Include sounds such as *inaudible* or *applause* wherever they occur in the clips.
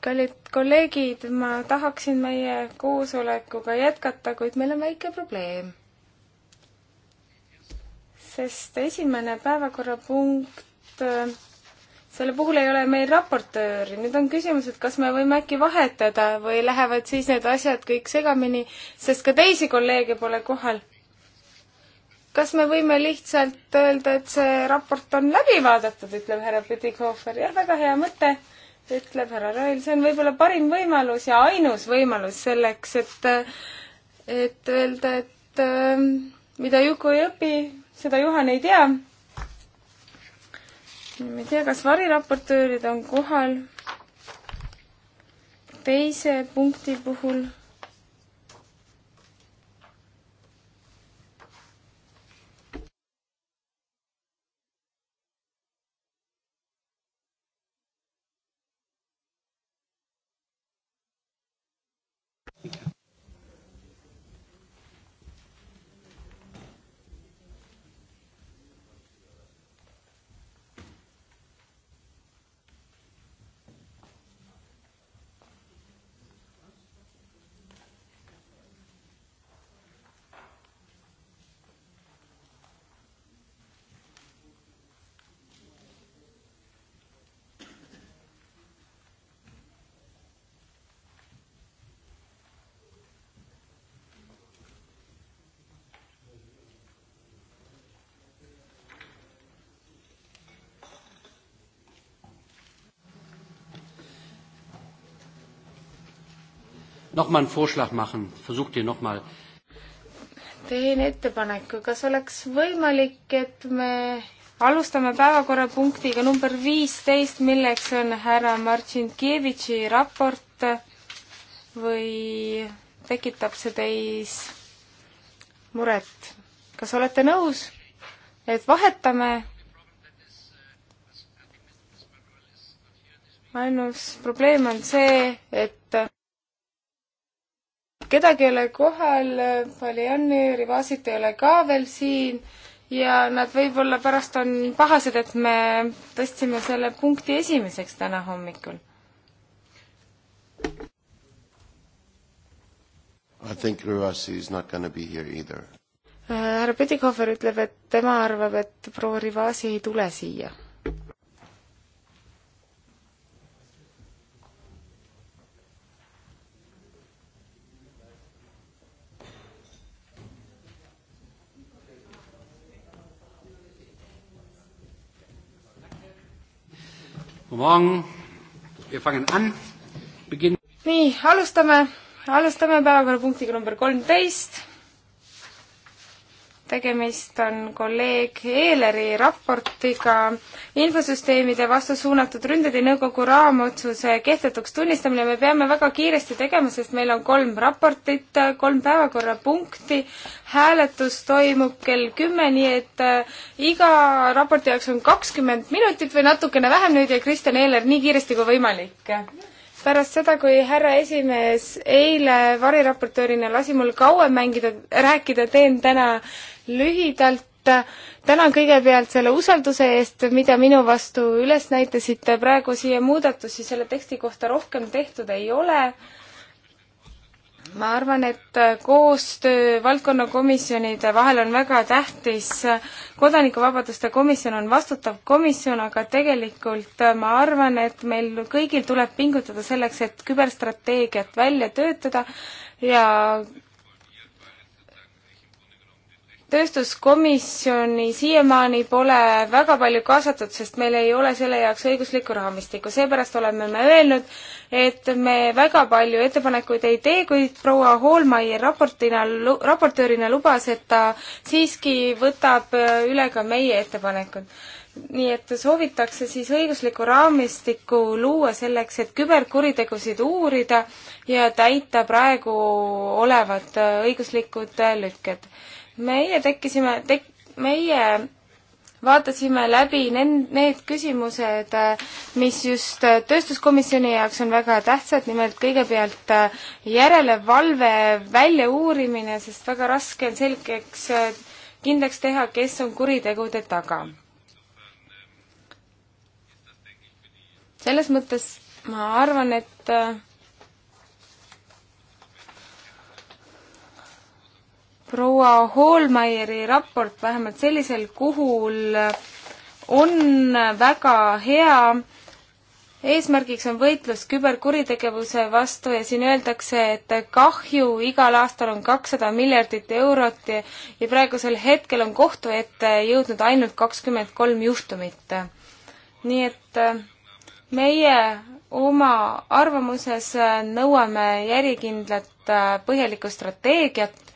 kallid kolleegid, ma tahaksin meie koosolekuga jätkata, kuid meil on väike probleem. sest esimene päevakorrapunkt, äh, selle puhul ei ole meil raportööri, nüüd on küsimus, et kas me võime äkki vahetada või lähevad siis need asjad kõik segamini, sest ka teisi kolleege pole kohal kas me võime lihtsalt öelda, et see raport on läbi vaadatud, ütleb härra Püdikohver. jah, väga hea mõte, ütleb härra Roil. see on võib-olla parim võimalus ja ainus võimalus selleks, et, et öelda, et ähm, mida Juku ei õpi, seda Juhan ei tea. ma ei tea, kas variraportöörid on kohal teise punkti puhul nochmal einen Vorschlag machen, versucht ihr nochmal. teen ettepaneku, kas oleks võimalik, et me alustame päevakorrapunktiga number viisteist, milleks on härra Martin Kievitši raport või tekitab see teis muret? kas olete nõus, et vahetame? ainus probleem on see, et kedagi ei ole kohal, Paljani, Rivasit ei ole ka veel siin ja nad võib-olla pärast on pahased, et me tõstsime selle punkti esimeseks täna hommikul. I think Rivasi is not gonna be here either. Äh, härra Pedikohver ütleb, et tema arvab, et proua Rivasi ei tule siia nii, alustame, alustame päevakorrapunktiga number kolmteist tegemist on kolleeg Eeleri raportiga infosüsteemide vastu suunatud ründedi nõukogu raamotsuse kehtetuks tunnistamine. me peame väga kiiresti tegema, sest meil on kolm raportit, kolm päevakorrapunkti. hääletus toimub kell kümme, nii et äh, iga raporti jaoks on kakskümmend minutit või natukene vähem nüüd ja Kristjan Eeler nii kiiresti kui võimalik pärast seda, kui härra esimees eile variraportöörina lasi mul kauem mängida, rääkida, teen täna lühidalt. tänan kõigepealt selle usalduse eest, mida minu vastu üles näitasite. praegu siia muudatusi selle teksti kohta rohkem tehtud ei ole. ma arvan, et koostöö valdkonnakomisjonide vahel on väga tähtis. kodanikuvabaduste komisjon on vastutav komisjon, aga tegelikult ma arvan, et meil kõigil tuleb pingutada selleks, et küberstrateegiat välja töötada ja tööstuskomisjoni siiamaani pole väga palju kaasatud, sest meil ei ole selle jaoks õiguslikku raamistikku, seepärast oleme me öelnud, et me väga palju ettepanekuid ei tee, kuid proua Hoolmaier raportina, raportöörina lubas, et ta siiski võtab äh, üle ka meie ettepanekud. nii et soovitakse siis õiguslikku raamistikku luua selleks, et küberkuritegusid uurida ja täita praegu olevad äh, õiguslikud äh, lükked meie tekkisime tek,, meie vaatasime läbi nend-, need küsimused, mis just tööstuskomisjoni jaoks on väga tähtsad, nimelt kõigepealt äh, järelevalve väljauurimine, sest väga raske on selgeks äh, kindlaks teha, kes on kuritegude taga. selles mõttes ma arvan, et äh, proua Hallmeieri raport vähemalt sellisel kuhul on väga hea. eesmärgiks on võitlus küberkuritegevuse vastu ja siin öeldakse, et kahju igal aastal on kakssada miljardit eurot ja, ja praegusel hetkel on kohtu ette jõudnud ainult kakskümmend kolm juhtumit. nii et meie oma arvamuses nõuame järjekindlat põhjalikku strateegiat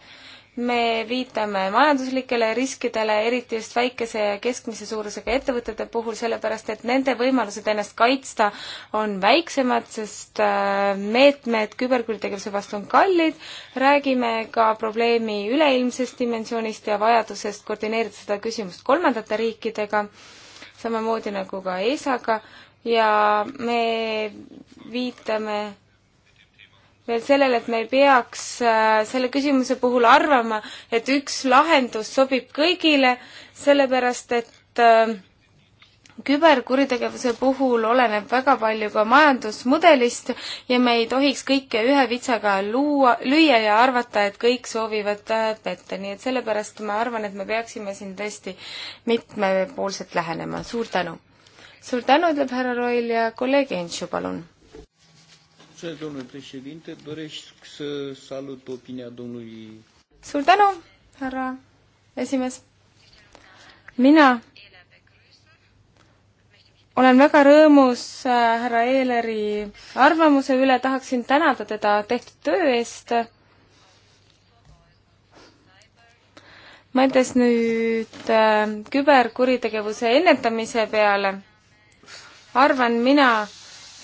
me viitame majanduslikele riskidele, eriti just väikese ja keskmise suurusega ettevõtete puhul, sellepärast et nende võimalused ennast kaitsta on väiksemad, sest äh, meetmed küberkuritegevuse vastu on kallid, räägime ka probleemi üleilmsest dimensioonist ja vajadusest koordineerida seda küsimust kolmandate riikidega, samamoodi nagu ka ESA-ga, ja me viitame veel sellele, et me ei peaks äh, selle küsimuse puhul arvama, et üks lahendus sobib kõigile, sellepärast et äh, küberkuritegevuse puhul oleneb väga palju ka majandusmudelist ja me ei tohiks kõike ühe vitsaga luua, lüüa ja arvata, et kõik soovivad petta, äh, nii et sellepärast ma arvan, et me peaksime siin tõesti mitmepoolselt lähenema, suur tänu! suur tänu, ütleb härra Roil ja kolleeg Entšu, palun! Mulțumesc, domnule președinte. Doresc să salut opinia domnului... Suur tänu, härra esimees. Mina olen väga rõõmus härra Eeleri arvamuse üle, tahaksin tänada teda tehtud töö eest. mõeldes nüüd äh, küberkuritegevuse ennetamise peale, arvan mina,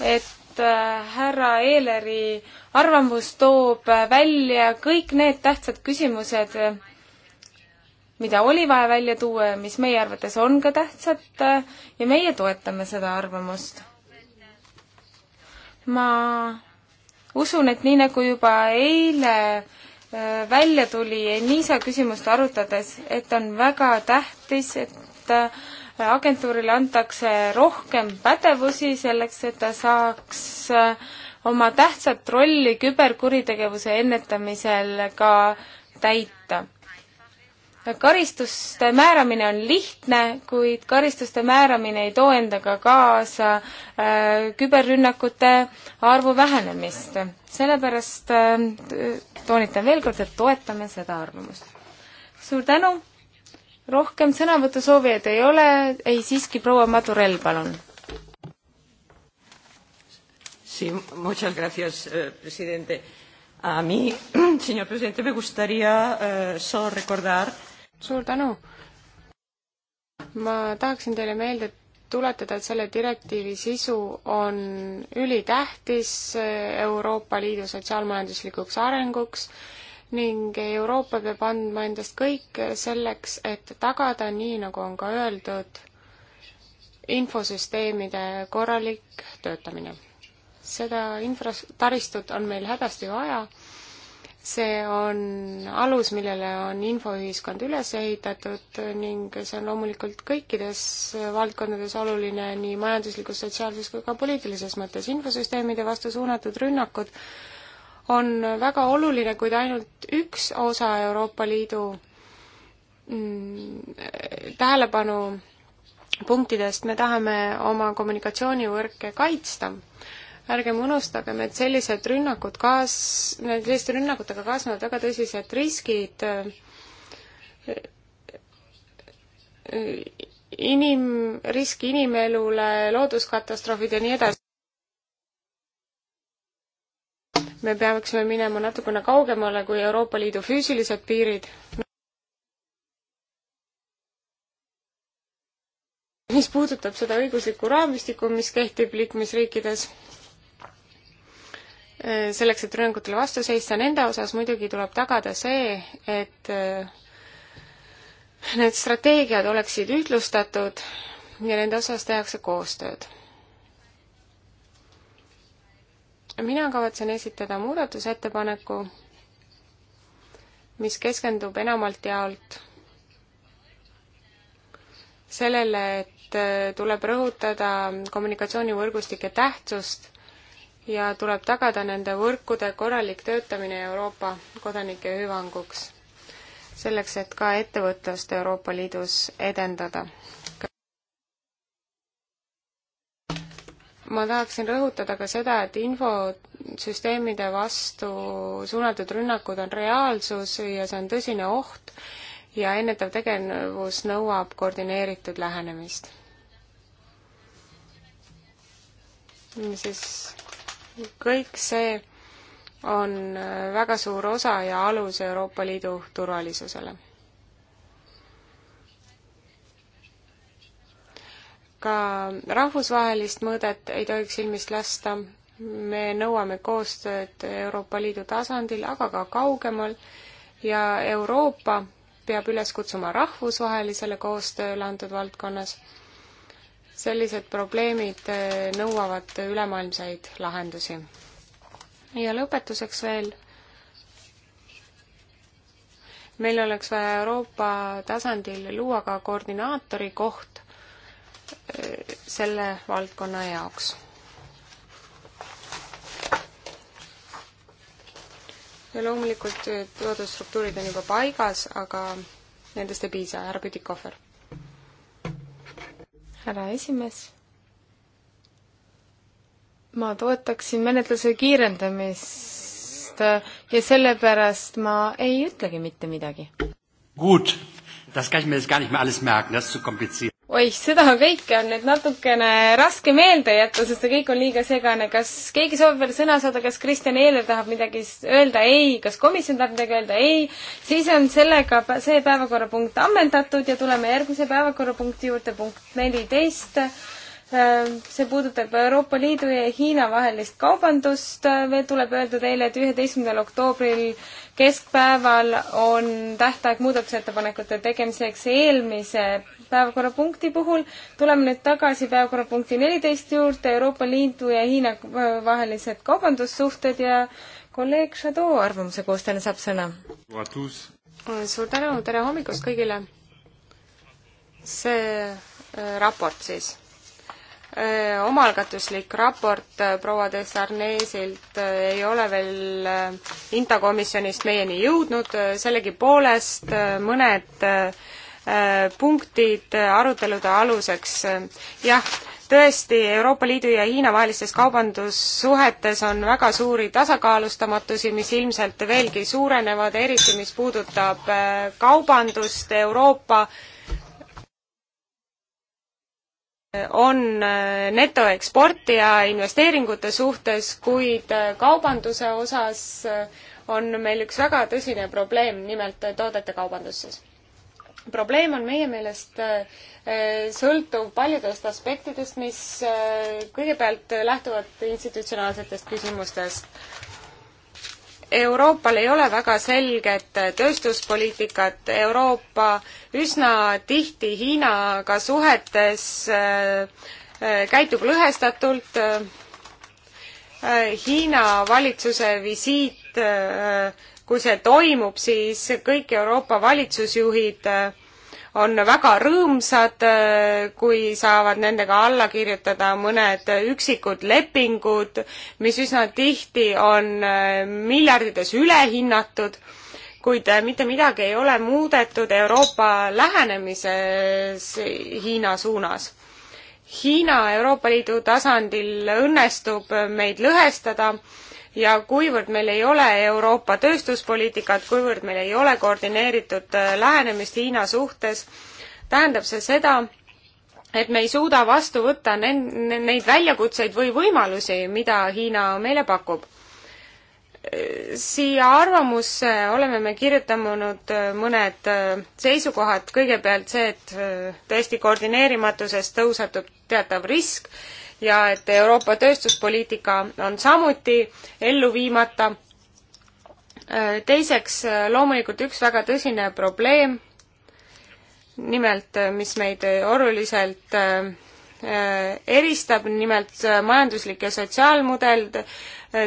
et et äh, härra Eeleri arvamus toob äh, välja kõik need tähtsad küsimused, mida oli vaja välja tuua ja mis meie arvates on ka tähtsad äh, ja meie toetame seda arvamust. ma usun, et nii nagu juba eile välja tuli Enisa küsimust arutades, et on väga tähtis, et agentuurile antakse rohkem pädevusi selleks, et ta saaks äh, oma tähtsat rolli küberkuritegevuse ennetamisel ka täita. karistuste määramine on lihtne, kuid karistuste määramine ei too endaga kaasa äh, küberrünnakute arvu vähenemist. sellepärast äh, toonitan veel kord, et toetame seda arvamust. suur tänu rohkem sõnavõtusoovijaid ei ole, ei siiski proua Madurell, palun. Sí, muchas gracias, eh, presidente. A mí, *clears throat* señor presidente, me gustaría eh, solo recordar... Suur tänu. Ma tahaksin teile meelde tuletada, et selle direktiivi sisu on ülitähtis eh, Euroopa Liidu sotsiaalmajanduslikuks arenguks. Eh, ning Euroopa peab andma endast kõik selleks, et tagada, nii nagu on ka öeldud, infosüsteemide korralik töötamine. seda infras-, taristut on meil hädasti vaja, see on alus, millele on infoühiskond üles ehitatud ning see on loomulikult kõikides valdkondades oluline nii majanduslikus, sotsiaalses kui ka poliitilises mõttes. infosüsteemide vastu suunatud rünnakud on väga oluline, kuid ainult üks osa Euroopa Liidu mm, tähelepanu punktidest me tahame oma kommunikatsioonivõrke kaitsta. ärgem unustagem, et sellised rünnakud kaas-, selliste rünnakutega kaasnevad väga tõsised riskid inim-, risk inimelule, looduskatastroofid ja nii edasi. me peaksime minema natukene kaugemale kui Euroopa Liidu füüsilised piirid. mis puudutab seda õiguslikku raamistikku, mis kehtib liikmesriikides, eh, selleks, et rünnakutele vastu seista, nende osas muidugi tuleb tagada see, et eh, need strateegiad oleksid ühtlustatud ja nende osas tehakse koostööd mina kavatsen esitada muudatusettepaneku, mis keskendub enamalt jaolt sellele, et äh, tuleb rõhutada kommunikatsioonivõrgustike tähtsust ja tuleb tagada nende võrkude korralik töötamine Euroopa kodanike hüvanguks, selleks et ka ettevõtlust Euroopa Liidus edendada. ma tahaksin rõhutada ka seda, et infosüsteemide vastu suunatud rünnakud on reaalsus ja see on tõsine oht ja ennetav tegevus nõuab koordineeritud lähenemist. siis kõik see on väga suur osa ja alus Euroopa Liidu turvalisusele ka rahvusvahelist mõõdet ei tohiks silmist lasta. me nõuame koostööd Euroopa Liidu tasandil, aga ka kaugemal ja Euroopa peab üles kutsuma rahvusvahelisele koostööle antud valdkonnas. sellised probleemid nõuavad ülemaailmseid lahendusi. ja lõpetuseks veel. meil oleks vaja Euroopa tasandil luua ka koordinaatori koht selle valdkonna jaoks. ja loomulikult eh, toodud struktuurid on juba paigas, aga nendest ei piisa, härra Püdikohver. härra esimees ma toetaksin menetluse kiirendamist eh, ja sellepärast ma ei ütlegi mitte midagi. Gut, das kann ich mir jetzt gar nicht mehr alles merken, das ist zu kompliziert oih, seda kõike on nüüd natukene raske meelde jätta, sest see kõik on liiga segane. kas keegi soovib veel sõna saada, kas Kristjan Eeler tahab midagi öelda? ei. kas komisjon tahab midagi öelda? ei. siis on sellega see päevakorrapunkt ammendatud ja tuleme järgmise päevakorrapunkti juurde, punkt neliteist. Ähm, see puudutab Euroopa Liidu ja Hiina vahelist kaubandust. veel tuleb öelda teile, et üheteistkümnendal oktoobril keskpäeval on tähtaeg muudatusettepanekute tegemiseks eelmise päevakorrapunkti puhul. tuleme nüüd tagasi päevakorrapunkti neliteist juurde, Euroopa Liidu ja Hiina äh, vahelised kaubandussuhted ja kolleeg Šadoo arvamuse koostajana saab sõna. suur tänu, tere hommikust kõigile! see äh, raport siis äh, omaalgatuslik raport proua de Sarnesilt ei ole veel Inta komisjonist meieni jõudnud, sellegipoolest mõned Äh, punktid äh, arutelude aluseks. jah, tõesti, Euroopa Liidu ja Hiina vahelistes kaubandussuhetes on väga suuri tasakaalustamatusi, mis ilmselt veelgi suurenevad, eriti mis puudutab äh, kaubandust Euroopa on netoeksportija investeeringute suhtes, kuid kaubanduse osas on meil üks väga tõsine probleem, nimelt toodete kaubandus siis probleem on meie meelest äh, äh, sõltuv paljudest aspektidest, mis äh, kõigepealt lähtuvad institutsionaalsetest küsimustest. Euroopal ei ole väga selget tööstuspoliitikat, Euroopa üsna tihti Hiinaga suhetes käitub lõhestatult, Hiina valitsuse visiit kui see toimub, siis kõik Euroopa valitsusjuhid äh, on väga rõõmsad, äh, kui saavad nendega alla kirjutada mõned üksikud lepingud, mis üsna tihti on äh, miljardites ülehinnatud, kuid mitte midagi ei ole muudetud Euroopa lähenemises Hiina suunas. Hiina Euroopa Liidu tasandil õnnestub meid lõhestada ja kuivõrd meil ei ole Euroopa tööstuspoliitikat, kuivõrd meil ei ole koordineeritud äh, lähenemist Hiina suhtes, tähendab see seda, et me ei suuda vastu võtta neid väljakutseid või võimalusi, mida Hiina meile pakub. siia arvamusse oleme me kirjutanud äh, mõned äh, seisukohad, kõigepealt see, et tõesti koordineerimatusest tõusetub teatav risk ja et Euroopa tööstuspoliitika on samuti ellu viimata. teiseks, loomulikult üks väga tõsine probleem, nimelt, mis meid oluliselt äh, eristab, nimelt majanduslik ja sotsiaalmudel,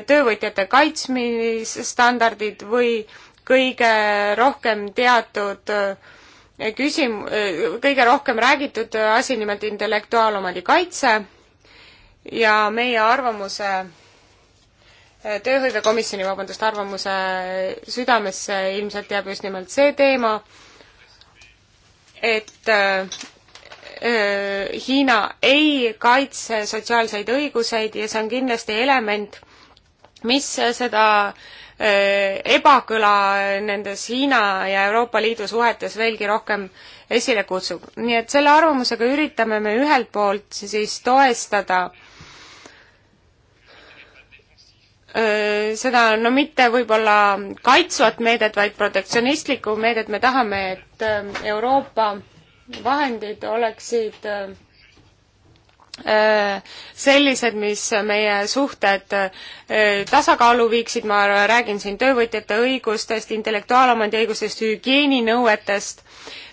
töövõtjate kaitsmisstandardid või kõige rohkem teatud äh, küsim-, äh, kõige rohkem räägitud asi, nimelt intellektuaalomandi kaitse ja meie arvamuse, eh, tööhõivekomisjoni, vabandust, arvamuse südamesse ilmselt jääb just nimelt see teema, et eh, eh, Hiina ei kaitse sotsiaalseid õiguseid ja see on kindlasti element, mis seda ebakõla nendes Hiina ja Euroopa Liidu suhetes veelgi rohkem esile kutsub. nii et selle arvamusega üritame me ühelt poolt siis toestada äh, seda no mitte võib-olla kaitsvat meedet, vaid protektsionistlikku meedet, me tahame, et Euroopa vahendid oleksid sellised, mis meie suhted tasakaalu viiksid, ma räägin siin töövõtjate õigustest, intellektuaalomandi õigustest, hügieeninõuetest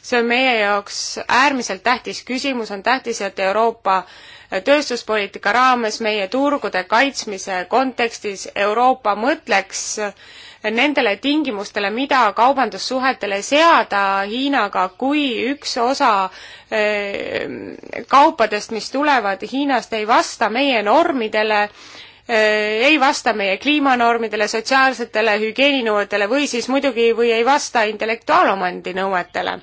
see on meie jaoks äärmiselt tähtis küsimus, on tähtis, et Euroopa tööstuspoliitika raames meie turgude kaitsmise kontekstis Euroopa mõtleks nendele tingimustele, mida kaubandussuhetele seada Hiinaga kui üks osa eh, kaupadest, mis tulevad Hiinast, ei vasta meie normidele, eh, ei vasta meie kliimanormidele, sotsiaalsetele hügieeninõuetele või siis muidugi, või ei vasta intellektuaalomandi nõuetele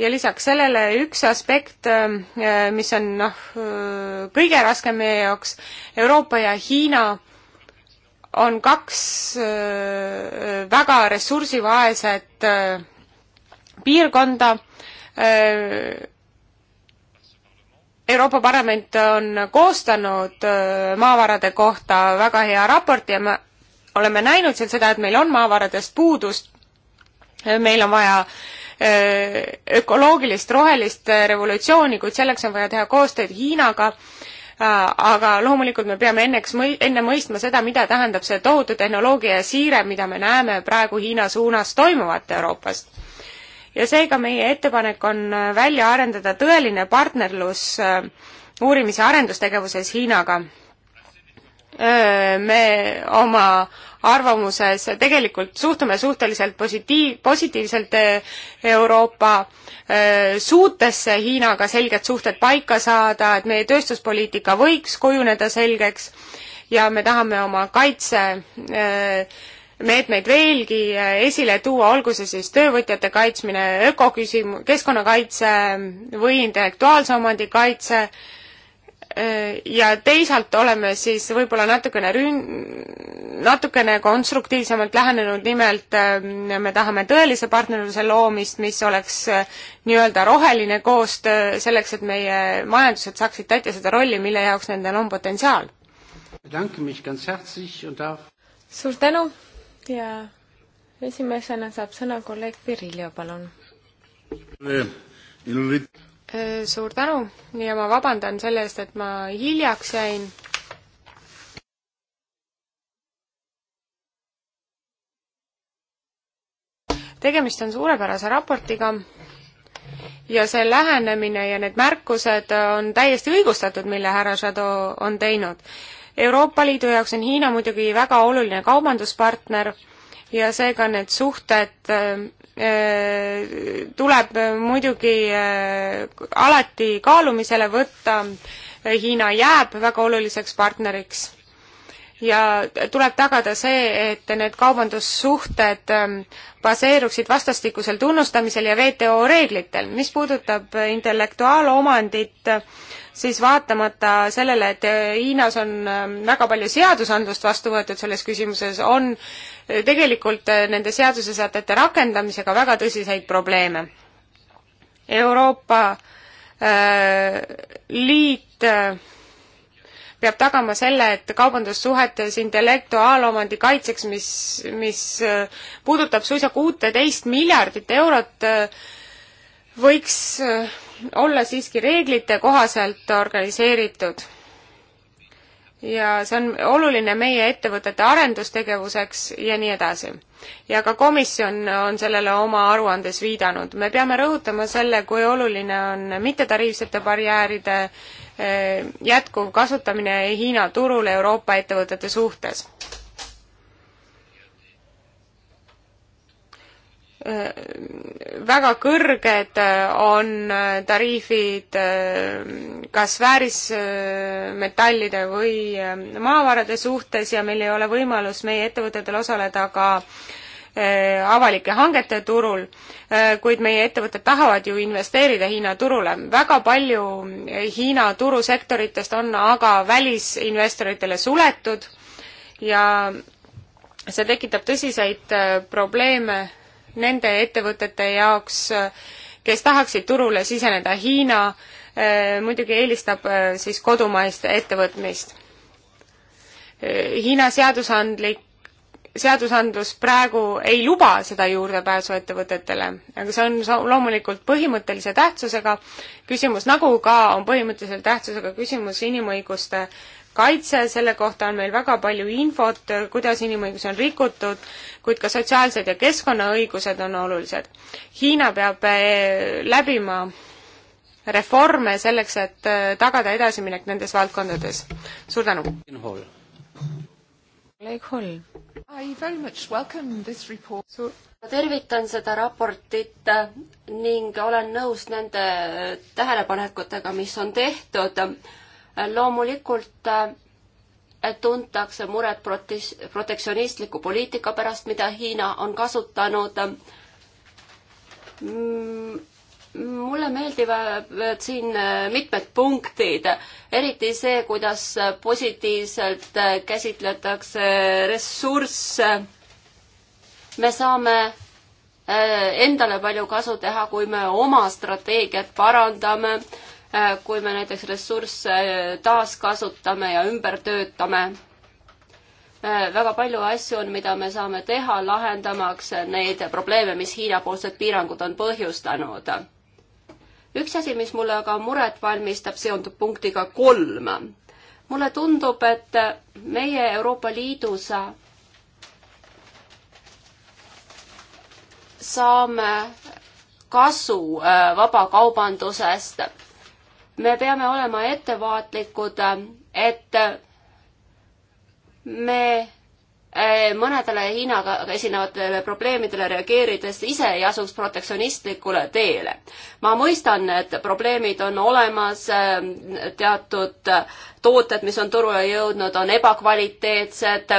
ja lisaks sellele üks aspekt, äh, mis on noh, äh, kõige raskem meie jaoks, Euroopa ja Hiina on kaks äh, väga ressursivaeset piirkonda. Euroopa Parlament on koostanud maavarade kohta väga hea raporti ja me oleme näinud seal seda, et meil on maavaradest puudust. meil on vaja äh, Äh, ökoloogilist rohelist äh, revolutsiooni, kuid selleks on vaja teha koostööd Hiinaga äh, aga loomulikult me peame enneks mõi-, enne mõistma seda, mida tähendab see tohutu tehnoloogia siire, mida me näeme praegu Hiina suunas toimuvat Euroopast. ja seega meie ettepanek on välja arendada tõeline partnerlus uurimis- ja arendustegevuses Hiinaga me oma arvamuses tegelikult suhtume suhteliselt positiiv, positiivselt Euroopa suutesse Hiinaga selged suhted paika saada, et meie tööstuspoliitika võiks kujuneda selgeks ja me tahame oma kaitse meetmeid veelgi esile tuua, olgu see siis töövõtjate kaitsmine, ökoküsimus, keskkonnakaitse või intellektuaalse omandi kaitse, Äh, ja teisalt oleme siis võib-olla natukene rün-, natukene konstruktiivsemalt lähenenud, nimelt äh, me tahame tõelise partnerluse loomist, mis oleks äh, nii-öelda roheline koostöö selleks, et meie majandused saaksid täita seda rolli, mille jaoks nendel on potentsiaal. suur tänu ja esimesena saab sõna kolleeg Virilio, palun suur tänu ja ma vabandan selle eest, et ma hiljaks jäin. tegemist on suurepärase raportiga ja see lähenemine ja need märkused on täiesti õigustatud, mille härra Shadow on teinud. Euroopa Liidu jaoks on Hiina muidugi väga oluline kaubanduspartner ja seega need suhted Äh, tuleb muidugi äh, alati kaalumisele võtta, Hiina jääb väga oluliseks partneriks ja tuleb tagada see, et need kaubandussuhted ähm, baseeruksid vastastikusel tunnustamisel ja WTO reeglitel. mis puudutab intellektuaalomandit, siis vaatamata sellele, et Hiinas on ähm, väga palju seadusandlust vastu võetud selles küsimuses, on äh, tegelikult äh, nende seadusesätete rakendamisega väga tõsiseid probleeme. Euroopa äh, Liit äh, peab tagama selle, et kaubandussuhetes intellektuaalomandi kaitseks, mis, mis äh, puudutab suisa kuuteteist miljardit eurot, võiks olla siiski reeglite kohaselt organiseeritud. ja see on oluline meie ettevõtete arendustegevuseks ja nii edasi. ja ka komisjon on sellele oma aruandes viidanud. me peame rõhutama selle, kui oluline on mittetariifsete barjääride eh, jätkuv kasutamine Hiina turul Euroopa ettevõtete suhtes Äh, väga kõrged äh, on äh, tariifid kas väärismetallide või maavarade suhtes ja meil ei ole võimalus meie ettevõtetel osaleda ka avalike hangete turul, kuid meie ettevõtted tahavad ju investeerida Hiina turule. väga palju Hiina turusektoritest on aga välisinvestoritele suletud ja see tekitab tõsiseid probleeme nende ettevõtete jaoks, kes tahaksid turule siseneda. Hiina eh, muidugi eelistab eh, siis kodumaist ettevõtmist. Eh, Hiina seadusandlik seadusandlus praegu ei luba seda juurdepääsu ettevõtetele, aga see on loomulikult põhimõttelise tähtsusega küsimus, nagu ka on põhimõttelise tähtsusega küsimus inimõiguste kaitse, selle kohta on meil väga palju infot, kuidas inimõigusi on rikutud, kuid ka sotsiaalsed ja keskkonnaõigused on olulised. Hiina peab eh, läbima reforme selleks, et eh, tagada edasiminek nendes valdkondades. suur tänu! kolleeg Holm. suur ma tervitan seda raportit eh, ning olen nõus nende tähelepanekutega, mis on tehtud loomulikult äh, tuntakse muret protes-, protektsionistliku poliitika pärast, mida Hiina on kasutanud. Mm, mulle meeldivad äh, siin äh, mitmed punktid, eriti see, kuidas positiivselt käsitletakse ressursse. me saame endale palju kasu teha, kui me oma strateegiat parandame Äh, kui me näiteks ressursse äh, taaskasutame ja ümber töötame. Äh, väga palju asju on, mida me saame teha, lahendamaks neid probleeme, mis Hiina-poolsed piirangud on põhjustanud. üks asi, mis mulle aga muret valmistab, seondub punktiga kolm. mulle tundub, et meie Euroopa Liidus saame kasu vabakaubandusest me peame olema ettevaatlikud, et me eh, mõnedele Hiinaga esinevatele probleemidele reageerides ise ei asuks protektsionistlikule teele. ma mõistan, et probleemid on olemas, eh, teatud tooted, mis on turule jõudnud, on ebakvaliteetsed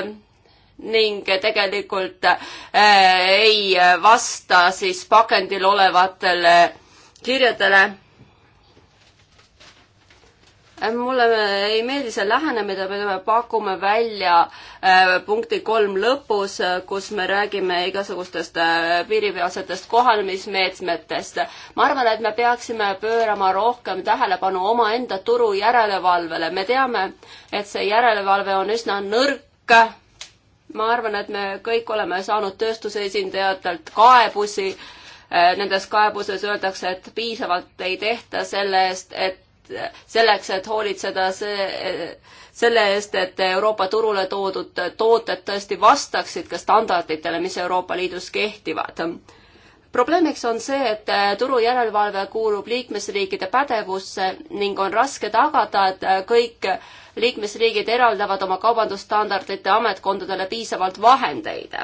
ning tegelikult eh, ei vasta siis pakendil olevatele kirjadele mulle ei meeldi see lähenemine, me pakume välja äh, punkti kolm lõpus, äh, kus me räägime igasugustest äh, piiripealsetest kohanemismeetmetest. ma arvan, et me peaksime pöörama rohkem tähelepanu omaenda turu järelevalvele. me teame, et see järelevalve on üsna nõrk. ma arvan, et me kõik oleme saanud tööstuse esindajatelt kaebusi nendes kaebuses öeldakse, et piisavalt ei tehta selle eest, et selleks, et hoolitseda see, selle eest, et Euroopa turule toodud tooted tõesti vastaksid ka standarditele, mis Euroopa Liidus kehtivad. probleemiks on see, et turujärelevalve kuulub liikmesriikide pädevusse ning on raske tagada, et kõik liikmesriigid eraldavad oma kaubandusstandardite ametkondadele piisavalt vahendeid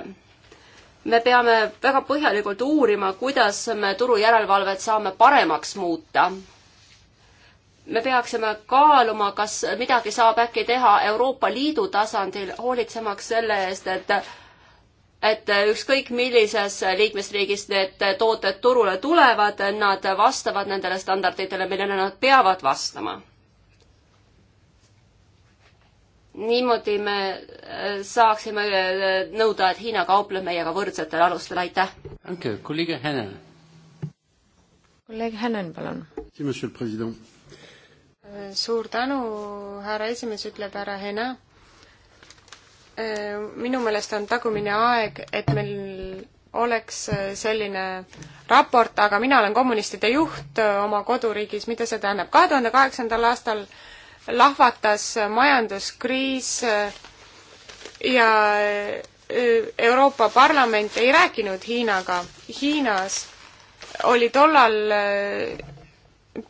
me peame väga põhjalikult uurima, kuidas me turujärelevalvet saame paremaks muuta me peaksime kaaluma, kas midagi saab äkki teha Euroopa Liidu tasandil, hoolitsemaks selle eest, et et ükskõik millises liikmesriigis need tooted turule tulevad, nad vastavad nendele standarditele, millele nad peavad vastama. niimoodi me äh, saaksime äh, nõuda, et Hiina kaupleb meiega võrdsetel alustel, aitäh! kolleeg Hänen, palun! suur tänu, härra esimees, ütleb härra Hena. Äh, minu meelest on tagumine aeg, et meil oleks äh, selline raport, aga mina olen kommunistide juht äh, oma koduriigis, mida see tähendab? kahe tuhande kaheksandal aastal lahvatas majanduskriis ja Euroopa Parlament ei rääkinud Hiinaga. Hiinas oli tollal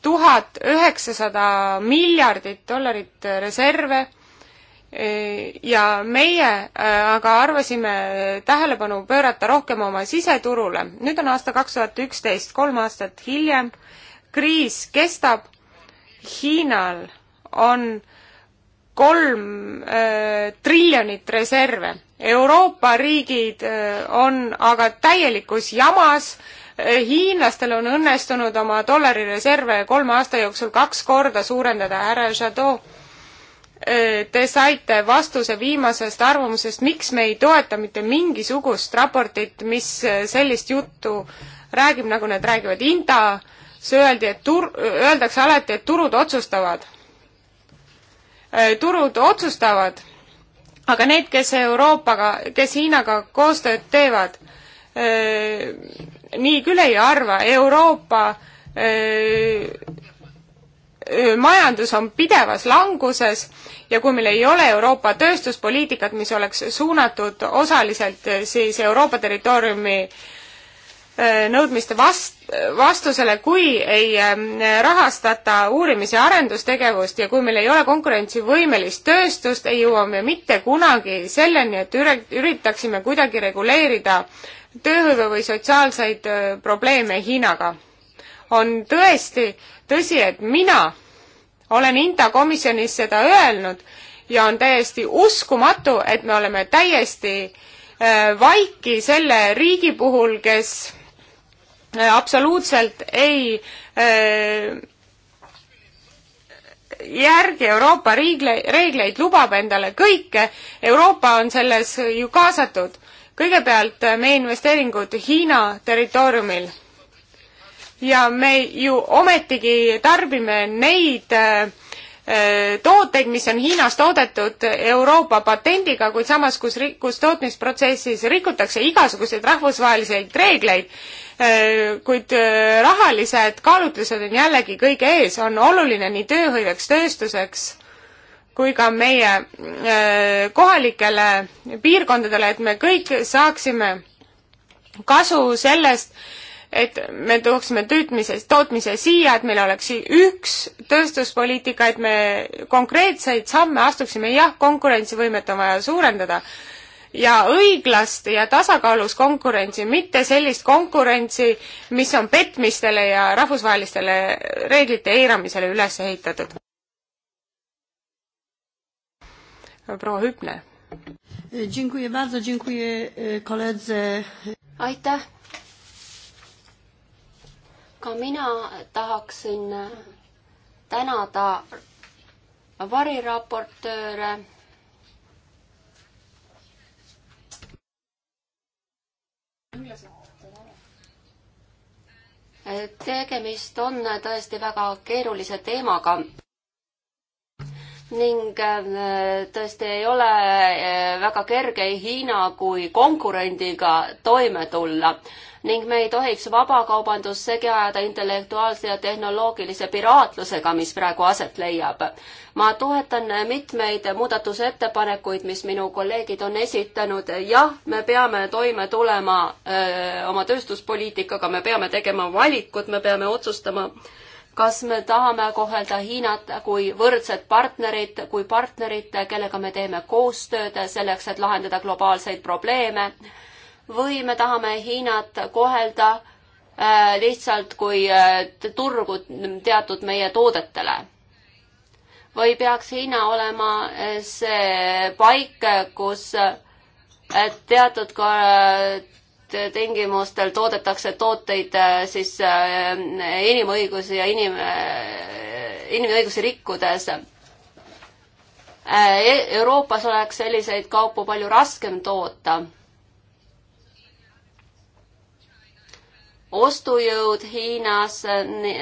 tuhat üheksasada miljardit dollarit reserve ja meie äh, aga arvasime tähelepanu pöörata rohkem oma siseturule. nüüd on aasta kaks tuhat üksteist, kolm aastat hiljem, kriis kestab, Hiinal on kolm äh, triljonit reserve. Euroopa riigid äh, on aga täielikus jamas äh,, hiinlastel on õnnestunud oma dollarireserve kolme aasta jooksul kaks korda suurendada, härra Jadot, te saite vastuse viimasest arvamusest, miks me ei toeta mitte mingisugust raportit, mis sellist juttu räägib, nagu need räägivad. Intas öeldi, et tur-, öeldakse alati, et turud otsustavad. turud otsustavad, aga need, kes Euroopaga, kes Hiinaga koostööd teevad, nii küll ei arva, Euroopa öö, majandus on pidevas languses ja kui meil ei ole Euroopa tööstuspoliitikat, mis oleks suunatud osaliselt siis Euroopa territooriumi nõudmiste vast-, vastusele, kui ei rahastata uurimis- ja arendustegevust ja kui meil ei ole konkurentsivõimelist tööstust, ei jõua me mitte kunagi selleni, et üritaksime kuidagi reguleerida äh, tööhõive või sotsiaalseid probleeme Hiinaga. on tõesti tõsi, et mina olen Inta komisjonis seda öelnud ja on täiesti uskumatu, et me oleme täiesti vaiki selle riigi puhul, kes absoluutselt ei järgi Euroopa riigle-, reegleid, lubab endale kõike, Euroopa on selles ju kaasatud kõigepealt äh, meie investeeringud Hiina territooriumil ja me ju ometigi tarbime neid äh, äh, tooteid, mis on Hiinas toodetud Euroopa patendiga, kuid samas, kus, kus tootmisprotsessis rikutakse igasuguseid rahvusvaheliseid reegleid, kuid rahalised kaalutlused on jällegi kõige ees, on oluline nii tööhõiveks, tööstuseks kui ka meie äh, kohalikele piirkondadele, et me kõik saaksime kasu sellest, et me tooksime tüütmise, tootmise siia, et meil oleks üks tööstuspoliitika, et me konkreetseid samme astuksime, jah, konkurentsivõimet on vaja suurendada, ja õiglast ja tasakaalus konkurentsi, mitte sellist konkurentsi, mis on petmistele ja rahvusvahelistele reeglite eiramisele üles ehitatud. proua Hübner. E, aitäh. ka mina tahaksin tänada variraportööre tegemist on tõesti väga keerulise teemaga ning äh, tõesti ei ole äh, väga kerge Hiina kui konkurendiga toime tulla ning me ei tohiks vabakaubandust segi ajada intellektuaalse ja tehnoloogilise piraatlusega, mis praegu aset leiab. ma toetan mitmeid muudatusettepanekuid, mis minu kolleegid on esitanud. jah, me peame toime tulema öö, äh, oma tööstuspoliitikaga, me peame tegema valikud, me peame otsustama öö, kas me tahame kohelda Hiinat kui võrdset partnerit, kui partnerit, kellega me teeme koostööd selleks, et lahendada globaalseid probleeme, või me tahame Hiinat kohelda äh, lihtsalt kui äh, turgu teatud meie toodetele või peaks Hiina olema äh, see paik, kus teatud tingimustel toodetakse tooteid äh, siis äh, inimõigusi ja inim, äh, inimõigusi rikkudes. E-, Euroopas oleks selliseid kaupu palju raskem toota. ostujõud Hiinas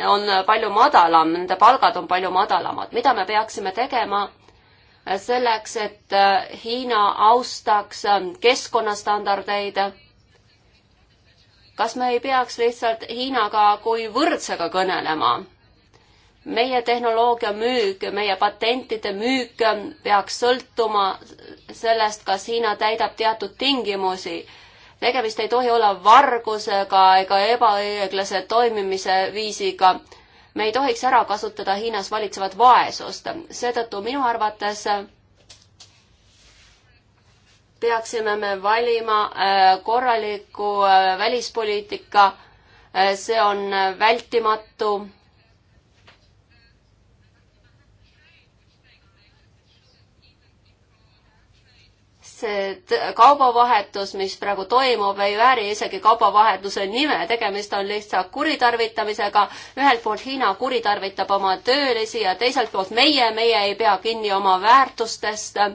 on palju madalam, nende palgad on palju madalamad. mida me peaksime tegema? selleks, et Hiina austaks keskkonnastandardeid kas me ei peaks lihtsalt Hiinaga kui võrdsega kõnelema? meie tehnoloogia müük, meie patentide müük peaks sõltuma sellest, kas Hiina täidab teatud tingimusi. tegemist ei tohi olla vargusega ega ebaõiglase toimimise viisiga. me ei tohiks ära kasutada Hiinas valitsevat vaesust. seetõttu minu arvates peaksime me valima äh, korraliku äh, välispoliitika, äh, see on vältimatu. see kaubavahetus, mis praegu toimub, ei vääri isegi kaubavahetuse nime, tegemist on lihtsa kuritarvitamisega. ühelt poolt Hiina kuritarvitab oma töölisi ja teiselt poolt meie, meie ei pea kinni oma väärtustest äh,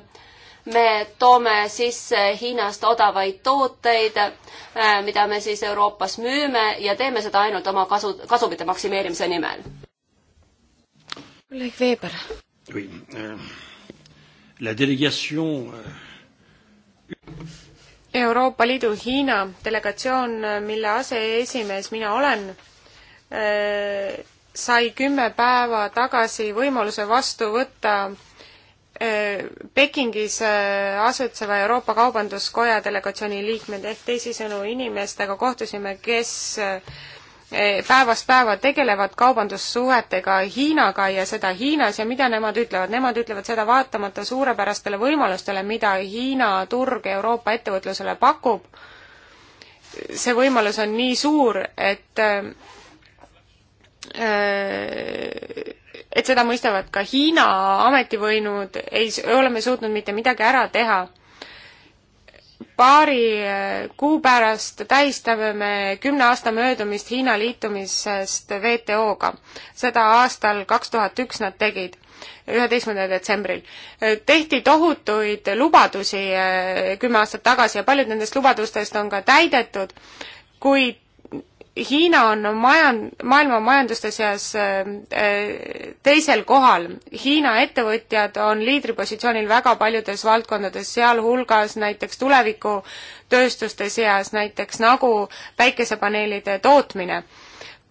me toome sisse Hiinast odavaid tooteid, äh, mida me siis Euroopas müüme ja teeme seda ainult oma kasu, kasumite maksimeerimise nimel. kolleeg Veber. Oui, euh, la délégation euh... Euroopa Liidu Hiina delegatsioon, mille aseesimees mina olen, äh, sai kümme päeva tagasi võimaluse vastu võtta Äh, Pekingis äh, asutseva Euroopa Kaubanduskoja delegatsiooni liikmed ehk teisisõnu inimestega kohtusime, kes äh, päevast päeva tegelevad kaubandussuhetega Hiinaga ja seda Hiinas ja mida nemad ütlevad, nemad ütlevad seda vaatamata suurepärastele võimalustele, mida Hiina turg Euroopa ettevõtlusele pakub. see võimalus on nii suur, et äh, et seda mõistavad ka Hiina ametivõinud, ei ole me suutnud mitte midagi ära teha. paari eh, kuu pärast tähistame me kümne aasta möödumist Hiina liitumisest WTO-ga. seda aastal kaks tuhat üks nad tegid üheteistkümnendal detsembril. Eh, tehti tohutuid lubadusi eh, kümme aastat tagasi ja paljud nendest lubadustest on ka täidetud, kuid Hiina on majan-, maailma majanduste seas äh, äh, teisel kohal. Hiina ettevõtjad on liidripositsioonil väga paljudes valdkondades, sealhulgas näiteks tulevikutööstuste seas, näiteks nagu päikesepaneelide tootmine.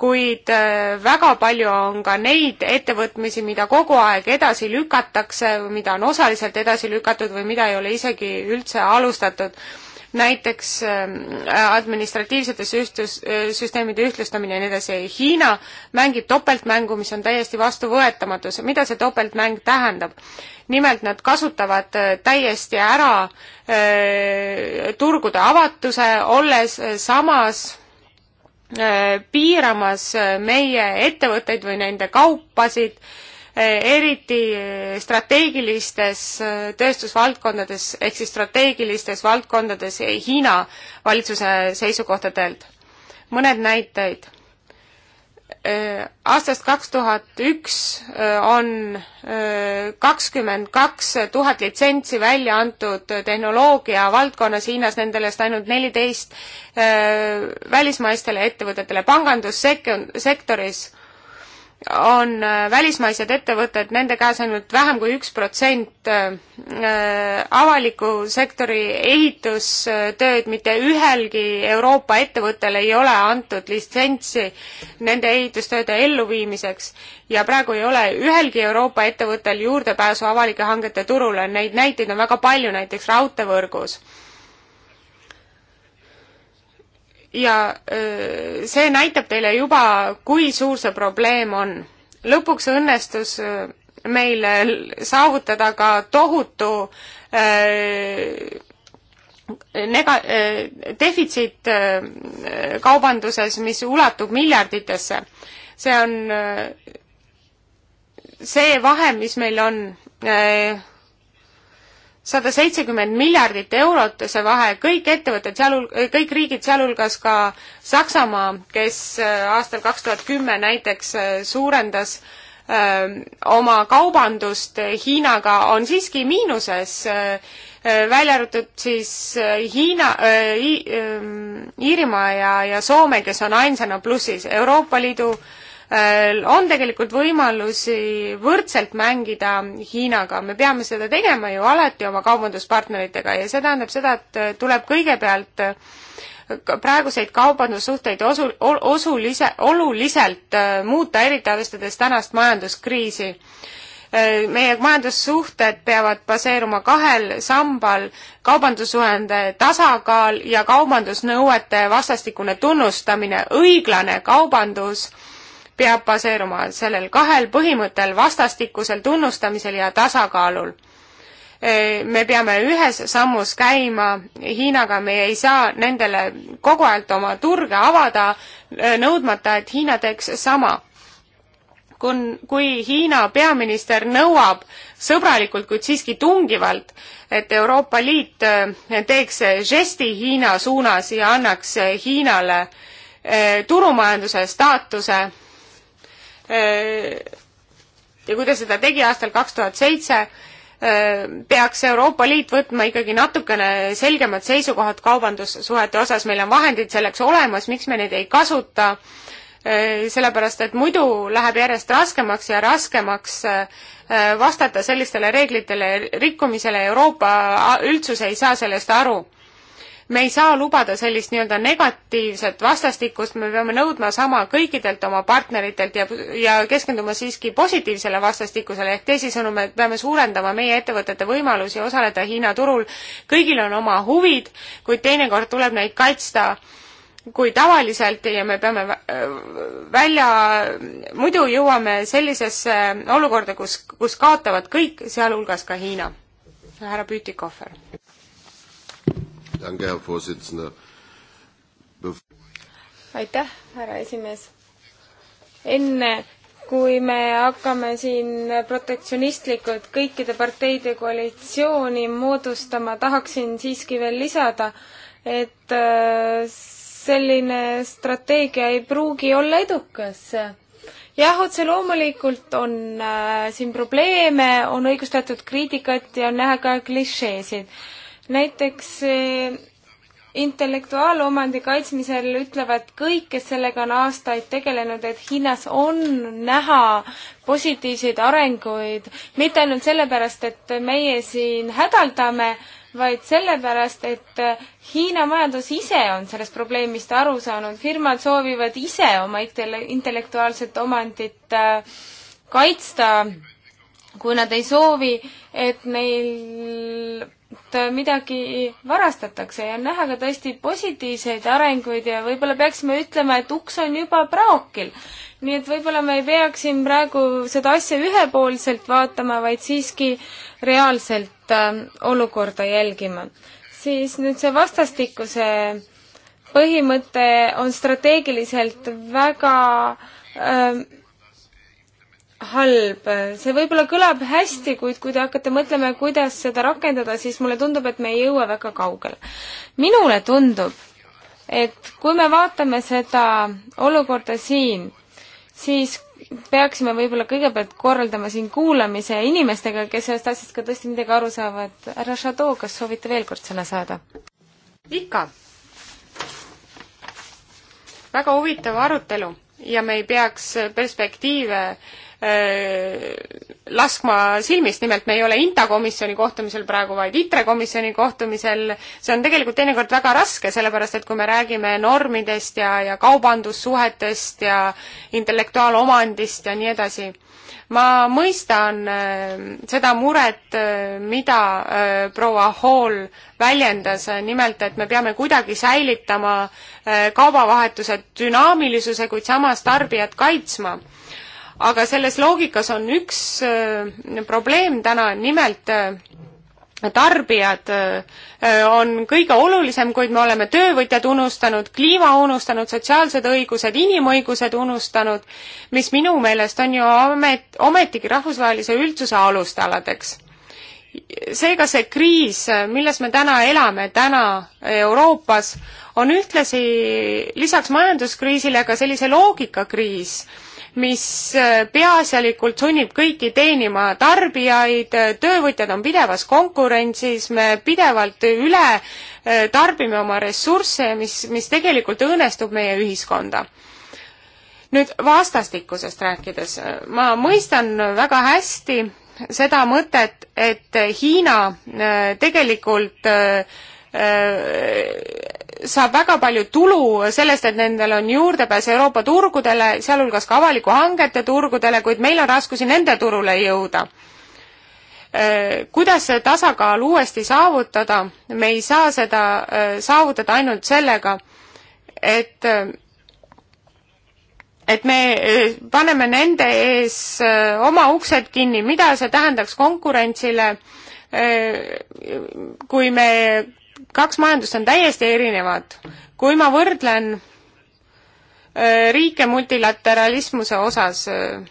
kuid äh, väga palju on ka neid ettevõtmisi, mida kogu aeg edasi lükatakse, mida on osaliselt edasi lükatud või mida ei ole isegi üldse alustatud näiteks äh, administratiivsete süstus, äh, süsteemide ühtlustamine ja nii edasi. Hiina mängib topeltmängu, mis on täiesti vastuvõetamatus. mida see topeltmäng tähendab? nimelt nad kasutavad äh, täiesti ära öö, turgude avatuse, olles samas öö, piiramas meie ettevõtteid või nende kaupasid eriti strateegilistes äh, tööstusvaldkondades ehk siis strateegilistes valdkondades Hiina valitsuse seisukohtadelt. mõned näiteid. Äh, aastast kaks tuhat üks äh, on kakskümmend kaks tuhat litsentsi välja antud tehnoloogia valdkonnas Hiinas, nendest ainult neliteist välismaistele ettevõtetele pangandussektoris on äh, välismaised ettevõtted, nende käes ainult vähem kui üks protsent äh, äh, avaliku sektori ehitustööd, mitte ühelgi Euroopa ettevõttel ei ole antud litsentsi nende ehitustööde elluviimiseks ja praegu ei ole ühelgi Euroopa ettevõttel juurdepääsu avalike hangete turule, neid näiteid on väga palju, näiteks raudteevõrgus ja see näitab teile juba, kui suur see probleem on. lõpuks õnnestus meil saavutada ka tohutu nega-, defitsiit kaubanduses, mis ulatub miljarditesse. see on see vahe, mis meil on sada seitsekümmend miljardit eurot see vahe, kõik ettevõtted, sealhul-, kõik riigid, sealhulgas ka Saksamaa, kes äh, aastal kaks tuhat kümme näiteks äh, suurendas öö, ähm, oma kaubandust äh, Hiinaga, on siiski miinuses, välja arvatud siis Hiina, ähm, Iirimaa ja, ja Soome, kes on ainsana plussis. Euroopa Liidu öö, Äh, on tegelikult võimalusi võrdselt mängida Hiinaga, me peame seda tegema ju alati oma kaubanduspartneritega ja see tähendab seda, et äh, tuleb kõigepealt äh, praeguseid kaubandussuhteid osu, osulise, oluliselt muuta, eriti arvestades tänast majanduskriisi meie majandussuhted peavad baseeruma kahel sambal, kaubandussuhende tasakaal ja kaubandusnõuete vastastikune tunnustamine, õiglane kaubandus äh, peab baseeruma sellel kahel põhimõttel, vastastikusel tunnustamisel ja tasakaalul. me peame ühes sammus käima Hiinaga, me ei saa nendele kogu aeg oma turge avada, e, nõudmata, et Hiina teeks sama kun-, kui Hiina peaminister nõuab sõbralikult, kuid siiski tungivalt, et Euroopa Liit e, teeks žesti Hiina suunas ja annaks Hiinale e, turumajanduse staatuse, Äh, ja kui ta seda tegi aastal kaks tuhat seitse, äh, peaks Euroopa Liit võtma ikkagi natukene selgemad seisukohad kaubandussuhete osas, meil on vahendid selleks olemas, miks me neid ei kasuta, äh, sellepärast et muidu läheb järjest raskemaks ja raskemaks vastata sellistele reeglitele rikkumisele, Euroopa üldsus ei saa sellest aru me ei saa lubada sellist nii-öelda negatiivset vastastikust, me peame nõudma sama kõikidelt oma partneritelt ja, ja keskenduma siiski positiivsele vastastikusele, ehk teisisõnu, me peame suurendama meie ettevõtete võimalusi osaleda Hiina turul. kõigil on oma huvid, kuid teinekord tuleb neid kaitsta kui tavaliselt ja me peame välja, muidu jõuame sellisesse olukorda, kus, kus kaotavad kõik, sealhulgas ka Hiina. härra Pütikohver aitäh, härra esimees. enne kui me hakkame siin protektsionistlikult kõikide parteide koalitsiooni moodustama, tahaksin siiski veel lisada, et äh, selline strateegia ei pruugi olla edukas jah, otse loomulikult on äh, siin probleeme, on õigustatud kriitikat ja on näha ka klišeesid näiteks eh, intellektuaalomandi kaitsmisel ütlevad kõik, kes sellega on aastaid tegelenud, et Hiinas on näha positiivseid arenguid, mitte ainult sellepärast, et meie siin hädaldame, vaid sellepärast, et eh, Hiina majandus ise on sellest probleemist aru saanud, firmad soovivad ise oma intellektuaalset omandit eh, kaitsta, kui nad ei soovi, et neil Äh, midagi varastatakse ja on näha ka tõesti positiivseid arenguid ja võib-olla peaksime ütlema, et uks on juba praokil. nii et võib-olla me ei peaks siin praegu seda asja ühepoolselt vaatama, vaid siiski reaalselt äh, olukorda jälgima. siis nüüd see vastastikuse põhimõte on strateegiliselt väga äh, halb. see võib-olla kõlab hästi, kuid kui te hakkate mõtlema, kuidas seda rakendada, siis mulle tundub, et me ei jõua väga kaugele. minule tundub, et kui me vaatame seda olukorda siin, siis peaksime võib-olla kõigepealt korraldama siin kuulamise inimestega, kes sellest asjast ka tõesti midagi aru saavad. härra Šadoo, kas soovite veel kord sõna saada? ikka. väga huvitav arutelu ja me ei peaks perspektiive äh, Äh, laskma silmist, nimelt me ei ole INTA komisjoni kohtumisel praegu, vaid ITRE komisjoni kohtumisel. see on tegelikult teinekord väga raske, sellepärast et kui me räägime normidest ja, ja kaubandussuhetest ja intellektuaalomandist ja nii edasi, ma mõistan äh, seda muret, äh, mida proua Hall väljendas, nimelt et me peame kuidagi säilitama kaubavahetuse dünaamilisuse, kuid samas tarbijat kaitsma aga selles loogikas on üks äh, probleem täna, nimelt äh, tarbijad äh, on kõige olulisem, kuid me oleme töövõtjad unustanud, kliima unustanud, sotsiaalsed õigused, inimõigused unustanud, mis minu meelest on ju amet, ometigi rahvusvahelise üldsuse alustaladeks. seega see kriis, milles me täna elame, täna Euroopas, on ühtlasi lisaks majanduskriisile ka sellise loogikakriis mis äh, peaasjalikult sunnib kõiki teenima tarbijaid, äh, töövõtjad on pidevas konkurentsis, me pidevalt üle äh, tarbime oma ressursse, mis, mis tegelikult õõnestub meie ühiskonda nüüd vastastikusest rääkides, ma mõistan väga hästi seda mõtet, et Hiina tegelikult saab väga palju tulu sellest, et nendel on juurdepääs Euroopa turgudele, sealhulgas ka avaliku hangete turgudele, kuid meil on raskusi nende turule jõuda. Äh, kuidas see tasakaal uuesti saavutada, me ei saa seda äh, saavutada ainult sellega, et et me äh, paneme nende ees oma uksed kinni, mida see tähendaks konkurentsile, kui me kaks majandust on täiesti erinevad. kui ma võrdlen äh, riike multilateralismuse osas, äh,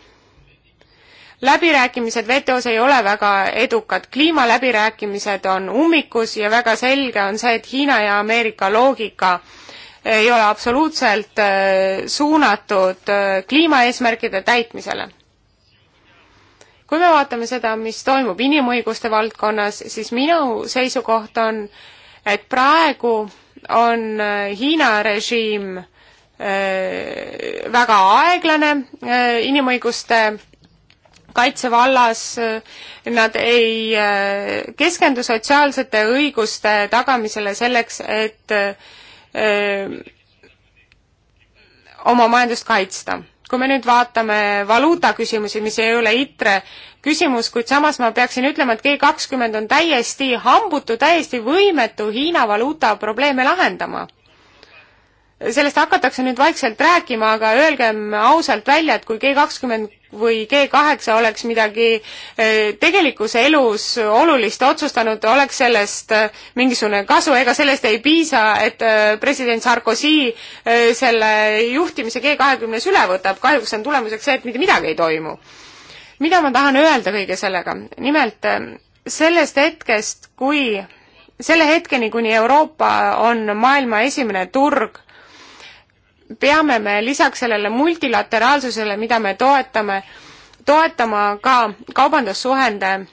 läbirääkimised WTO-s ei ole väga edukad, kliimaläbirääkimised on ummikus ja väga selge on see, et Hiina ja Ameerika loogika ei ole absoluutselt äh, suunatud kliimaeesmärkide täitmisele kui me vaatame seda, mis toimub inimõiguste valdkonnas, siis minu seisukoht on, et praegu on äh, Hiina režiim äh, väga aeglane äh, inimõiguste kaitsevallas, nad ei keskendu sotsiaalsete õiguste tagamisele selleks, et öö, oma majandust kaitsta kui me nüüd vaatame valuutaküsimusi, mis ei ole ITRE küsimus, kuid samas ma peaksin ütlema, et G kakskümmend on täiesti hambutu, täiesti võimetu Hiina valuuta probleeme lahendama sellest hakatakse nüüd vaikselt rääkima, aga öelgem ausalt välja, et kui G kakskümmend või G kaheksa oleks midagi eh, tegelikkuse elus olulist otsustanud, oleks sellest eh, mingisugune kasu, ega sellest ei piisa, et eh, president Sarkozy selle juhtimise G kahekümnes üle võtab, kahjuks on tulemuseks see, et mitte midagi ei toimu. mida ma tahan öelda kõige sellega? nimelt sellest hetkest, kui selle hetkeni, kuni Euroopa on maailma esimene turg peame me lisaks sellele multilateraalsusele, mida me toetame, toetama ka kaubandussuhende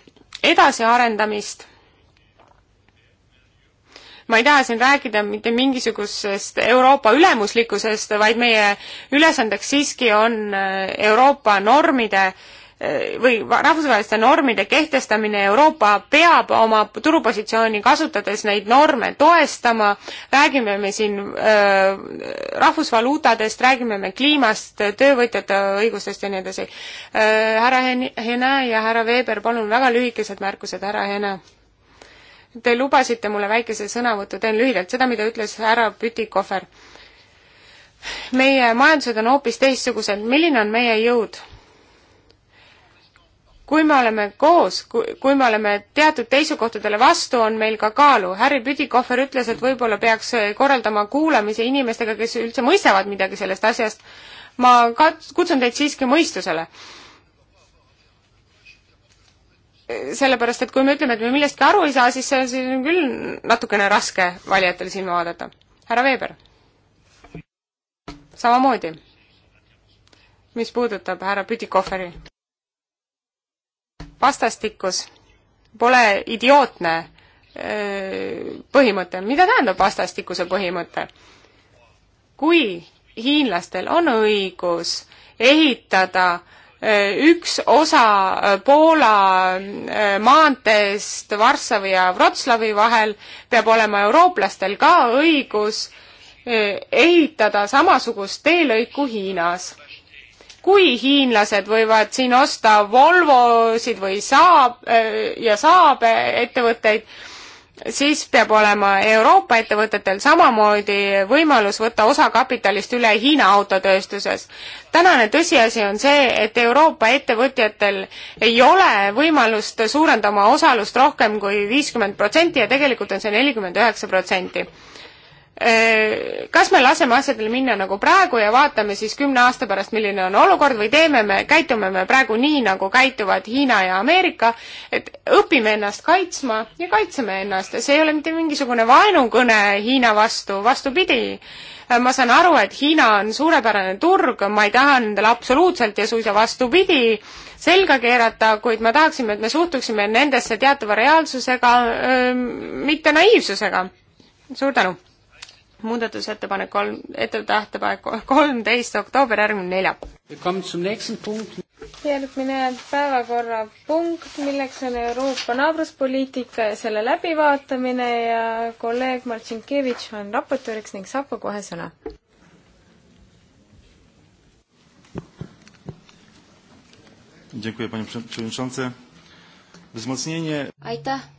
edasiarendamist. ma ei taha siin rääkida mitte mingisugusest Euroopa ülemuslikkusest, vaid meie ülesandeks siiski on Euroopa normide äh, Äh, või rahvusvaheliste normide kehtestamine, Euroopa peab oma turupositsiooni kasutades neid norme toestama, räägime me siin äh, rahvusvaluutadest, räägime me kliimast, töövõtjate õigustest ja nii edasi äh,. härra Hen-, Hena ja härra Weber, palun väga lühikesed märkused, härra Hena. Te lubasite mulle väikese sõnavõtu, teen lühidalt seda, mida ütles härra Pütikofer. meie majandused on hoopis teistsugused, milline on meie jõud? kui me oleme koos, kui me oleme teatud seisukohtadele vastu, on meil ka kaalu. Harry Püdikohver ütles, et võib-olla peaks äh, korraldama kuulamise inimestega, kes üldse mõistavad midagi sellest asjast. ma kat-, kutsun teid siiski mõistusele. sellepärast, et kui me ütleme, et me millestki aru ei saa, siis see on siin küll natukene raske valijatele silma vaadata. härra Veber? samamoodi, mis puudutab härra Püdikohveri vastastikus pole idiootne põhimõte. mida tähendab vastastikuse põhimõte? kui hiinlastel on õigus ehitada üks osa Poola maanteest Varssavi ja Wroclawi vahel, peab olema eurooplastel ka õigus ehitada samasugust teelõiku Hiinas kui hiinlased võivad siin osta Volvosid või Saab äh, ja Saab ettevõtteid, siis peab olema Euroopa ettevõtetel samamoodi võimalus võtta osa kapitalist üle Hiina autotööstuses. tänane tõsiasi on see, et Euroopa ettevõtjatel ei ole võimalust suurendada oma osalust rohkem kui viiskümmend protsenti ja tegelikult on see nelikümmend üheksa protsenti kas me laseme asjadel minna nagu praegu ja vaatame siis kümne aasta pärast, milline on olukord või teeme me, käitume me praegu nii, nagu käituvad Hiina ja Ameerika, et õpime ennast kaitsma ja kaitseme ennast ja see ei ole mitte mingisugune vaenukõne Hiina vastu, vastupidi. ma saan aru, et Hiina on suurepärane turg, ma ei taha nendele absoluutselt ja suisa vastupidi selga keerata, kuid me tahaksime, et me suhtuksime nendesse teatava reaalsusega, mitte naiivsusega. suur tänu! muudatusettepanek kolm, ettetähtepanek kolmteist oktoober, järgmine neljapäev. järgmine päevakorrapunkt, milleks on Euroopa naabruspoliitika ja selle läbivaatamine ja kolleeg Martšinkevitš on raportööriks ning saab ka kohe sõna. aitäh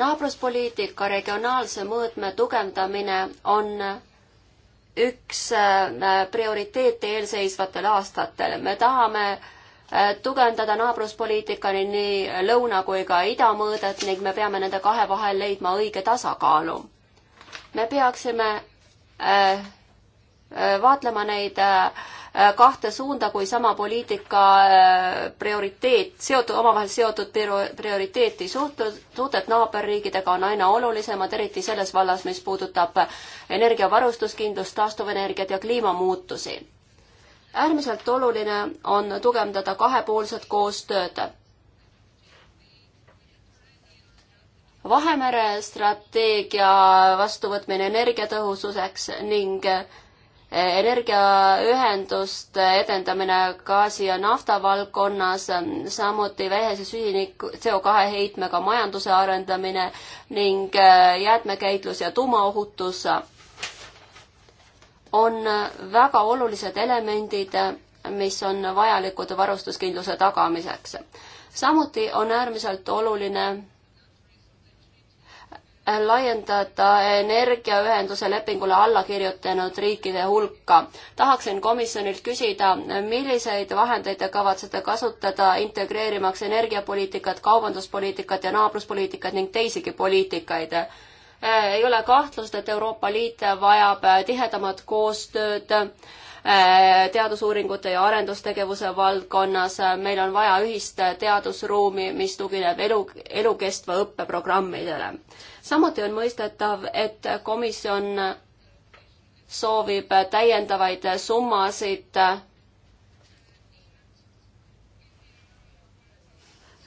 naabruspoliitika regionaalse mõõtme tugevdamine on üks äh, prioriteete eelseisvatel aastatel. me tahame äh, tugevdada naabruspoliitikani nii lõuna kui ka ida mõõdet ning me peame nende kahe vahel leidma õige tasakaalu. me peaksime äh, vaatlema neid äh, Äh, kahte suunda, kui sama poliitika äh, prioriteet, seotud, omavahel seotud prioriteeti suhtlus, suhted naaberriikidega on aina olulisemad, eriti selles vallas, mis puudutab äh, energiavarustuskindlust, taastuvenergiat ja kliimamuutusi. äärmiselt oluline on tugevdada kahepoolset koostööd Vahemere strateegia vastuvõtmine energiatõhususeks ning energiaühenduste edendamine gaasi ja nafta valdkonnas, samuti vähese süsiniku CO2 heitmega majanduse arendamine ning äh, jäätmekäitlus ja tuumaohutus on väga olulised elemendid, mis on vajalikud varustuskindluse tagamiseks. samuti on äärmiselt oluline laiendada energiaühenduse lepingule alla kirjutanud riikide hulka. tahaksin komisjonilt küsida, milliseid vahendeid te kavatsete kasutada integreerimaks energiapoliitikat, kaubanduspoliitikat ja naabruspoliitikat ning teisigi poliitikaid? ei ole kahtlust, et Euroopa Liit vajab tihedamat koostööd Äh, teadusuuringute ja arendustegevuse valdkonnas. meil on vaja ühist teadusruumi, mis tugineb elu, elukestva õppe programmidele. samuti on mõistetav, et komisjon soovib täiendavaid summasid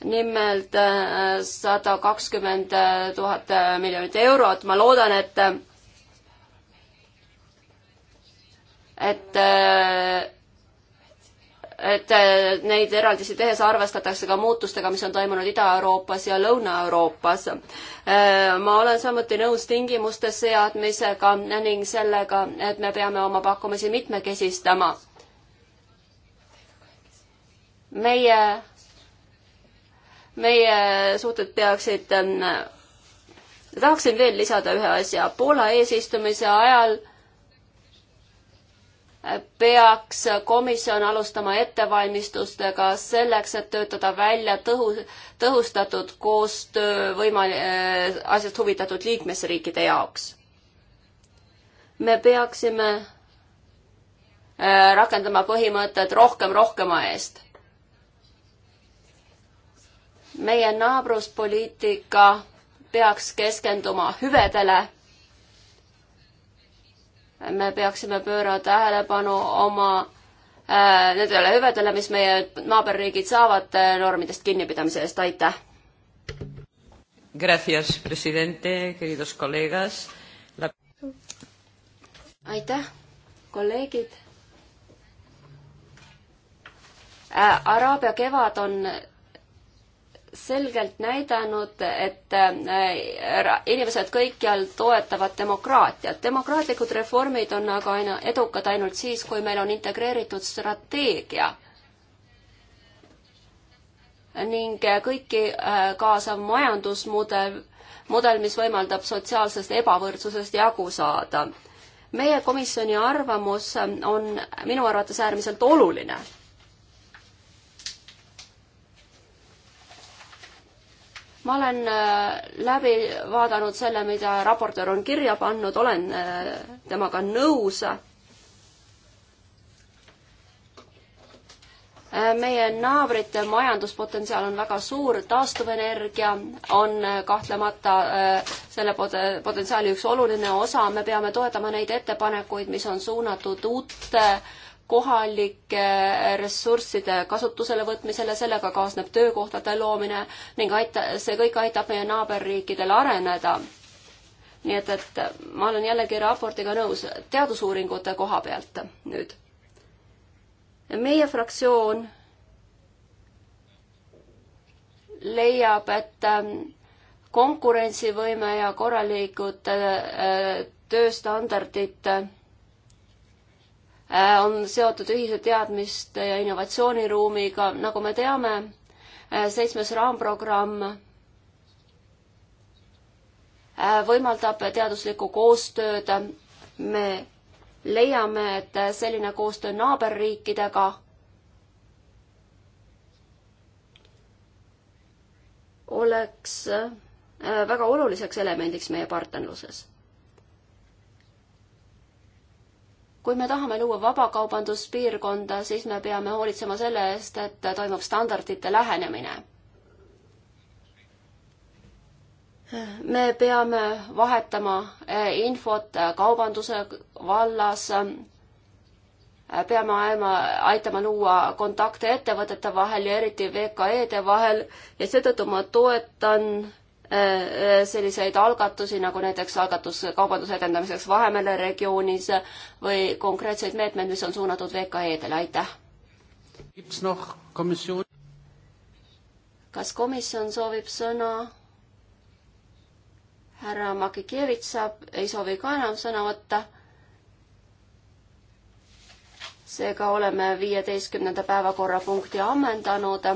nimelt äh, sada kakskümmend tuhat miljonit eurot, ma loodan, et et äh, et äh, neid eraldisi tehes arvestatakse ka muutustega, mis on toimunud Ida-Euroopas ja Lõuna-Euroopas. Äh, ma olen samuti nõus tingimuste seadmisega ning sellega, et me peame oma pakkumisi mitmekesistama. meie, meie suhted peaksid, tahaksin veel lisada ühe asja. Poola eesistumise ajal peaks komisjon alustama ettevalmistustega selleks, et töötada välja tõhu, tõhustatud koostöö võimal-, äh, asjast huvitatud liikmesriikide jaoks. me peaksime äh, rakendama põhimõtet rohkem rohkema eest. meie naabruspoliitika peaks keskenduma hüvedele me peaksime pööra tähelepanu oma äh, nendele hüvedele, mis meie naaberriigid saavad äh, normidest kinnipidamise eest, aitäh! Gracias, presidente, queridos colegas La.... aitäh, kolleegid äh,! Araabia kevad on selgelt näidanud, et äh, inimesed kõikjal toetavad demokraatiat. demokraatlikud reformid on aga aina edukad ainult siis, kui meil on integreeritud strateegia ning kõiki äh, kaasav majandusmudel, mudel, mis võimaldab sotsiaalsest ebavõrdsusest jagu saada. meie komisjoni arvamus on minu arvates äärmiselt oluline ma olen äh, läbi vaadanud selle, mida raportöör on kirja pannud, olen äh, temaga nõus. Äh, meie naabrite majanduspotentsiaal on väga suur, taastuvenergia on kahtlemata selle potentsiaali üks oluline osa, me peame toetama neid ettepanekuid, mis on suunatud uute äh, kohalike ressursside kasutusele võtmisele, sellega kaasneb töökohtade loomine ning aita-, see kõik aitab meie naaberriikidel areneda. nii et, et ma olen jällegi raportiga nõus teadusuuringute koha pealt nüüd. meie fraktsioon leiab, et ähm, konkurentsivõime ja korralikud äh, tööstandardid äh, Äh, on seotud ühise teadmiste ja innovatsiooniruumiga, nagu me teame, äh, seitsmes raamprogramm äh, võimaldab teaduslikku koostööd. me leiame, et selline koostöö naaberriikidega oleks väga oluliseks elemendiks meie partnerluses kui me tahame luua vabakaubanduspiirkonda, siis me peame hoolitsema selle eest, et toimub standardite lähenemine. me peame vahetama eh, infot eh, kaubanduse vallas, peame aima, aitama luua kontakte ettevõtete vahel ja eriti VKE-de vahel ja seetõttu ma toetan Äh, äh, selliseid algatusi, nagu näiteks algatus kaubanduse edendamiseks Vahemere regioonis või konkreetseid meetmeid, mis on suunatud VKE-dele, aitäh! kas komisjon soovib sõna? härra Makikevitš saab, ei soovi ka enam sõna võtta. seega oleme viieteistkümnenda päevakorrapunkti ammendanud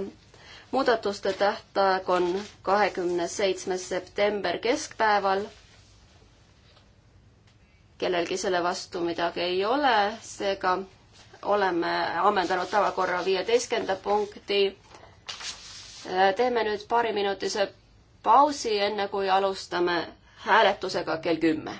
muudatuste tähtaeg on kahekümne seitsmes september keskpäeval. kellelgi selle vastu midagi ei ole, seega oleme ammendanud tavakorra viieteistkümnenda punkti. teeme nüüd paariminutise pausi, enne kui alustame hääletusega kell kümme.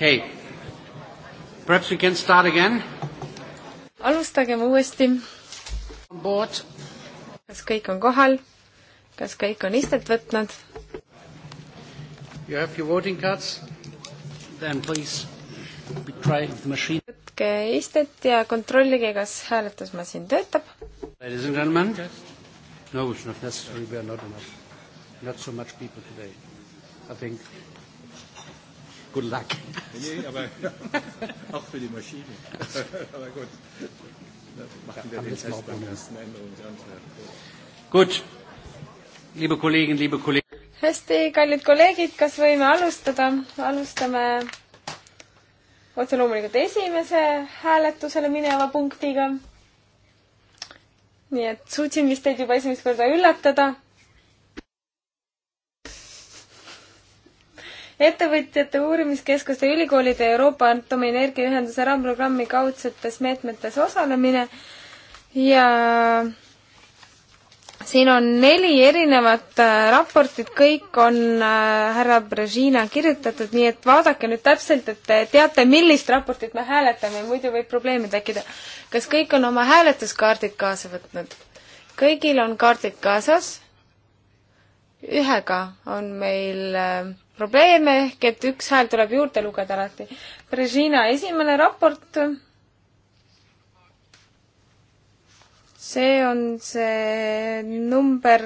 okei okay.. Perhaps we can start again? alustagem uuesti. kas kõik on kohal? kas kõik on istet võtnud? You have your voting cards? Then please try the machine. võtke istet ja kontrollige, kas hääletusmasin töötab. Ladies and gentlemen, no it's not necessary, we are not enough, not so much people today. I think good luck Nee, aber *laughs* auch für die Maschine. *laughs* aber gut. Das machen wir den Test beim ersten Änderungsantrag. Gut. Liebe Kollegen, liebe Kollegen. hästi, kallid kolleegid, kas võime alustada? alustame otse loomulikult esimese hääletusele mineva punktiga. nii et suutsin vist teid juba esimest korda üllatada ettevõtjate uurimiskeskuste ülikoolide Euroopa atomienergiaühenduse raamprogrammi kaudsetes meetmetes osalemine ja siin on neli erinevat äh, raportit, kõik on äh, härra Brežina kirjutatud, nii et vaadake nüüd täpselt, et te teate, millist raportit me hääletame, muidu võib probleeme tekkida. kas kõik on oma hääletuskaardid kaasa võtnud? kõigil on kaardid kaasas. ühega on meil äh, probleeme, ehk et üks hääl tuleb juurde lugeda alati. Brežina esimene raport. see on see number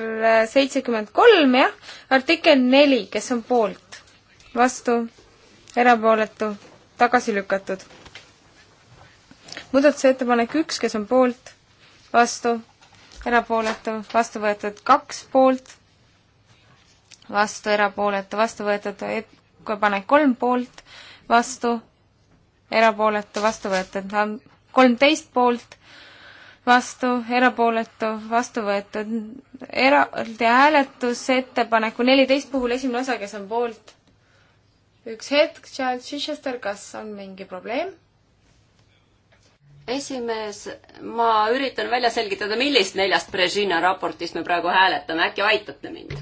seitsekümmend kolm, jah, artikkel neli, kes on poolt, vastu, erapooletu, tagasi lükatud. muudatusettepanek üks, kes on poolt, vastu, erapooletu, vastu võetud kaks poolt vastu, erapooletu, vastu võetud, ettepanek kolm poolt, vastu, erapooletu, vastu võetud, kolmteist poolt, vastu, erapooletu, vastu võetud, eraldi hääletus ettepaneku neliteist puhul esimene osa, kes on poolt. üks hetk, Charles Chichester, kas on mingi probleem? esimees, ma üritan välja selgitada, millist neljast Brežina raportist me praegu hääletame, äkki aitate mind?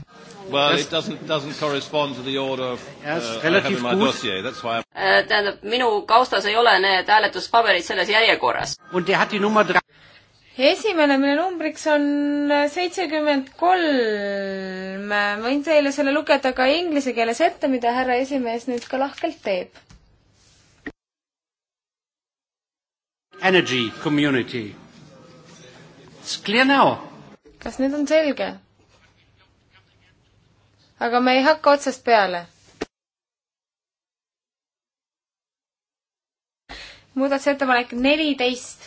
Well, it doesn't, doesn't correspond to the order of yes, uh, I have in my dossier, that's why I am äh, tähendab, minu kaustas ei ole need hääletuspaberid selles järjekorras. esimene, mille numbriks on seitsekümmend kolm. võin teile selle lugeda ka inglise keeles ette, mida härra esimees nüüd ka lahkelt teeb energy community. It's clear now. kas nüüd on selge? aga me ei hakka otsast peale. muudatusettepanek neliteist.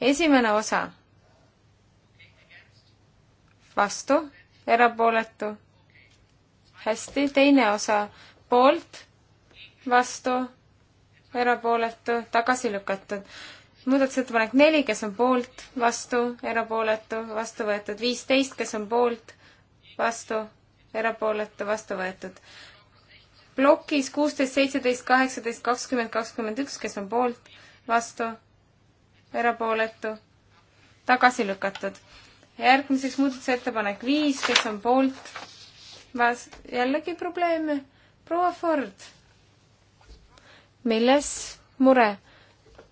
esimene osa. vastu, erapooletu. hästi, teine osa, poolt, vastu erapooletu, tagasi lükatud. muudatusettepanek neli, kes on poolt, vastu, erapooletu, vastu võetud. viisteist, kes on poolt, vastu, erapooletu, vastu võetud. plokis kuusteist, seitseteist, kaheksateist, kakskümmend, kakskümmend üks, kes on poolt, vastu, erapooletu, tagasi lükatud. järgmiseks muudatusettepanek viis, kes on poolt, vas-, jällegi probleeme. proua Ford milles mure?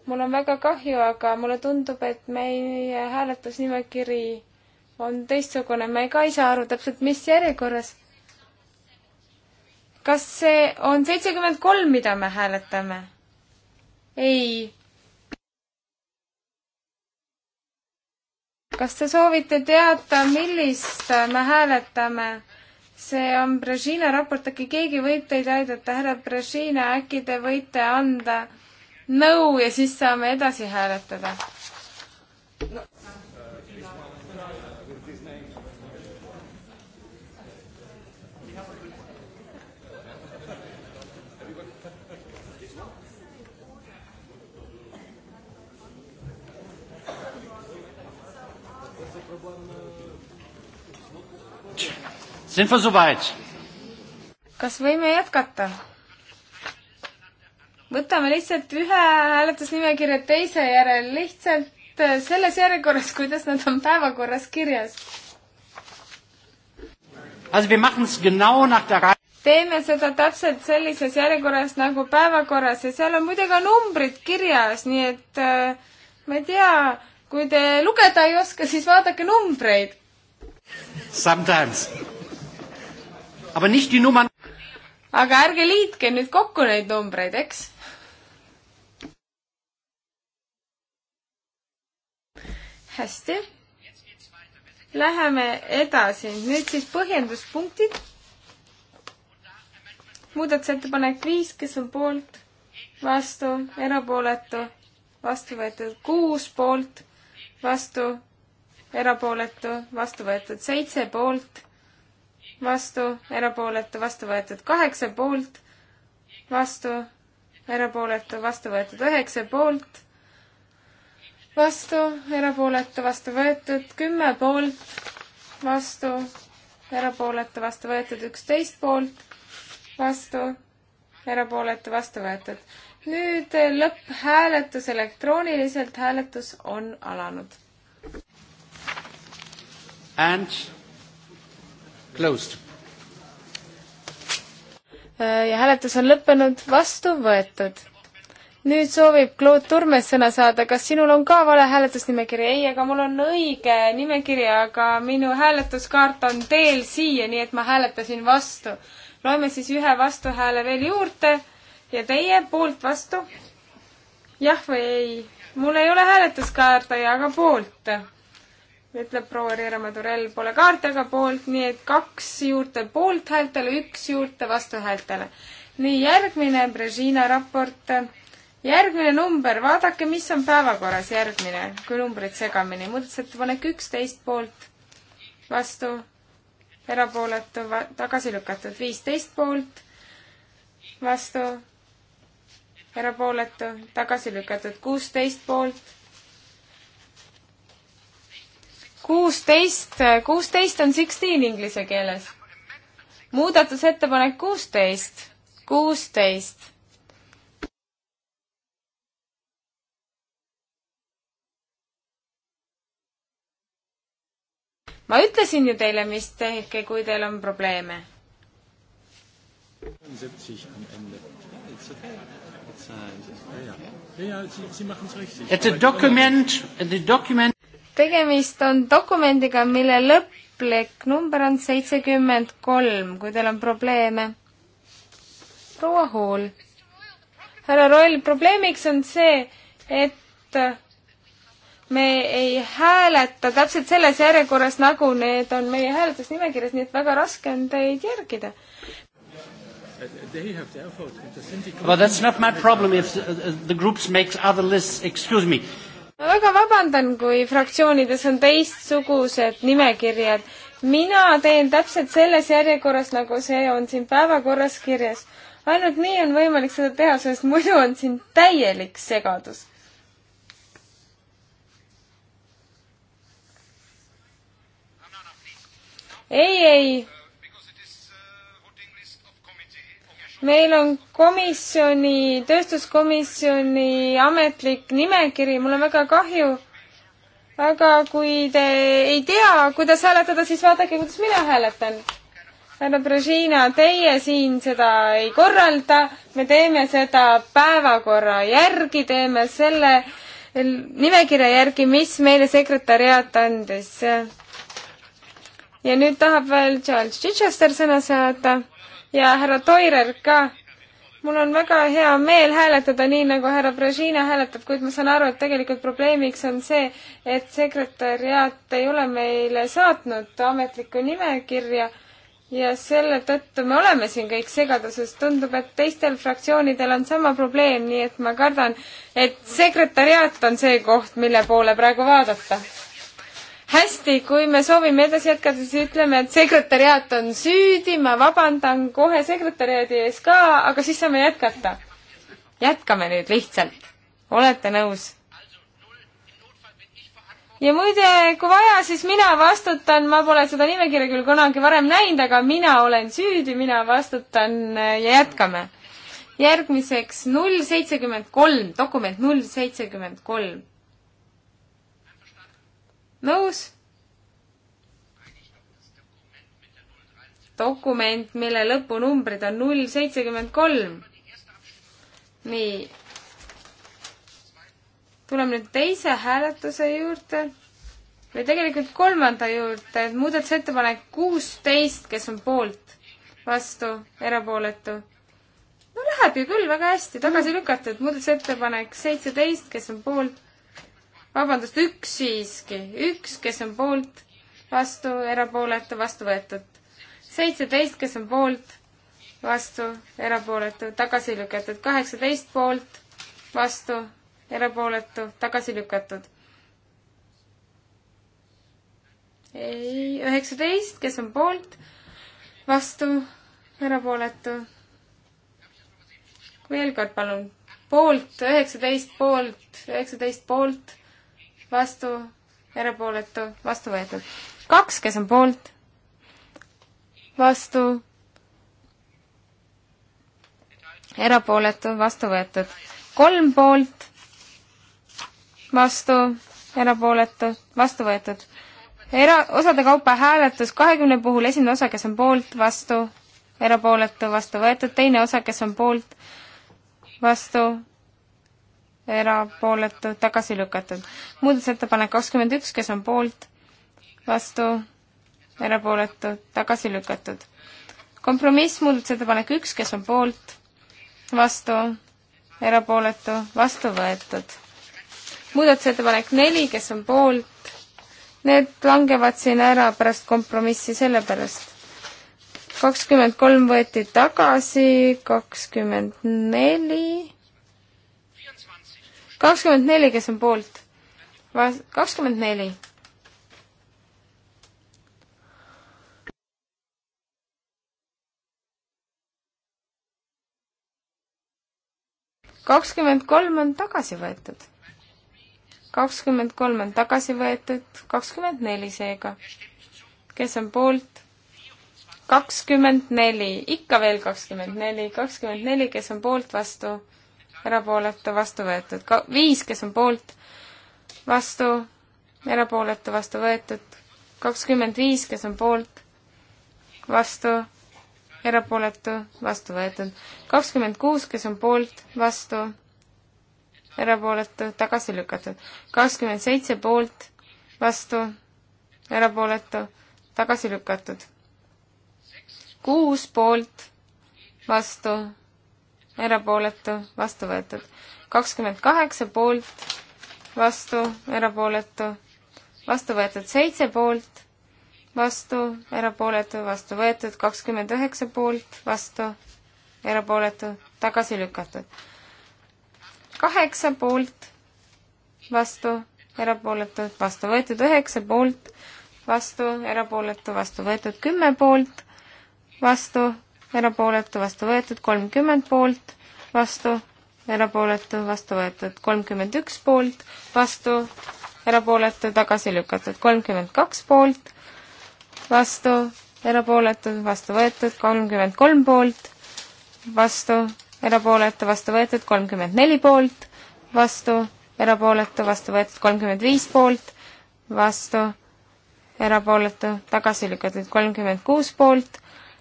mul on väga kahju, aga mulle tundub, et meie hääletusnimekiri on teistsugune, ma ka ei saa aru täpselt, mis järjekorras. kas see on seitsekümmend kolm, mida me hääletame? ei. kas te soovite teada, millist me hääletame? see on Brežina raport, äkki keegi võib teid aidata, härra Brežina, äkki te võite anda nõu no, ja siis saame edasi hääletada no.? kas võime jätkata? võtame lihtsalt ühe hääletusnimekirja teise järel, lihtsalt äh, selles järjekorras, kuidas nad on päevakorras kirjas. teeme seda täpselt sellises järjekorras nagu päevakorras ja seal on muide ka numbrid kirjas, nii et äh, ma ei tea, kui te lugeda ei oska, siis vaadake numbreid. Sometimes aga ärge liitke nüüd kokku neid numbreid, eks? hästi. Läheme edasi, nüüd siis põhjenduspunktid. muudatusettepanek viis, kes on poolt, vastu, erapooletu, vastu võetud kuus poolt, vastu, erapooletu, vastu võetud seitse poolt vastu, erapooletu, vastu võetud kaheksa poolt, vastu, erapooletu, vastu võetud üheksa poolt, vastu, erapooletu, vastu võetud kümme poolt, vastu, erapooletu, vastu võetud üksteist poolt, vastu, erapooletu, vastu võetud. nüüd lõpphääletus elektrooniliselt, hääletus on alanud. And Closed. Äh, ja hääletus on lõppenud, vastu võetud. nüüd soovib Claude Turmes sõna saada, kas sinul on ka vale hääletusnimekiri? ei, aga mul on õige nimekiri, aga minu hääletuskaart on teel siia, nii et ma hääletasin vastu. loeme siis ühe vastuhääle veel juurde ja teie poolt vastu? jah või ei? mul ei ole hääletuskaarte, aga poolt ütleb proua Riira Madurell, pole kaartega poolt, nii et kaks juurde poolthäältele, üks juurde vastuhäältele. nii, järgmine Brežina raport. järgmine number, vaadake, mis on päevakorras järgmine, kui numbrid segamini. muudatusettepanek üksteist poolt, vastu, erapooletu, tagasi lükatud, viisteist poolt, vastu, erapooletu, tagasi lükatud, kuusteist poolt kuusteist, kuusteist on sixteen inglise keeles. muudatusettepanek kuusteist, kuusteist. ma ütlesin ju teile, mis tehke, kui teil on probleeme. Et dokument, dokument tegemist on dokumendiga, mille lõplik number on seitsekümmend kolm, kui teil on probleeme. proua Hool. härra Roll, probleemiks on see, et me ei hääleta täpselt selles järjekorras, nagu need on meie hääletusnimekirjas, nii et väga raske on teid järgida. Well, that's not my problem if the, the groups makes other lists. Excuse me. Uh, ma väga vabandan, kui fraktsioonides on teistsugused nimekirjad. mina teen täpselt selles järjekorras, nagu see on siin päevakorras kirjas. ainult nii on võimalik seda teha, sest muidu on siin täielik segadus. ei, ei meil on komisjoni, tööstuskomisjoni ametlik nimekiri, mul on väga kahju. aga kui te ei tea, kuidas hääletada, siis vaadake, kuidas mina hääletan. härra Brežina, teie siin seda ei korralda, me teeme seda päevakorra järgi, teeme selle nimekirja järgi, mis meile sekretäriaat andis. ja nüüd tahab veel Charles Chichester sõna saada ja härra Toirer ka. mul on väga hea meel hääletada nii, nagu härra Brežina hääletab, kuid ma saan aru, et tegelikult probleemiks on see, et sekretäriaat ei ole meile saatnud ametlikku nimekirja ja selle tõttu me oleme siin kõik segaduses. tundub, et teistel fraktsioonidel on sama probleem, nii et ma kardan, et sekretäriaat on see koht, mille poole praegu vaadata hästi, kui me soovime edasi jätkata, siis ütleme, et sekretäriaat on süüdi, ma vabandan kohe sekretäriaadi ees ka, aga siis saame jätkata. jätkame nüüd lihtsalt. olete nõus? ja muide, kui vaja, siis mina vastutan, ma pole seda nimekirja küll kunagi varem näinud, aga mina olen süüdi, mina vastutan ja jätkame. järgmiseks null seitsekümmend kolm, dokument null seitsekümmend kolm nõus? dokument, mille lõpunumbrid on null seitsekümmend kolm. nii. tuleme nüüd teise hääletuse juurde või tegelikult kolmanda juurde, et muudatusettepanek kuusteist, kes on poolt, vastu, erapooletu. no läheb ju küll väga hästi, tagasi lükatud, muudatusettepanek seitseteist, kes on poolt vabandust, üks siiski, üks, kes on poolt, vastu, erapooletu, vastu võetud. seitseteist, kes on poolt, vastu, erapooletu, tagasi lükatud. kaheksateist poolt, vastu, erapooletu, tagasi lükatud. ei, üheksateist, kes on poolt, vastu, erapooletu. veel kord palun, poolt, üheksateist poolt, üheksateist poolt vastu, erapooletu, vastu võetud. kaks, kes on poolt, vastu, erapooletu, vastu võetud. kolm poolt, vastu, erapooletu, vastu võetud. era-, osade kaupa hääletus kahekümne puhul esimene osa, kes on poolt, vastu, erapooletu, vastu võetud, teine osa, kes on poolt, vastu, erapooletu, tagasi lükatud. muudatusettepanek kakskümmend üks, kes on poolt, vastu, erapooletu, tagasi lükatud. kompromiss, muudatusettepanek üks, kes on poolt, vastu, erapooletu, vastu võetud. muudatusettepanek neli, kes on poolt, need langevad siin ära pärast kompromissi, sellepärast. kakskümmend kolm võeti tagasi, kakskümmend neli kakskümmend neli, kes on poolt? kakskümmend neli. kakskümmend kolm on tagasi võetud. kakskümmend kolm on tagasi võetud, kakskümmend neli seega. kes on poolt? kakskümmend neli, ikka veel kakskümmend neli, kakskümmend neli, kes on poolt, vastu? erapooletu, vastu võetud. ka-, viis, kes on poolt, vastu, erapooletu, vastu võetud. kakskümmend viis, kes on poolt, vastu, erapooletu, vastu võetud. kakskümmend kuus, kes on poolt, vastu, erapooletu, tagasi lükatud. kakskümmend seitse poolt, vastu, erapooletu, tagasi lükatud. kuus poolt, vastu, erapooletu, vastu võetud. kakskümmend kaheksa poolt, vastu, erapooletu, vastu võetud seitse poolt, vastu, erapooletu, vastu võetud, kakskümmend üheksa poolt, vastu, erapooletu, tagasi lükatud. kaheksa poolt, vastu, erapooletu, vastu võetud üheksa poolt, vastu, erapooletu, vastu võetud kümme poolt, vastu, erapooletu, vastu võetud kolmkümmend poolt, vastu, erapooletu, vastu võetud kolmkümmend üks poolt, vastu, erapooletu, tagasi lükatud kolmkümmend kaks poolt, vastu, erapooletu, vastu võetud kolmkümmend kolm poolt, vastu, erapooletu, vastu võetud kolmkümmend neli poolt, vastu, erapooletu, vastu võetud kolmkümmend viis poolt, vastu, erapooletu, tagasi lükatud kolmkümmend kuus poolt,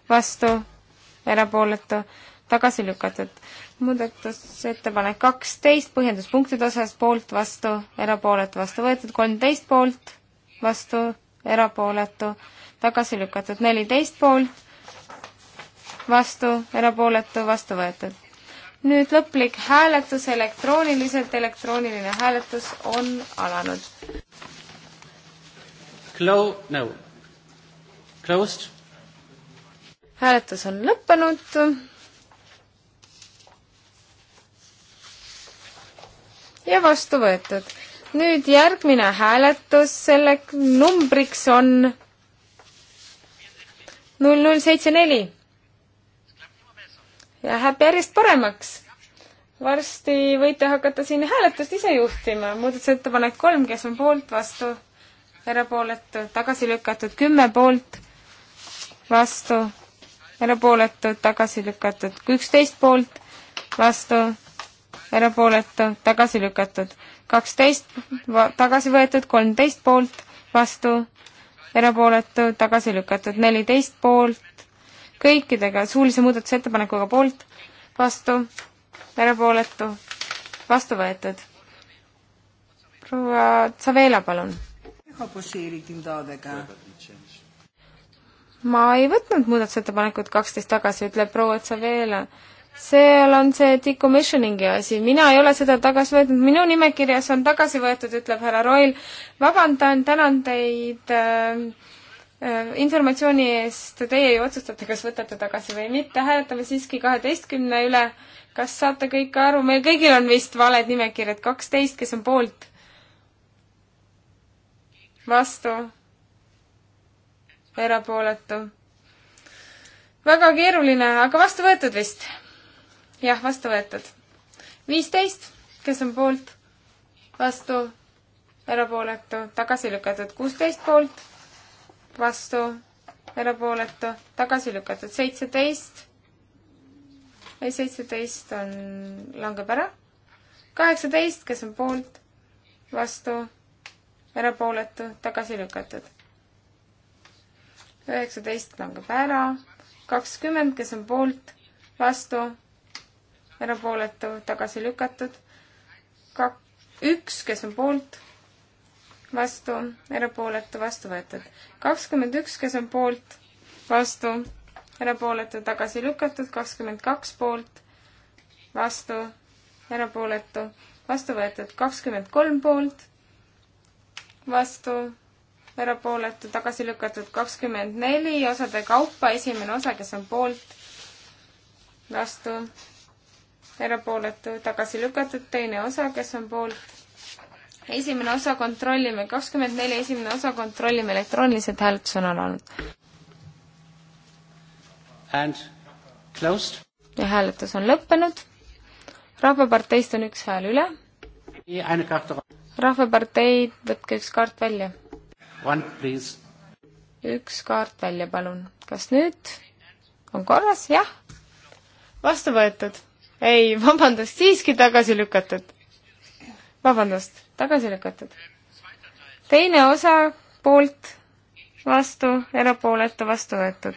vastu, erapooletu, tagasi lükatud. muudatusettepanek kaksteist, põhjenduspunktide osas poolt, vastu, erapooletu, vastu võetud, kolmteist poolt, vastu, erapooletu, tagasi lükatud, neliteist poolt, vastu, erapooletu, vastu võetud. nüüd lõplik hääletus elektrooniliselt, elektrooniline hääletus on alanud. Clo-, no. Closed hääletus on lõppenud. ja vastu võetud. nüüd järgmine hääletus, selle numbriks on null null seitse neli. Läheb järjest paremaks. varsti võite hakata siin hääletust ise juhtima. muudatusettepanek kolm, kes on poolt, vastu, erapooletu, tagasi lükatud, kümme poolt, vastu erapooletu, tagasi lükatud. üksteist poolt, vastu, erapooletu, tagasi lükatud. kaksteist tagasi võetud, kolmteist poolt, vastu, erapooletu, tagasi lükatud. neliteist poolt, kõikidega suulise muudatusettepanekuga poolt, vastu, erapooletu, vastu võetud. proua Savela, palun ma ei võtnud muudatusettepanekut kaksteist tagasi, ütleb proua Otsaveela. seal on see decommissioningi asi, mina ei ole seda tagasi võetud, minu nimekirjas on tagasi võetud, ütleb härra Roil. vabandan, tänan teid äh, äh, informatsiooni eest, teie ju otsustate, kas võtate tagasi või mitte, hääletame siiski kaheteistkümne üle. kas saate kõik aru, meil kõigil on vist valed nimekirjad, kaksteist, kes on poolt? vastu erapooletu. väga keeruline, aga vastu võetud vist? jah, vastu võetud. viisteist, kes on poolt, vastu, erapooletu, tagasi lükatud. kuusteist poolt, vastu, erapooletu, tagasi lükatud. seitseteist, ei seitseteist on, langeb ära. kaheksateist, kes on poolt, vastu, erapooletu, tagasi lükatud üheksateist langeb ära, kakskümmend, kes on poolt, vastu, erapooletu, tagasi lükatud, kak-, üks, kes on poolt, vastu, erapooletu, vastu võetud. kakskümmend üks, kes on poolt, vastu, erapooletu, tagasi lükatud, kakskümmend kaks poolt, vastu, erapooletu, vastu võetud, kakskümmend kolm poolt, vastu, erapooletu, tagasi lükatud kakskümmend neli, osade kaupa esimene osa, kes on poolt, vastu, erapooletu, tagasi lükatud teine osa, kes on poolt, esimene osa kontrollime, kakskümmend neli esimene osa kontrollime elektrooniliselt, hääletus on alanud. And closed. ja hääletus on lõppenud. rahvaparteist on üks hääl üle. Rahvapartei, võtke üks kaart välja üks kaart välja, palun. kas nüüd on korras? jah. vastu võetud. ei, *laughs* vabandust, siiski tagasi lükatud. vabandust, tagasi lükatud. teine osa poolt, vastu, erapooletu, vastu võetud.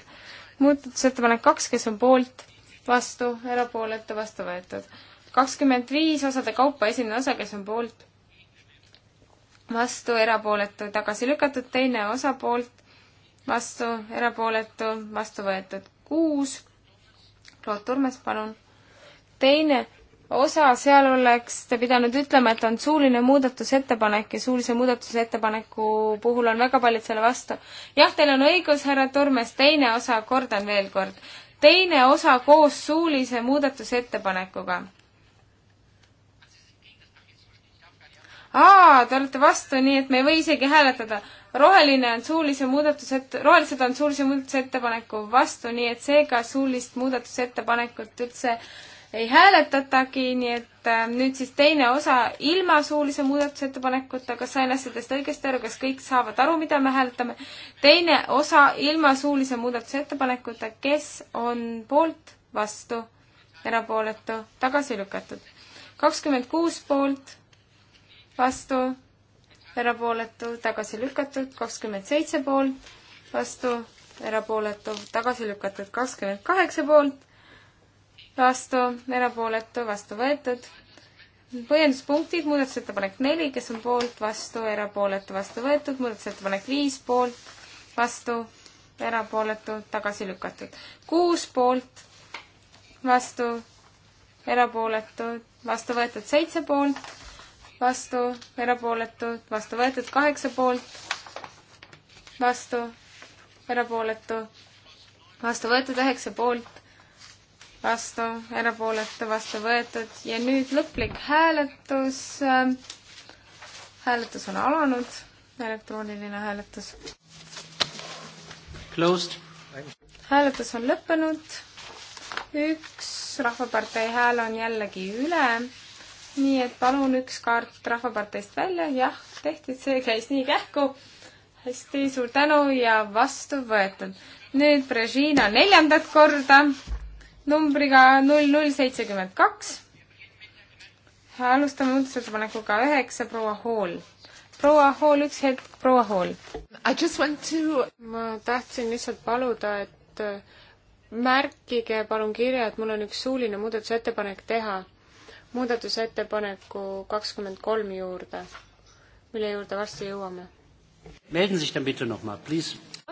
muudatusettepanek kaks, kes on poolt, vastu, erapooletu, vastu võetud. kakskümmend viis osade kaupa esimene osa, kes on poolt vastu, erapooletu, tagasi lükatud, teine osa poolt, vastu, erapooletu, vastu võetud kuus. Claude Turmes, palun. teine osa, seal oleks te pidanud ütlema, et on suuline muudatusettepanek ja suulise muudatusettepaneku puhul on väga paljud selle vastu. jah, teil on õigus, härra Turmes, teine osa, kordan veel kord, teine osa koos suulise muudatusettepanekuga aa, te olete vastu, nii et me ei või isegi hääletada. roheline on suulise muudatused, rohelised on suulise muudatusettepaneku vastu, nii et seega suulist muudatusettepanekut üldse ei hääletatagi, nii et äh, nüüd siis teine osa ilma suulise muudatusettepanekuta, kas sain asjadest õigesti aru, kas kõik saavad aru, mida me hääletame? teine osa ilma suulise muudatusettepanekuta, kes on poolt, vastu, erapooletu, tagasi lükatud. kakskümmend kuus poolt vastu, erapooletu, tagasi lükatud, kakskümmend seitse poolt, vastu, erapooletu, tagasi lükatud, kakskümmend kaheksa poolt, vastu, erapooletu, vastu võetud. põhjenduspunktid, muudatusettepanek neli, kes on poolt, vastu, erapooletu, vastu võetud, muudatusettepanek viis poolt, vastu, erapooletu, tagasi lükatud. kuus poolt, vastu, erapooletu, vastu võetud seitse poolt vastu, erapooletud, vastu võetud, kaheksa poolt, vastu, erapooletu, vastu võetud, üheksa poolt, vastu, erapooletu, vastu võetud ja nüüd lõplik hääletus. Ähm, hääletus on alanud, elektrooniline hääletus. Closed. hääletus on lõppenud. üks Rahvapartei hääl on jällegi üle nii et palun üks kaart Rahvaparteist välja, jah, tehti, see käis nii kähku. hästi, suur tänu ja vastu võetud. nüüd Brežina neljandat korda numbriga null null seitsekümmend kaks. alustame muudatusettepanekuga üheksa, proua Hool. proua Hool, üks hetk, proua Hool. I just want to, ma tahtsin lihtsalt paluda, et märkige palun kirja, et mul on üks suuline muudatusettepanek teha muudatusettepaneku kakskümmend kolm juurde, mille juurde varsti jõuame.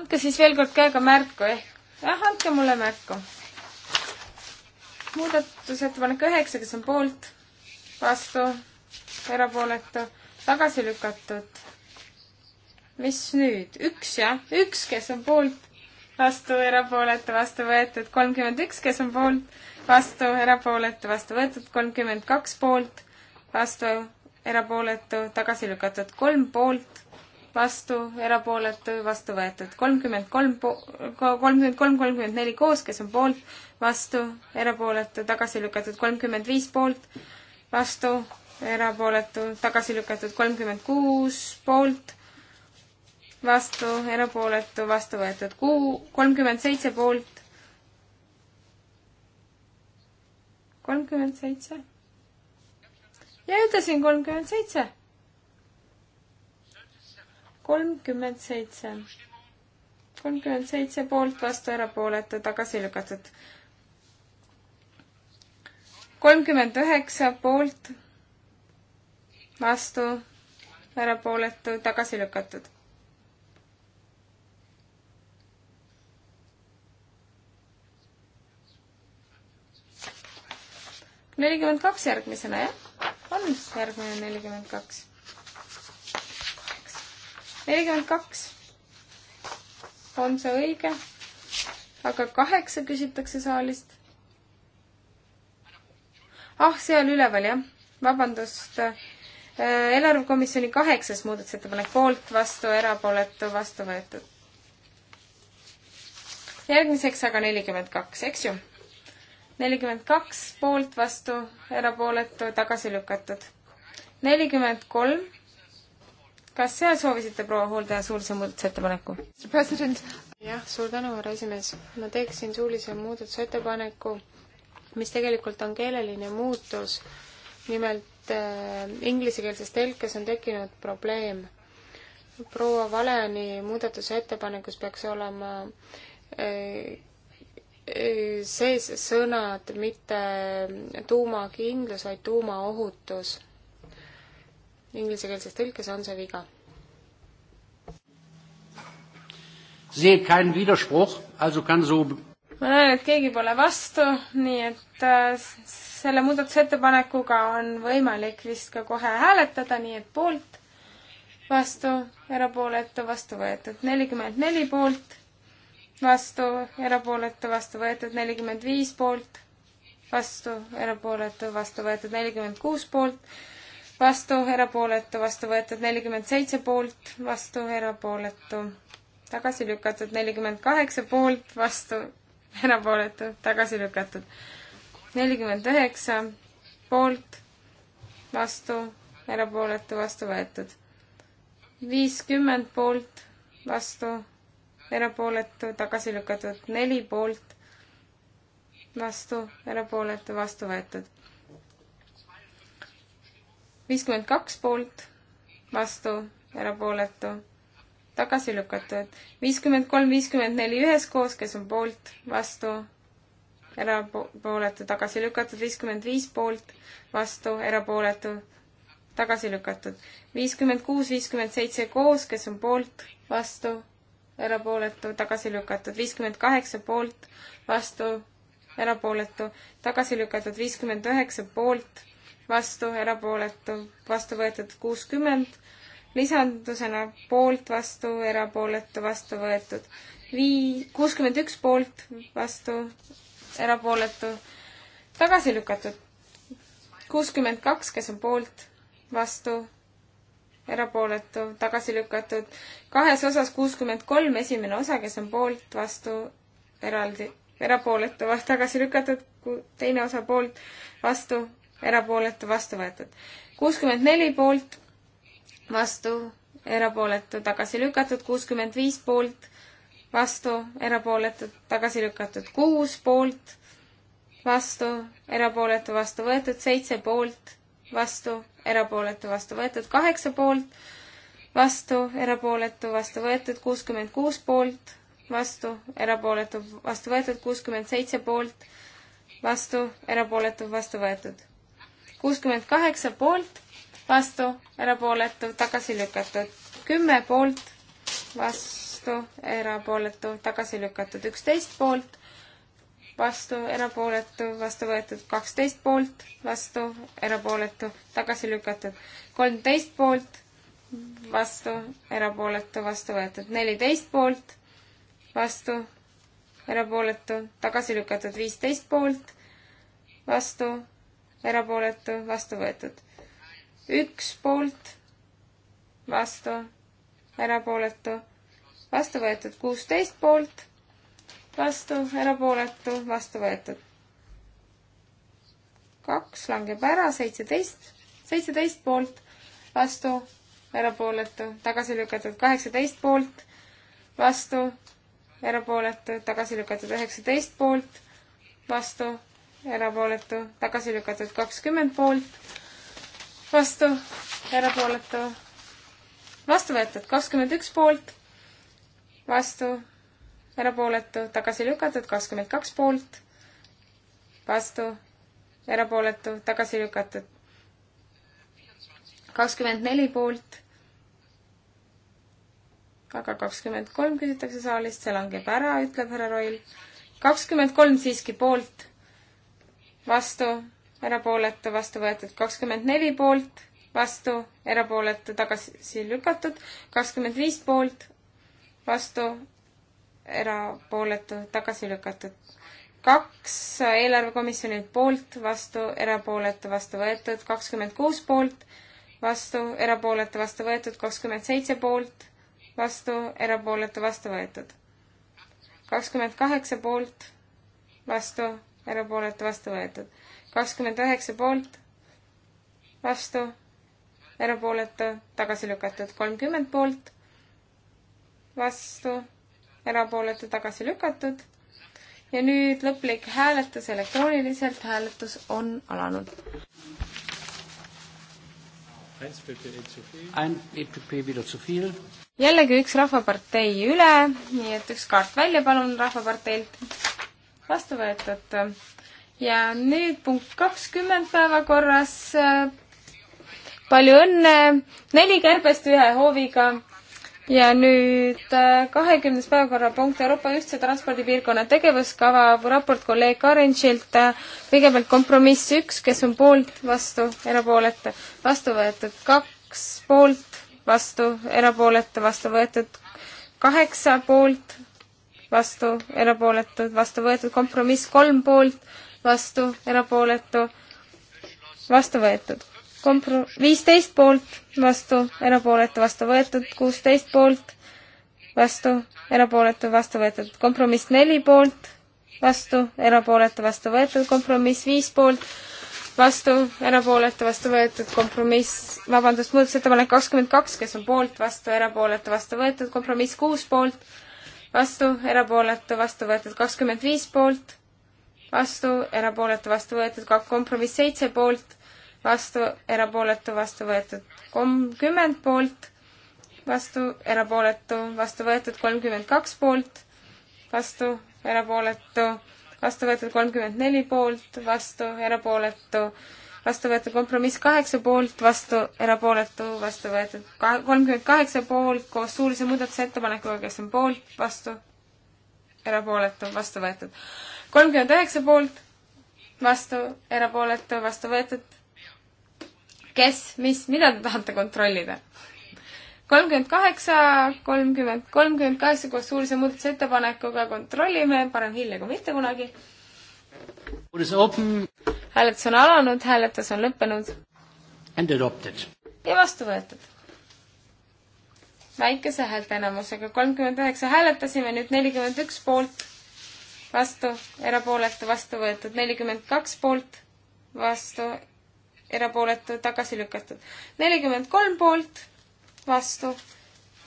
andke siis veel kord käega märku, ehk jah, andke mulle märku. muudatusettepanek üheksa, kes on poolt, vastu, erapooletu, tagasi lükatud. mis nüüd, üks jah, üks, kes on poolt, vastu, erapooletu, vastu võetud, kolmkümmend üks, kes on poolt vastu, erapooletu, vastu võetud, kolmkümmend kaks poolt, vastu, erapooletu, tagasi lükatud, kolm poolt, vastu, erapooletu, vastu võetud, kolmkümmend kolm, kolmkümmend kolm, kolmkümmend neli koos, kes on poolt, vastu, erapooletu, tagasi lükatud, kolmkümmend viis poolt, vastu, erapooletu, tagasi lükatud, kolmkümmend kuus poolt, vastu, erapooletu, vastu võetud, kuu, kolmkümmend seitse poolt, kolmkümmend seitse. ja ütlesin kolmkümmend seitse. kolmkümmend seitse. kolmkümmend seitse poolt, vastu, erapooletu, tagasi lükatud. kolmkümmend üheksa poolt, vastu, erapooletu, tagasi lükatud. nelikümmend kaks järgmisena, jah? on järgmine nelikümmend kaks. nelikümmend kaks. on see õige? aga kaheksa küsitakse saalist. ah, see on üleval, jah. vabandust. Äh, eelarvekomisjoni kaheksas muudatusettepanek poolt, vastu, erapooletu, vastu võetud. järgmiseks aga nelikümmend kaks, eks ju nelikümmend kaks poolt, vastu, erapooletu, tagasi lükatud. nelikümmend kolm. kas seal soovisite, proua hooldaja, suulise muudatusettepaneku? jah, suur tänu, härra esimees. ma teeksin suulise muudatusettepaneku, mis tegelikult on keeleline muutus. nimelt äh, inglisekeelses telkes on tekkinud probleem proua Valeni muudatusettepanekus peaks olema äh, sees sõnad mitte tuumakindlus, vaid tuumaohutus. Inglisekeelses tõlkes on see viga. ma näen, et keegi pole vastu, nii et äh, selle muudatusettepanekuga on võimalik vist ka kohe hääletada, nii et poolt, vastu, erapooletu, vastu võetud. nelikümmend neli poolt vastu, erapooletu, vastu võetud nelikümmend viis poolt, vastu, erapooletu, vastu võetud nelikümmend kuus poolt, vastu, erapooletu, vastu võetud nelikümmend seitse poolt, vastu, erapooletu, tagasi lükatud nelikümmend kaheksa poolt, vastu, erapooletu, tagasi lükatud nelikümmend üheksa poolt, vastu, erapooletu, vastu võetud viiskümmend poolt, vastu, erapooletu, tagasi lükatud neli poolt, vastu, erapooletu, vastu võetud. viiskümmend kaks poolt, vastu, erapooletu, tagasi lükatud. viiskümmend kolm, viiskümmend neli üheskoos, kes on poolt, vastu, erapooletu, tagasi lükatud. viiskümmend viis poolt, vastu, erapooletu, tagasi lükatud. viiskümmend kuus, viiskümmend seitse koos, kes on poolt, vastu, erapooletu, tagasi lükatud, viiskümmend kaheksa poolt, vastu, erapooletu, tagasi lükatud, viiskümmend üheksa poolt, vastu, erapooletu, vastu võetud kuuskümmend, lisandusena poolt, vastu, erapooletu, vastu võetud vii-, kuuskümmend üks poolt, vastu, erapooletu, tagasi lükatud, kuuskümmend kaks, kes on poolt, vastu, erapooletu, tagasi lükatud. kahes osas kuuskümmend kolm, esimene osa, kes on poolt, vastu, eraldi, erapooletu, *laughs* tagasi lükatud, teine osa poolt, vastu, erapooletu, vastu võetud. kuuskümmend neli poolt, vastu, erapooletu, tagasi lükatud, kuuskümmend viis poolt, vastu, erapooletu, tagasi lükatud, kuus poolt, vastu, erapooletu, vastu võetud, seitse poolt vastu, erapooletu, vastu võetud kaheksa poolt, vastu, erapooletu, vastu võetud kuuskümmend kuus poolt, vastu, erapooletu, vastu võetud kuuskümmend seitse poolt, vastu, erapooletu, vastu võetud. kuuskümmend kaheksa poolt, vastu, erapooletu, tagasi lükatud. kümme poolt, vastu, erapooletu, tagasi lükatud. üksteist poolt, vastu, erapooletu, vastu võetud kaksteist poolt, vastu, erapooletu, tagasi lükatud kolmteist poolt, vastu, erapooletu, vastu võetud neliteist poolt, vastu, erapooletu, tagasi lükatud viisteist poolt, vastu, erapooletu, vastu võetud üks poolt, vastu, erapooletu, vastu võetud kuusteist poolt vastu, erapooletu, vastu võetud. kaks langeb ära, seitseteist, seitseteist poolt, vastu, erapooletu, tagasi lükatud, kaheksateist poolt, vastu, erapooletu, tagasi lükatud, üheksateist poolt, vastu, erapooletu, tagasi lükatud, kakskümmend poolt, vastu, erapooletu, vastu võetud, kakskümmend üks poolt, vastu, erapooletu, tagasi lükatud, kakskümmend kaks poolt, vastu, erapooletu, tagasi lükatud. kakskümmend neli poolt, aga kakskümmend kolm küsitakse saalist, see langeb ära, ütleb härra Roil. kakskümmend kolm siiski poolt, vastu, erapooletu, vastu võetud, kakskümmend neli poolt, vastu, erapooletu, tagasi lükatud, kakskümmend viis poolt, vastu, erapooletu, tagasi lükatud. kaks eelarvekomisjonilt poolt, vastu, erapooletu, vastu võetud, kakskümmend kuus poolt, vastu, erapooletu, vastu võetud, kakskümmend seitse poolt, vastu, erapooletu, vastu võetud. kakskümmend kaheksa poolt, vastu, erapooletu, vastu võetud. kakskümmend üheksa poolt, vastu, erapooletu, tagasi lükatud, kolmkümmend poolt, vastu erapooletu tagasi lükatud. ja nüüd lõplik hääletus elektrooniliselt, hääletus on alanud. E jällegi üks Rahvapartei üle, nii et üks kaart välja palun Rahvaparteilt. vastu võetud. ja nüüd punkt kakskümmend päevakorras. palju õnne, neli kärbest ühe hooviga ja nüüd äh, kahekümnes päevakorrapunkt Euroopa Ühtse Transpordipiirkonna tegevuskava, raport kolleeg Karenšilt. kõigepealt kompromiss üks, kes on poolt, vastu, erapooletu, vastu võetud kaks, poolt, vastu, erapooletu, vastu võetud kaheksa, poolt, vastu, erapooletud, vastu võetud kompromiss kolm poolt, vastu, erapooletu, vastu võetud kompro-, viisteist poolt, vastu, erapooletu, vastu võetud, kuusteist poolt, vastu, erapooletu, vastu võetud, kompromiss neli poolt, vastu, erapooletu, vastu võetud, kompromiss viis poolt, vastu, erapooletu, vastu võetud, kompromiss, vabandust, muudatusettepanek kakskümmend kaks, kes on poolt, vastu, erapooletu, vastu võetud, kompromiss kuus poolt, vastu, erapooletu, vastu võetud, kakskümmend viis poolt, vastu, erapooletu, vastu võetud, kompromiss seitse poolt vastu, erapooletu, vastu võetud kolmkümmend poolt, vastu, erapooletu, vastu võetud kolmkümmend kaks poolt, vastu, erapooletu, vastu võetud kolmkümmend neli poolt, vastu, erapooletu, vastu võetud kompromiss kaheksa poolt, vastu, erapooletu, vastu võetud kolmkümmend kaheksa poolt koos suulise muudatusettepanekuga, kes on poolt, vastu, erapooletu, vastu võetud kolmkümmend üheksa poolt, vastu, erapooletu, vastu võetud kes, mis, mida te tahate kontrollida? kolmkümmend kaheksa, kolmkümmend, kolmkümmend kaheksa koos suulise muudatusettepanekuga kontrollime, parem hilja kui mitte kunagi. hääletus on alanud, hääletus on lõppenud. ja vastu võetud. väikese häälteenamusega kolmkümmend üheksa hääletasime, nüüd nelikümmend üks poolt, vastu, erapooletu, vastu võetud, nelikümmend kaks poolt, vastu, erapooletu, tagasi lükatud. nelikümmend kolm poolt, vastu,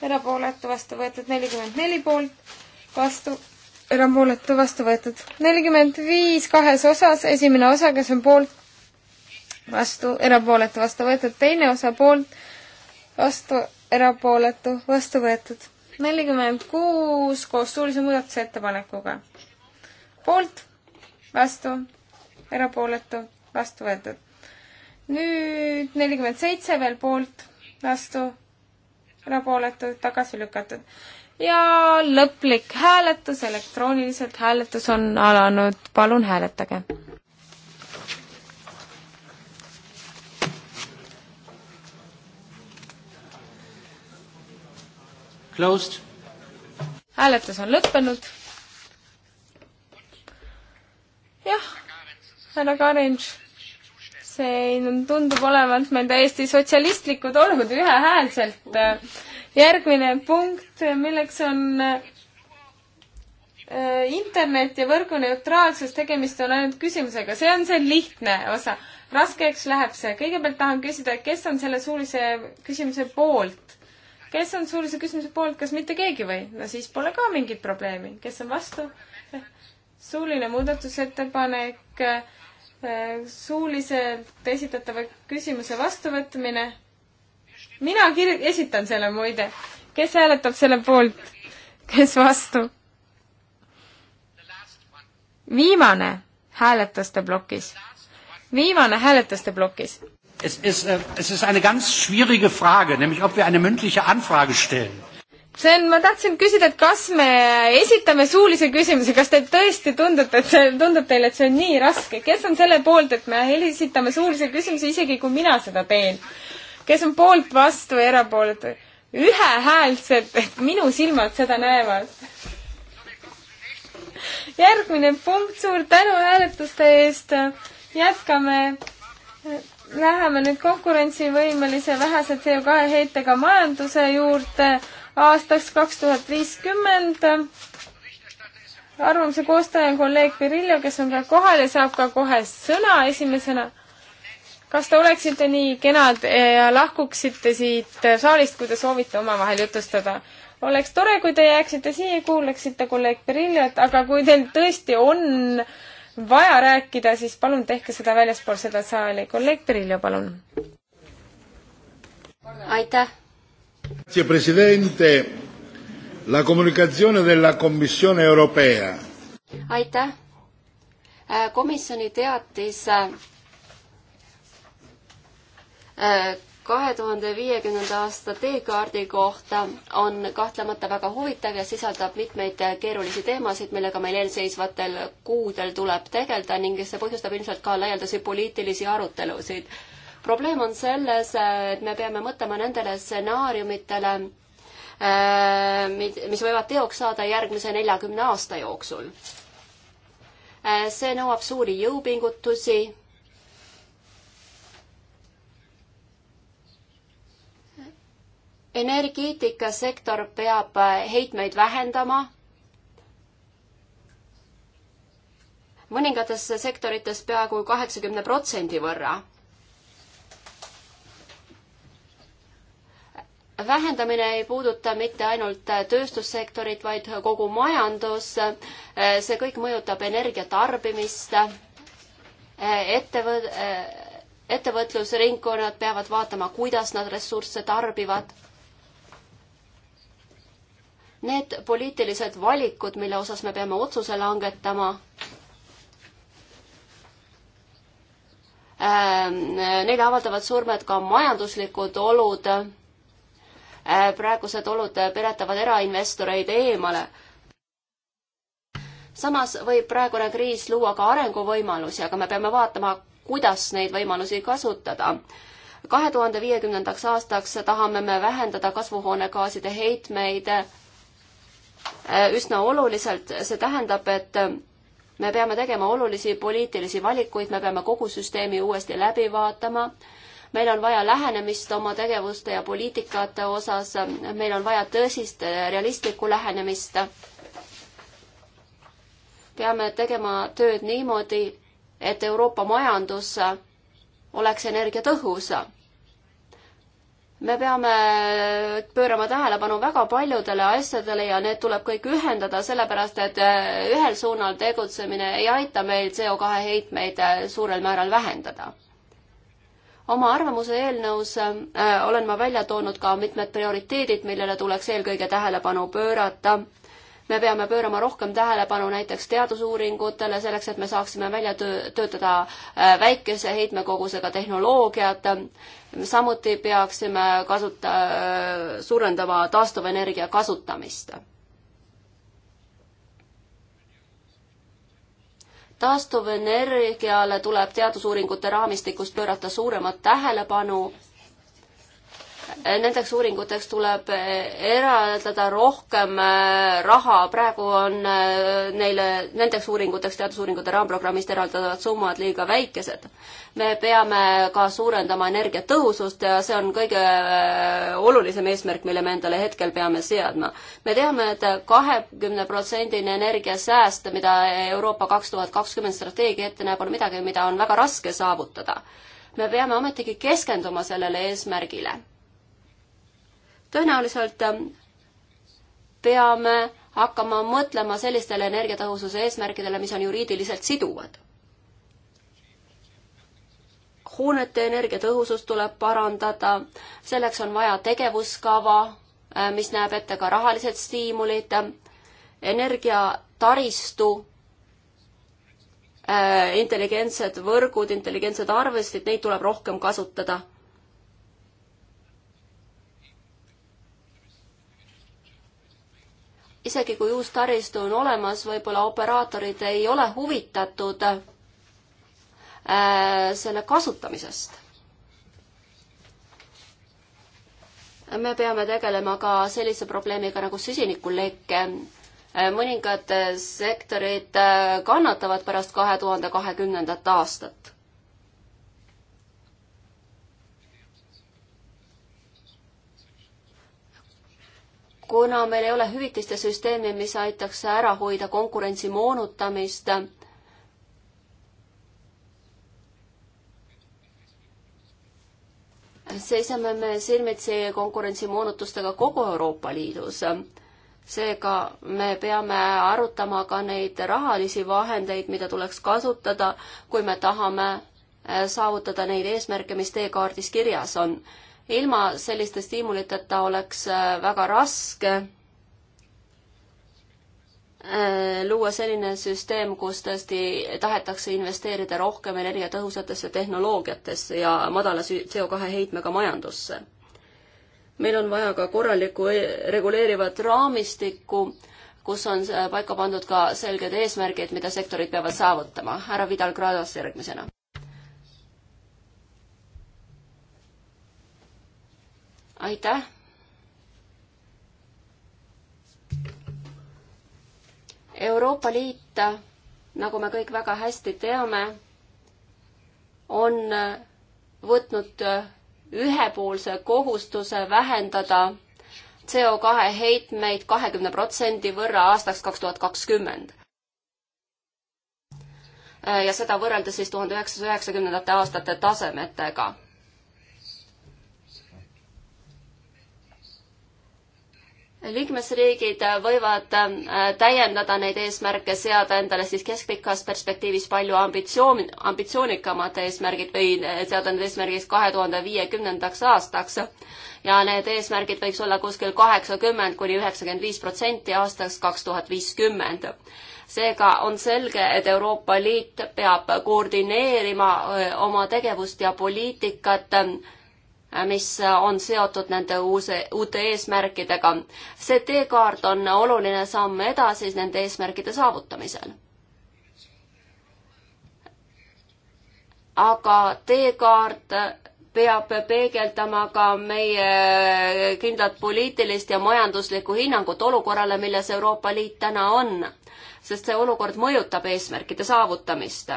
erapooletu, vastu võetud. nelikümmend neli poolt, vastu, erapooletu, vastu võetud. nelikümmend viis kahes osas, esimene osa, kes on poolt, vastu, erapooletu, vastu võetud. teine osa poolt, vastu, erapooletu, vastu võetud. nelikümmend kuus koos suulise muudatusettepanekuga. poolt, vastu, erapooletu, vastu võetud nüüd nelikümmend seitse veel poolt, vastu, erapooletud, tagasi lükatud. ja lõplik hääletus elektrooniliselt, hääletus on alanud, palun hääletage. Closed. hääletus on lõppenud. jah, härra Karinš siin tundub olevat meil täiesti sotsialistlikud olud ühehäälselt. järgmine punkt, milleks on äh, internet ja võrguneutraalsus, tegemist on ainult küsimusega, see on see lihtne osa. raskeks läheb see. kõigepealt tahan küsida, kes on selle suulise küsimuse poolt? kes on suulise küsimuse poolt, kas mitte keegi või? no siis pole ka mingit probleemi. kes on vastu? suuline muudatusettepanek äh, suuliselt esitatava küsimuse vastuvõtmine. mina kir-, esitan selle muide. kes hääletab selle poolt, kes vastu? viimane hääletuste plokis, viimane hääletuste plokis. Es ist, äh, es ist eine ganz schwierige Frage, nämlich ob wir eine mündliche Anfrage stellen Sven, ma tahtsin küsida, et kas me esitame suulise küsimuse, kas teil tõesti tundub, et see, tundub teile, et see on nii raske, kes on selle poolt, et me esitame suulise küsimuse, isegi kui mina seda teen? kes on poolt, vastu, erapooletu? ühehäälselt, et minu silmad seda näevad. järgmine punkt, suur tänu hääletuste eest. jätkame Läheme nüüd konkurentsivõimelise vähese CO2 heitega majanduse juurde aastaks kaks tuhat viiskümmend. arvamuse koostaja on kolleeg Pirillo, kes on ka kohal ja saab ka kohe sõna esimesena. kas te oleksite nii kenad ja lahkuksite siit saalist, kui te soovite omavahel jutustada? oleks tore, kui te jääksite siia, kuulaksite kolleeg Perillot, aga kui teil tõesti on vaja rääkida, siis palun tehke seda väljaspool seda saali. kolleeg Perillo, palun. aitäh Grazie Presidente, la comunicazione della Commissione Europea. aitäh, äh, komisjoni teatis äh, kahe tuhande viiekümnenda aasta teekaardi kohta on kahtlemata väga huvitav ja sisaldab mitmeid keerulisi teemasid, millega meil eelseisvatel kuudel tuleb tegeleda ning see põhjustab ilmselt ka laialdasi poliitilisi arutelusid probleem on selles, et me peame mõtlema nendele stsenaariumitele, äh, mis võivad teoks saada järgmise neljakümne aasta jooksul. Äh, see nõuab suuri jõupingutusi energeetikasektor peab äh, heitmeid vähendama. mõningates sektorites peaaegu kaheksakümne protsendi võrra. vähendamine ei puuduta mitte ainult tööstussektorit, vaid kogu majandus. see kõik mõjutab energia tarbimist. ettevõt-, ettevõtlusringkonnad peavad vaatama, kuidas nad ressursse tarbivad. Need poliitilised valikud, mille osas me peame otsuse langetama, ähm, neile avaldavad surmet ka majanduslikud olud Äh, praegused olud peletavad erainvestoreid eemale. samas võib praegune kriis luua ka arenguvõimalusi, aga me peame vaatama, kuidas neid võimalusi kasutada. kahe tuhande viiekümnendaks aastaks tahame me vähendada kasvuhoonegaaside heitmeid äh, üsna oluliselt, see tähendab, et me peame tegema olulisi poliitilisi valikuid, me peame kogu süsteemi uuesti läbi vaatama meil on vaja lähenemist oma tegevuste ja poliitikate osas, meil on vaja tõsist realistlikku lähenemist. peame tegema tööd niimoodi, et Euroopa majandus oleks energiatõhus. me peame pöörama tähelepanu väga paljudele asjadele ja need tuleb kõik ühendada, sellepärast et ühel suunal tegutsemine ei aita meil CO2 heitmeid suurel määral vähendada oma arvamuse eelnõus äh, olen ma välja toonud ka mitmed prioriteedid, millele tuleks eelkõige tähelepanu pöörata. me peame pöörama rohkem tähelepanu näiteks teadusuuringutele, selleks et me saaksime välja töö, töötada äh, väikese heitmekogusega tehnoloogiat. samuti peaksime kasuta- äh,, suurendama taastuvenergia kasutamist taastuvenergiale tuleb teadusuuringute raamistikus pöörata suuremat tähelepanu nendeks uuringuteks tuleb eraldada rohkem äh, raha, praegu on äh, neile, nendeks uuringuteks, teadusuuringute raamprogrammist eraldatavad summad liiga väikesed. me peame ka suurendama energiatõhusust ja see on kõige äh, olulisem eesmärk, mille me endale hetkel peame seadma. me teame et, et kahekümne protsendine energiasääst, mida Euroopa kaks tuhat kakskümmend strateegia ette näeb, on midagi, mida on väga raske saavutada me peame ometigi keskenduma sellele eesmärgile tõenäoliselt ähm, peame hakkama mõtlema sellistele energiatõhususe eesmärkidele, mis on juriidiliselt siduvad. hoonete energiatõhusust tuleb parandada, selleks on vaja tegevuskava, äh, mis näeb ette ka rahalised stiimulid, energiataristu, äh, intelligentsed võrgud, intelligentsed arvestid, neid tuleb rohkem kasutada isegi kui uus taristu on olemas, võib-olla operaatorid ei ole huvitatud äh, selle kasutamisest. me peame tegelema ka sellise probleemiga nagu süsinikulekke. Äh, mõningad äh, sektorid kannatavad pärast kahe tuhande kahekümnendat aastat kuna meil ei ole hüvitiste süsteemi, mis aitaks ära hoida konkurentsi moonutamist, seisame me silmitsi konkurentsimoonutustega kogu Euroopa Liidus. seega me peame arutama ka neid rahalisi vahendeid, mida tuleks kasutada, kui me tahame eh, saavutada neid eesmärke, mis teekaardis kirjas on ilma selliste stiimuliteta oleks äh, väga raske äh, luua selline süsteem, kus tõesti tahetakse investeerida rohkem energiatõhusatesse tehnoloogiatesse ja madala CO2 heitmega majandusse. meil on vaja ka korralikku e-, reguleerivat raamistikku, kus on äh, paika pandud ka selged eesmärgid, mida sektorid peavad saavutama. härra Vidal Gradas järgmisena aitäh. Euroopa Liit, nagu me kõik väga hästi teame, on võtnud ühepoolse kohustuse vähendada CO2 heitmeid kahekümne protsendi võrra aastaks kaks tuhat kakskümmend. ja seda võrreldes siis tuhande üheksasaja üheksakümnendate aastate tasemetega liikmesriigid võivad äh, täiendada neid eesmärke, seada endale siis keskpikas perspektiivis palju ambitsioon, ambitsioonikamad eesmärgid või äh, seada need eesmärgiks kahe tuhande viiekümnendaks aastaks. ja need eesmärgid võiks olla kuskil kaheksakümmend kuni üheksakümmend viis protsenti aastaks kaks tuhat viiskümmend seega on selge, et Euroopa Liit peab koordineerima äh, oma tegevust ja poliitikat mis on seotud nende uuse, uute eesmärkidega. see teekaart on oluline samm edasi nende eesmärkide saavutamisel. aga teekaart peab peegeldama ka meie kindlat poliitilist ja majanduslikku hinnangut olukorrale, milles Euroopa Liit täna on, sest see olukord mõjutab eesmärkide saavutamist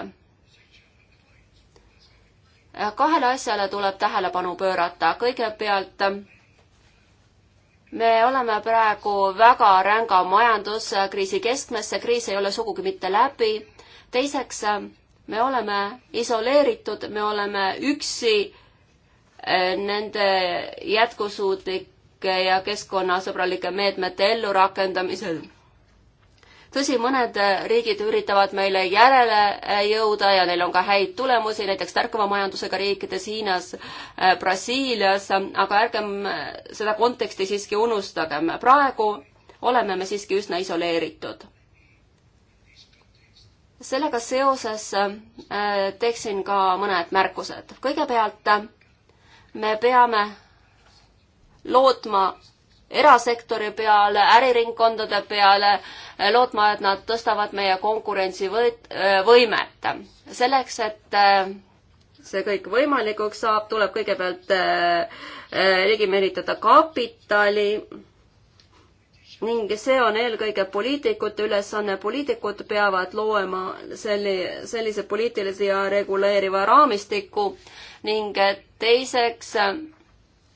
kahele asjale tuleb tähelepanu pöörata. kõigepealt me oleme praegu väga ränga majanduskriisi keskmes, see kriis ei ole sugugi mitte läbi. teiseks, me oleme isoleeritud, me oleme üksi eh, nende jätkusuutlike ja keskkonnasõbralike meetmete ellurakendamisel tõsi, mõned äh, riigid üritavad meile järele äh, jõuda ja neil on ka häid tulemusi, näiteks tärkava majandusega riikides Hiinas, äh, Brasiilias, aga ärgem seda konteksti siiski unustagem. praegu oleme me siiski üsna isoleeritud. sellega seoses teeksin ka mõned märkused. kõigepealt me peame lootma erasektori peale, äriringkondade peale, eh, lootma, et nad tõstavad meie konkurentsivõimet. Eh, selleks, et eh, see kõik võimalikuks saab, tuleb kõigepealt ligi meelitada kapitali ning see on eelkõige poliitikute ülesanne. poliitikud peavad looma selli, sellise poliitilise ja reguleeriva raamistiku ning teiseks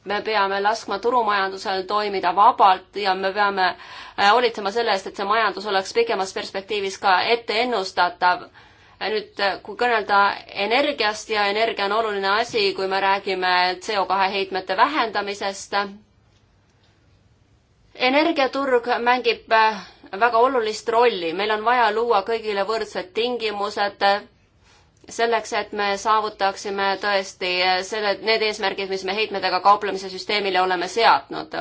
me peame laskma turumajandusel toimida vabalt ja me peame äh, hoolitsema selle eest, et see majandus oleks pikemas perspektiivis ka ette ennustatav. nüüd, äh, kui kõnelda energiast ja energia on oluline asi, kui me räägime CO2 heitmete vähendamisest. energiaturg mängib äh, väga olulist rolli, meil on vaja luua kõigile võrdsed tingimused selleks, et me saavutaksime tõesti selle, need eesmärgid, mis me heitmetega kauplemise süsteemile oleme seadnud.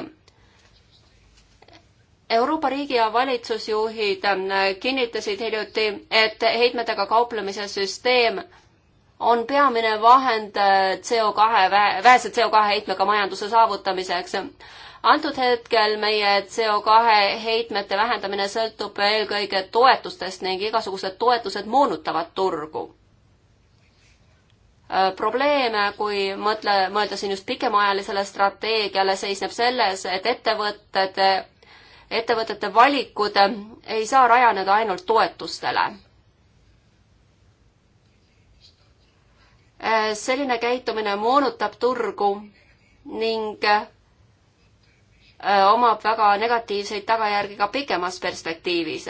Euroopa riigi ja valitsusjuhid ähm, kinnitasid hiljuti, et heitmetega kauplemise süsteem on peamine vahend äh, CO2, vähese CO2 heitmega majanduse saavutamiseks. antud hetkel meie CO2 heitmete vähendamine sõltub eelkõige toetustest ning igasugused toetused moonutavad turgu Äh, probleeme, kui mõtle, mõelda siin just pikemaajalisele strateegiale, seisneb selles, et ettevõtted, ettevõtete valikud ei saa rajaneda ainult toetustele. Äh, selline käitumine moonutab turgu ning äh, omab väga negatiivseid tagajärgi ka pikemas perspektiivis.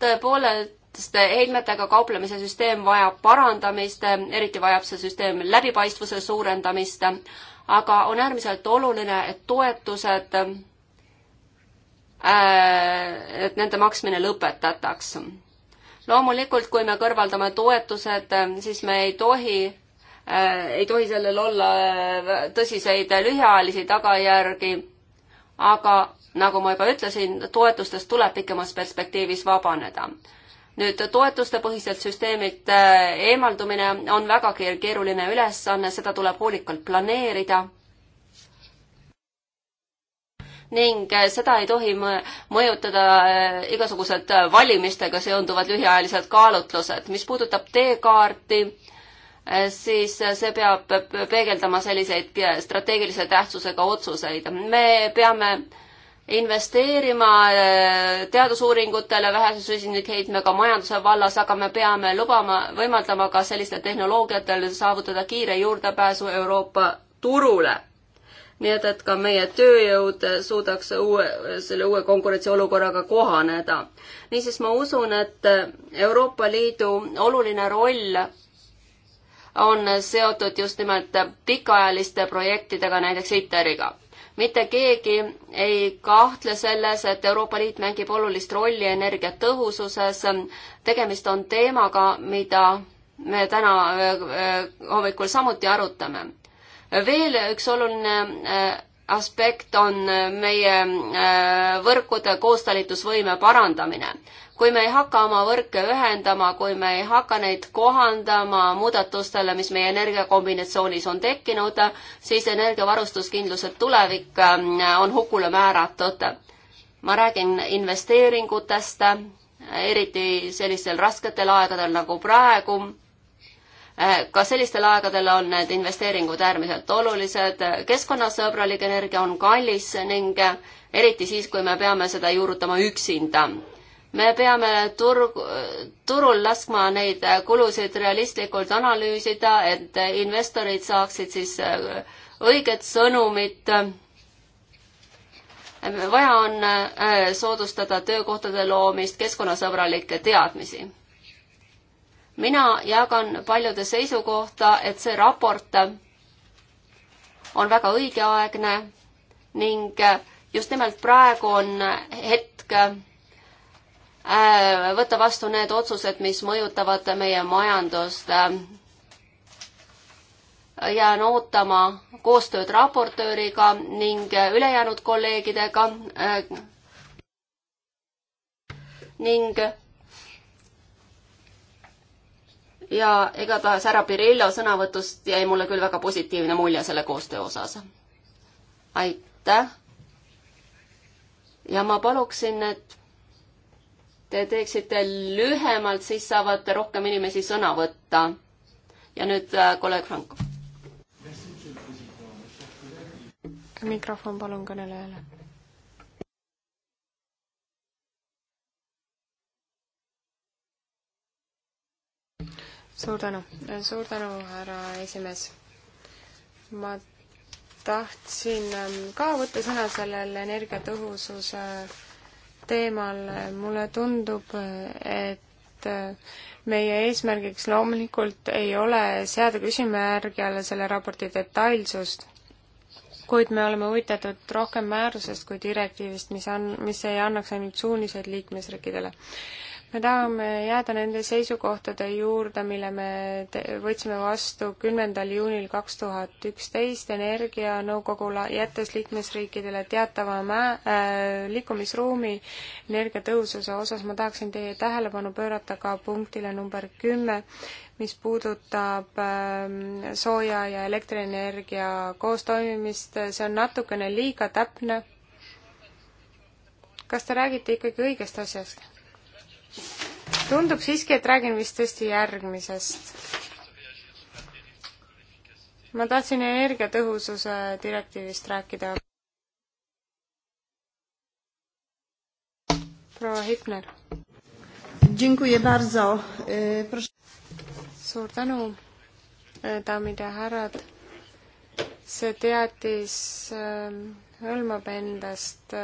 tõepoolest, sest heitmetega kauplemise süsteem vajab parandamist, eriti vajab see süsteem läbipaistvuse suurendamist, aga on äärmiselt oluline, et toetused, äh, et nende maksmine lõpetataks. loomulikult, kui me kõrvaldame toetused, siis me ei tohi äh, ei tohi sellel olla äh, tõsiseid lühiajalisi tagajärgi, aga nagu ma juba ütlesin, toetustest tuleb pikemas perspektiivis vabaneda nüüd toetustepõhiselt süsteemilt äh, eemaldumine on väga keeruline ülesanne, seda tuleb hoolikalt planeerida. ning äh, seda ei tohi mõjutada äh, igasugused valimistega seonduvad lühiajalised kaalutlused. mis puudutab teekaarti, siis see peab peegeldama selliseid strateegilise tähtsusega otsuseid. me peame äh, investeerima eh, teadusuuringutele vähese süsinikheitmega majanduse vallas, aga me peame lubama, võimaldama ka sellistel tehnoloogiatel saavutada kiire juurdepääsu Euroopa turule. nii et, et ka meie tööjõud suudaks uue, selle uue konkurentsiolukorraga kohaneda. niisiis ma usun, et Euroopa Liidu oluline roll on seotud just nimelt pikaajaliste projektidega, näiteks ITER-iga mitte keegi ei kahtle selles, et Euroopa Liit mängib olulist rolli energiatõhususes. tegemist on teemaga, mida me täna äh, äh, hommikul samuti arutame. veel üks oluline äh, aspekt on äh, meie äh, võrkude koostalitusvõime parandamine. kui me ei hakka oma võrke ühendama, kui me ei hakka neid kohandama muudatustele, mis meie energiakombinatsioonis on tekkinud, siis energiavarustuskindluse tulevik ähm, on hukule määratud. ma räägin investeeringutest, eriti sellistel rasketel aegadel nagu praegu Äh, ka sellistel aegadel on need investeeringud äärmiselt olulised, keskkonnasõbralik energia on kallis ning äh, eriti siis, kui me peame seda juurutama üksinda. me peame turg, turul laskma neid äh, kulusid realistlikult analüüsida, et investorid saaksid siis õiget sõnumit. vaja on soodustada töökohtade loomist, keskkonnasõbralikke teadmisi mina jagan paljude seisukohta, et see raport on väga õigeaegne ning just nimelt praegu on hetk äh, võtta vastu need otsused, mis mõjutavad meie majandust. jään ootama koostööd raportööriga ning ülejäänud kolleegidega äh, ning ja igatahes härra Pirillo sõnavõtust jäi mulle küll väga positiivne mulje selle koostöö osas. aitäh. ja ma paluksin, et te teeksite lühemalt, siis saavad rohkem inimesi sõna võtta. ja nüüd äh, kolleeg Franco. mikrofon palun kõnelejale. suur tänu, suur tänu, härra esimees. ma tahtsin ähm, ka võtta sõna sellel energiatõhususe teemal. mulle tundub, et äh, meie eesmärgiks loomulikult ei ole seada küsimärgi alla selle raporti detailsust, kuid me oleme huvitatud rohkem määrusest kui direktiivist, mis on, mis ei annaks ainult suuniseid liikmesriikidele me tahame jääda nende seisukohtade juurde, mille me võtsime vastu kümnendal juunil kaks tuhat üksteist Energianõukogule, jättes liikmesriikidele teatava mä- äh,, liikumisruumi energiatõhususe osas. ma tahaksin teie tähelepanu pöörata ka punktile number kümme, mis puudutab äh, sooja- ja elektrienergia koostoimimist, see on natukene liiga täpne. kas te räägite ikkagi õigest asjast? tundub siiski, et räägin vist tõesti järgmisest. ma tahtsin energiatõhususe direktiivist rääkida. proua Hipner. E, suur tänu, e, daamid ja härrad. see teatis e, hõlmab endast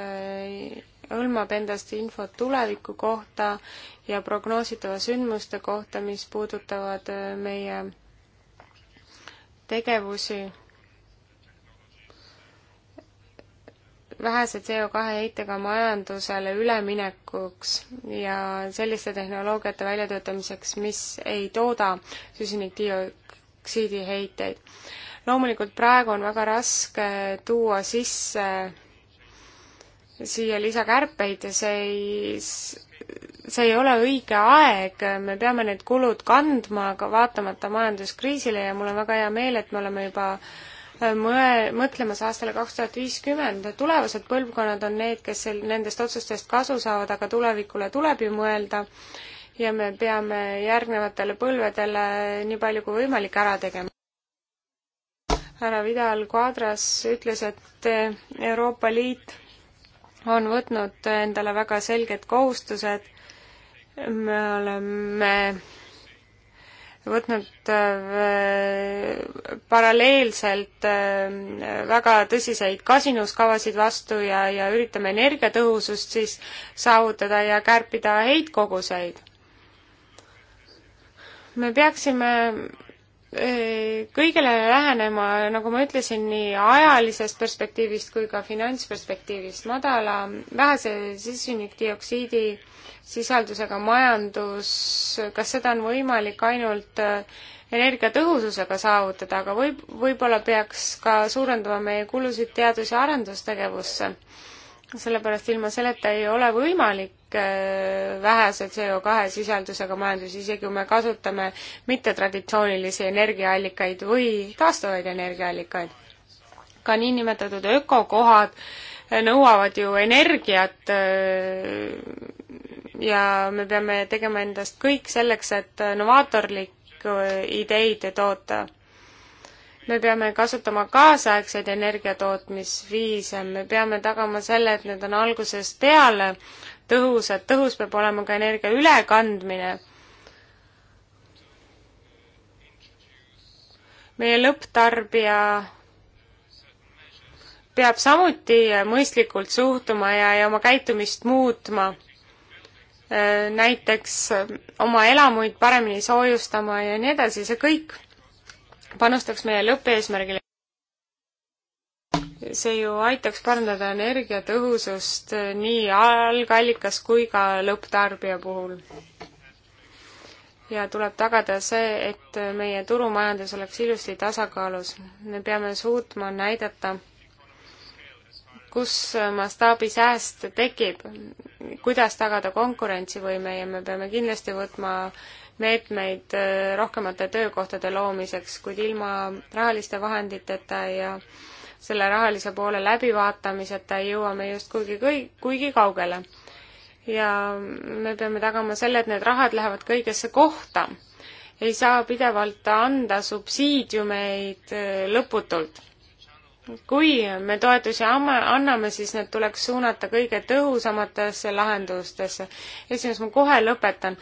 hõlmab endast infot tuleviku kohta ja prognoositava sündmuste kohta, mis puudutavad äh, meie tegevusi, vähese CO2 heitega majandusele üleminekuks ja selliste tehnoloogiate väljatöötamiseks, mis ei tooda süsinikdioksiidi heiteid loomulikult praegu on väga raske tuua sisse siia lisakärpeid ja see ei, see ei ole õige aeg, me peame need kulud kandma, aga vaatamata majanduskriisile ja mul on väga hea meel, et me oleme juba äh, mõe-, mõtlemas aastale kaks tuhat viiskümmend, tulevased põlvkonnad on need, kes sel-, nendest otsustest kasu saavad, aga tulevikule tuleb ju mõelda ja me peame järgnevatele põlvedele nii palju kui võimalik ära tegema. härra Vidal Quadras ütles, et Euroopa Liit on võtnud endale väga selged kohustused. me oleme võtnud äh, paralleelselt äh, väga tõsiseid kasinuskavasid vastu ja, ja üritame energiatõhusust siis saavutada ja kärpida heitkoguseid. me peaksime kõigele lähenema, nagu ma ütlesin, nii ajalisest perspektiivist kui ka finantsperspektiivist. madala, vähese süsinikdioksiidi sisaldusega majandus, kas seda on võimalik ainult äh, energiatõhususega saavutada, aga võib, võib-olla peaks ka suurendama meie kulusid teadus- ja arendustegevusse sellepärast ilma selleta ei ole võimalik äh, vähese CO2 sisaldusega majandus, isegi kui me kasutame mittetraditsioonilisi energiaallikaid või taastuvaid energiaallikaid. ka niinimetatud ökokohad äh, nõuavad ju energiat äh, ja me peame tegema endast kõik selleks, et novaatorlikku ideid toota me peame kasutama kaasaegseid energiatootmisviise, me peame tagama selle, et need on algusest peale tõhusad, tõhus peab olema ka energia ülekandmine. meie lõpptarbija peab samuti mõistlikult suhtuma ja, ja oma käitumist muutma. näiteks oma elamuid paremini soojustama ja nii edasi, see kõik panustaks meie lõppeesmärgile. see ju aitaks parandada energiatõhusust nii algallikas kui ka lõpptarbija puhul. ja tuleb tagada see, et meie turumajandus oleks ilusti tasakaalus. me peame suutma näidata, kus mastaabisääst tekib, kuidas tagada konkurentsivõime ja me peame kindlasti võtma äh, meetmeid äh, rohkemate töökohtade loomiseks, kuid ilma rahaliste vahenditeta ja selle rahalise poole läbivaatamiseta jõuame just kuigi, kuigi kaugele. ja me peame tagama selle, et need rahad lähevad kõigesse kohta. ei saa pidevalt anda subsiidiumeid äh, lõputult. kui me toetusi anname, siis need tuleks suunata kõige tõhusamatesse lahendustesse. esimees, ma kohe lõpetan.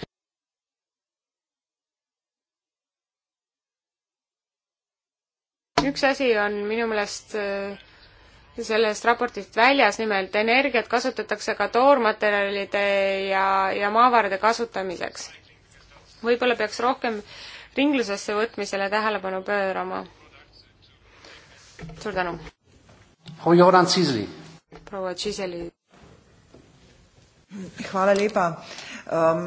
üks asi on minu meelest äh, sellest raportist väljas, nimelt energiat kasutatakse ka toormaterjalide ja, ja maavarade kasutamiseks. võib-olla peaks rohkem ringlusesse võtmisele tähelepanu pöörama. suur tänu! proua Tšiseli. Hvala lepa. Um,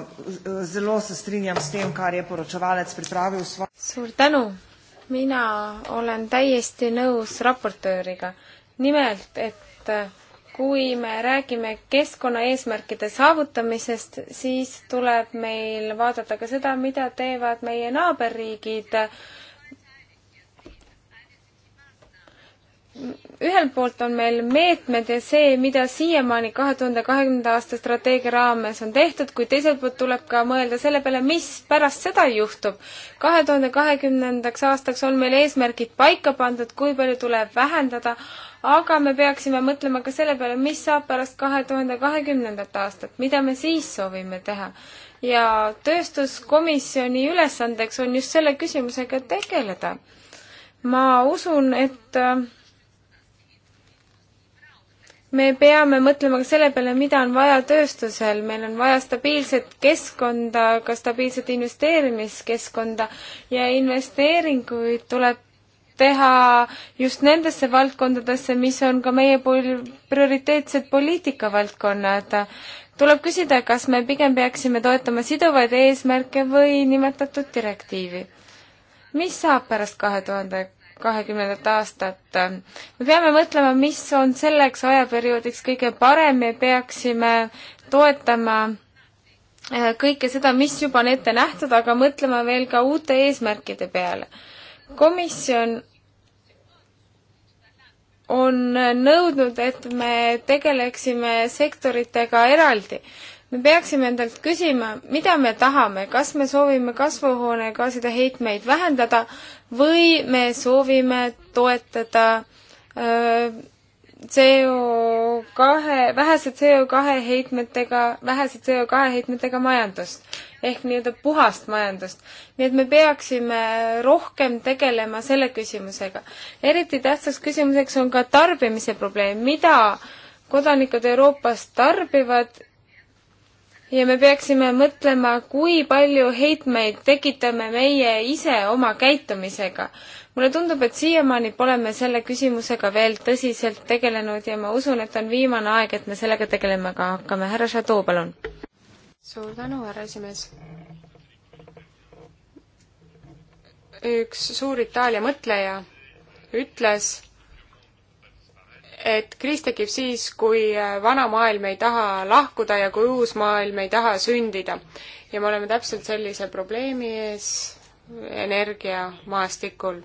zelo se strinjam s tem, kar je poročevalec pripravil. Suur tänu! mina olen täiesti nõus raportööriga. nimelt, et kui me räägime keskkonnaeesmärkide saavutamisest, siis tuleb meil vaadata ka seda, mida teevad meie naaberriigid ühelt poolt on meil meetmed ja see, mida siiamaani kahe tuhande kahekümnenda aasta strateegia raames on tehtud, kuid teiselt poolt tuleb ka mõelda selle peale, mis pärast seda juhtub. kahe tuhande kahekümnendaks aastaks on meil eesmärgid paika pandud, kui palju tuleb vähendada, aga me peaksime mõtlema ka selle peale, mis saab pärast kahe tuhande kahekümnendat aastat, mida me siis soovime teha. ja tööstuskomisjoni ülesandeks on just selle küsimusega tegeleda. ma usun, et äh, me peame mõtlema ka selle peale, mida on vaja tööstusel, meil on vaja stabiilset keskkonda, ka stabiilset investeerimiskeskkonda ja investeeringuid tuleb teha just nendesse valdkondadesse, mis on ka meie pol-, prioriteetsed poliitikavaldkonnad. tuleb küsida, kas me pigem peaksime toetama siduvaid eesmärke või nimetatud direktiivi. mis saab pärast kahe tuhande kahekümnendat aastat. me peame mõtlema, mis on selleks ajaperioodiks kõige parem, me peaksime toetama äh, kõike seda, mis juba on ette nähtud, aga mõtlema veel ka uute eesmärkide peale. komisjon on nõudnud, et me tegeleksime sektoritega eraldi me peaksime endalt küsima, mida me tahame, kas me soovime kasvuhoonegaaside heitmeid vähendada või me soovime toetada öö, äh, CO kahe, vähese CO kahe heitmetega, vähese CO kahe heitmetega majandust ehk nii-öelda puhast majandust. nii et me peaksime rohkem tegelema selle küsimusega. eriti tähtsaks küsimuseks on ka tarbimise probleem, mida kodanikud Euroopas tarbivad ja me peaksime mõtlema, kui palju heitmeid tekitame meie ise oma käitumisega. mulle tundub, et siiamaani pole me selle küsimusega veel tõsiselt tegelenud ja ma usun, et on viimane aeg, et me sellega tegelema ka hakkame. härra Chateau, palun. suur tänu, härra esimees. üks suur Itaalia mõtleja ütles, et kriis tekib siis, kui äh, vana maailm ei taha lahkuda ja kui uus maailm ei taha sündida. ja me oleme täpselt sellise probleemi ees energiamaastikul.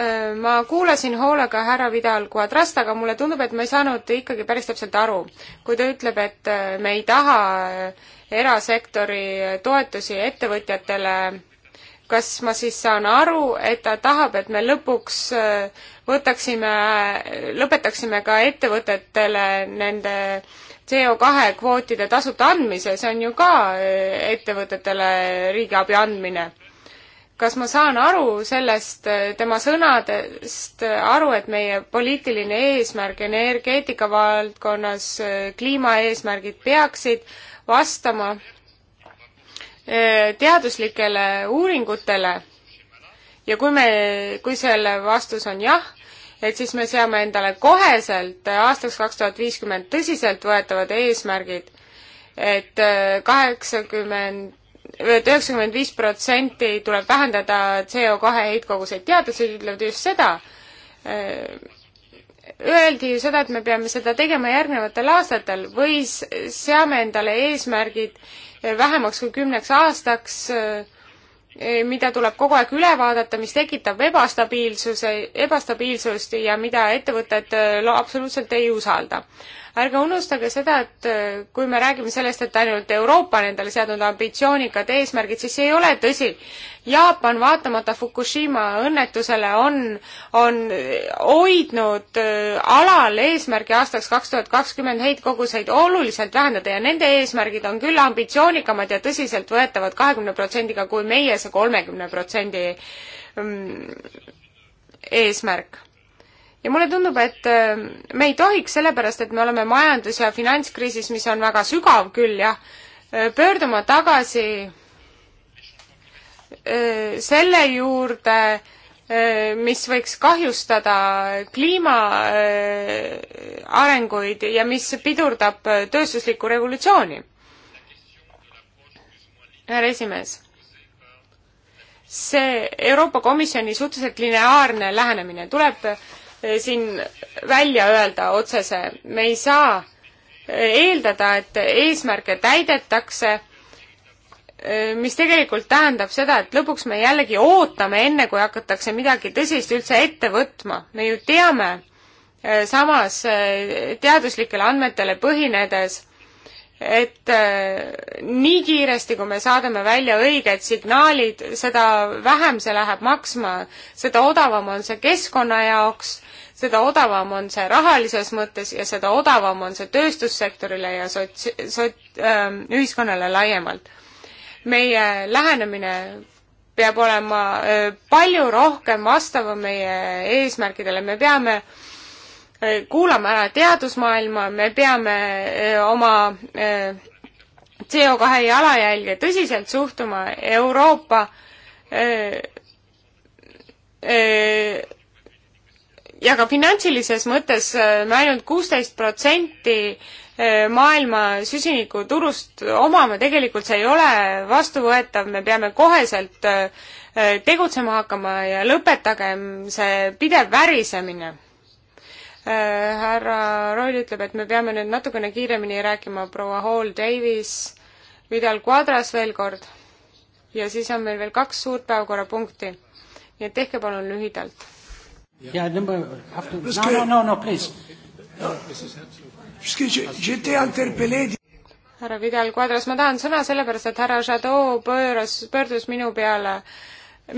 Äh, ma kuulasin hoolega härra Vidal Quadrast, aga mulle tundub, et ma ei saanud ikkagi päris täpselt aru. kui ta ütleb, et äh, me ei taha erasektori toetusi ettevõtjatele kas ma siis saan aru, et ta tahab, et me lõpuks äh, võtaksime, lõpetaksime ka ettevõtetele nende CO2 kvootide tasuta andmise, see on ju ka äh, ettevõtetele riigiabi andmine. kas ma saan aru sellest, äh, tema sõnadest aru, et meie poliitiline eesmärk energeetika valdkonnas, kliimaeesmärgid peaksid vastama Eh, teaduslikele uuringutele ja kui me, kui selle vastus on jah, et siis me seame endale koheselt aastaks kaks tuhat viiskümmend tõsiseltvõetavad eesmärgid, et eh, kaheksakümmend, et üheksakümmend viis protsenti tuleb vähendada CO kahe heitkoguseid, teadlased ütlevad just seda. Eh, öeldi ju seda, et me peame seda tegema järgnevatel aastatel või seame endale eesmärgid vähemaks kui kümneks aastaks, eh, mida tuleb kogu aeg üle vaadata, mis tekitab ebastabiilsuse, ebastabiilsust ja mida ettevõtted eh, absoluutselt ei usalda ärge unustage seda, et äh, kui me räägime sellest, et ainult Euroopa on endale seadnud ambitsioonikad eesmärgid, siis see ei ole tõsi. Jaapan vaatamata Fukushima õnnetusele on, on äh, hoidnud äh, alal eesmärgi aastaks kaks tuhat kakskümmend heitkoguseid oluliselt vähendada ja nende eesmärgid on küll ambitsioonikamad ja tõsiseltvõetavad kahekümne protsendiga kui meie see kolmekümne protsendi mm, eesmärk ja mulle tundub, et äh, me ei tohiks, sellepärast et me oleme majandus- ja finantskriisis, mis on väga sügav küll jah, äh, pöörduma tagasi äh, selle juurde, mis võiks kahjustada kliima arenguid ja mis pidurdab tööstuslikku revolutsiooni. härra esimees, see Euroopa Komisjoni suhteliselt lineaarne lähenemine tuleb Eh, siin välja öelda otsese, me ei saa eh, eeldada, et eesmärke täidetakse, eh, mis tegelikult tähendab seda, et lõpuks me jällegi ootame, enne kui hakatakse midagi tõsist üldse ette võtma. me ju teame samas teaduslikele andmetele põhinedes, et nii kiiresti, kui me saadame välja õiged signaalid, seda vähem see läheb maksma, seda odavam on see keskkonna jaoks seda odavam on see rahalises mõttes ja seda odavam on see tööstussektorile ja sots-, sot- ähm,, ühiskonnale laiemalt. meie lähenemine peab olema äh, palju rohkem vastava meie eesmärkidele, me peame äh, kuulama ära teadusmaailma, me peame äh, oma äh, CO2 jalajälge tõsiselt suhtuma, Euroopa öö, äh, öö, äh, ja ka finantsilises mõttes äh, me ainult kuusteist protsenti äh, maailma süsinikuturust omame, tegelikult see ei ole vastuvõetav, me peame koheselt äh, tegutsema hakkama ja lõpetagem see pidev värisemine. härra Roil ütleb, et me peame nüüd natukene kiiremini rääkima proua Hall Davis, Vidal Quadras veel kord ja siis on meil veel kaks suurt päevakorrapunkti. nii et tehke palun lühidalt Yeah, number after. Parce no, que... no, no, no, please. No. härra Vidal Quadras, ma tahan sõna sellepärast, et härra Jadot pööras, pöördus minu peale,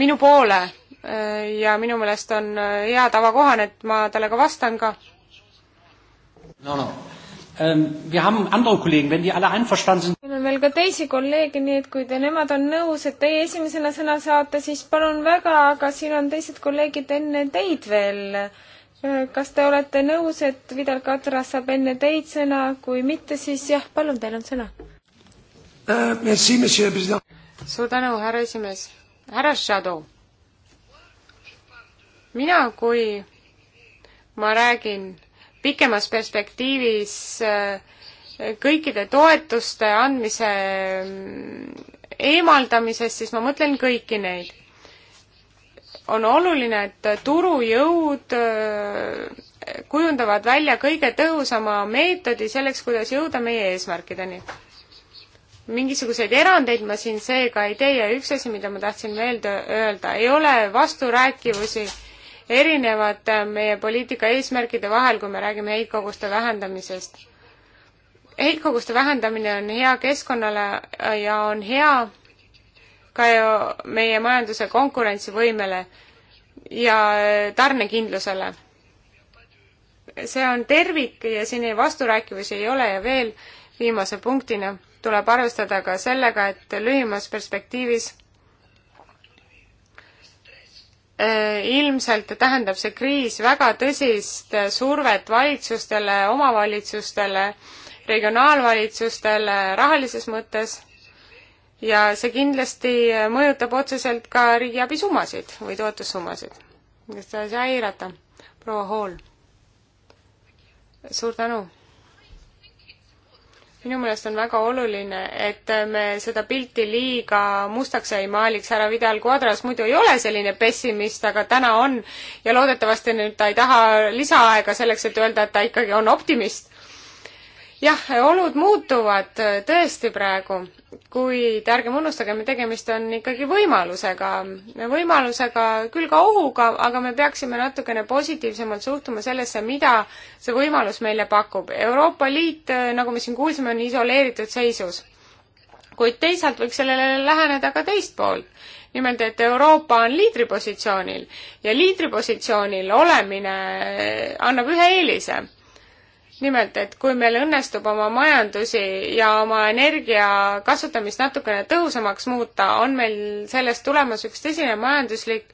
minu poole äh, ja minu meelest on äh, hea tava kohane, et ma talle ka vastan ka. no, no Ähm, meil on veel ka teisi kolleege, nii et kui te, nemad on nõus, et teie esimesena sõna saate, siis palun väga, aga siin on teised kolleegid enne teid veel. Äh, kas te olete nõus, et Vidal Kadras saab enne teid sõna, kui mitte, siis jah, palun, teil on sõna uh,. suur tänu, härra esimees. härra Shadow, mina kui ma räägin pikemas perspektiivis äh, kõikide toetuste andmise mm, eemaldamisest, siis ma mõtlen kõiki neid. on oluline, et turujõud äh, kujundavad välja kõige tõhusama meetodi selleks, kuidas jõuda meie eesmärkideni. mingisuguseid erandeid ma siin seega ei tee ja üks asi, mida ma tahtsin veel öelda, ei ole vasturääkivusi erinevad äh, meie poliitika eesmärkide vahel, kui me räägime heitkoguste vähendamisest. heitkoguste vähendamine on hea keskkonnale äh, ja on hea ka ju meie majanduse konkurentsivõimele ja äh, tarnekindlusele. see on tervik ja siin ei vasturääkivusi ei ole ja veel viimase punktina tuleb arvestada ka sellega, et lühimas perspektiivis Äh, ilmselt tähendab see kriis väga tõsist äh, survet valitsustele, omavalitsustele, regionaalvalitsustele rahalises mõttes ja see kindlasti äh, mõjutab otseselt ka riigiabi summasid või toetussummasid. kas te ei saa eirata? proua Hool. suur tänu minu meelest on väga oluline, et me seda pilti liiga mustaks ei maaliks, härra Vidal Quadras muidu ei ole selline pessimist, aga täna on ja loodetavasti nüüd ta ei taha lisaaega selleks, et öelda, et ta ikkagi on optimist jah, olud muutuvad äh, tõesti praegu, kuid ärgem unustagem, et tegemist on ikkagi võimalusega, võimalusega küll ka ohuga, aga me peaksime natukene positiivsemalt suhtuma sellesse, mida see võimalus meile pakub. Euroopa Liit, äh, nagu me siin kuulsime, on isoleeritud seisus. kuid teisalt võiks sellele läheneda ka teist poolt. nimelt, et Euroopa on liidripositsioonil ja liidripositsioonil olemine äh, annab ühe eelise nimelt, et kui meil õnnestub oma majandusi ja oma energia kasutamist natukene tõhusamaks muuta, on meil sellest tulemas üks tõsine majanduslik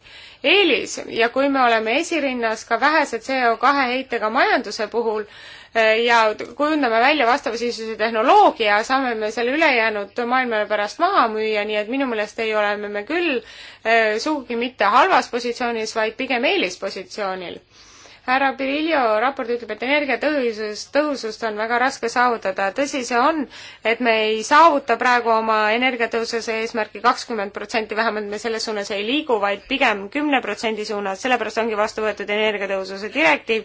eelis ja kui me oleme esirinnas ka vähese CO2 heitega majanduse puhul eh, ja kujundame välja vastavasisulise tehnoloogia, saame me selle ülejäänud maailmale pärast maha müüa, nii et minu meelest ei ole me küll eh, sugugi mitte halvas positsioonis, vaid pigem eelispositsioonil härra Pirillo raport ütleb, et energiatõhusust, tõhusust on väga raske saavutada. tõsi see on, et me ei saavuta praegu oma energiatõhususe eesmärki kakskümmend protsenti, vähemalt me selles suunas ei liigu, vaid pigem kümne protsendi suunas, sellepärast ongi vastu võetud energiatõhususe direktiiv.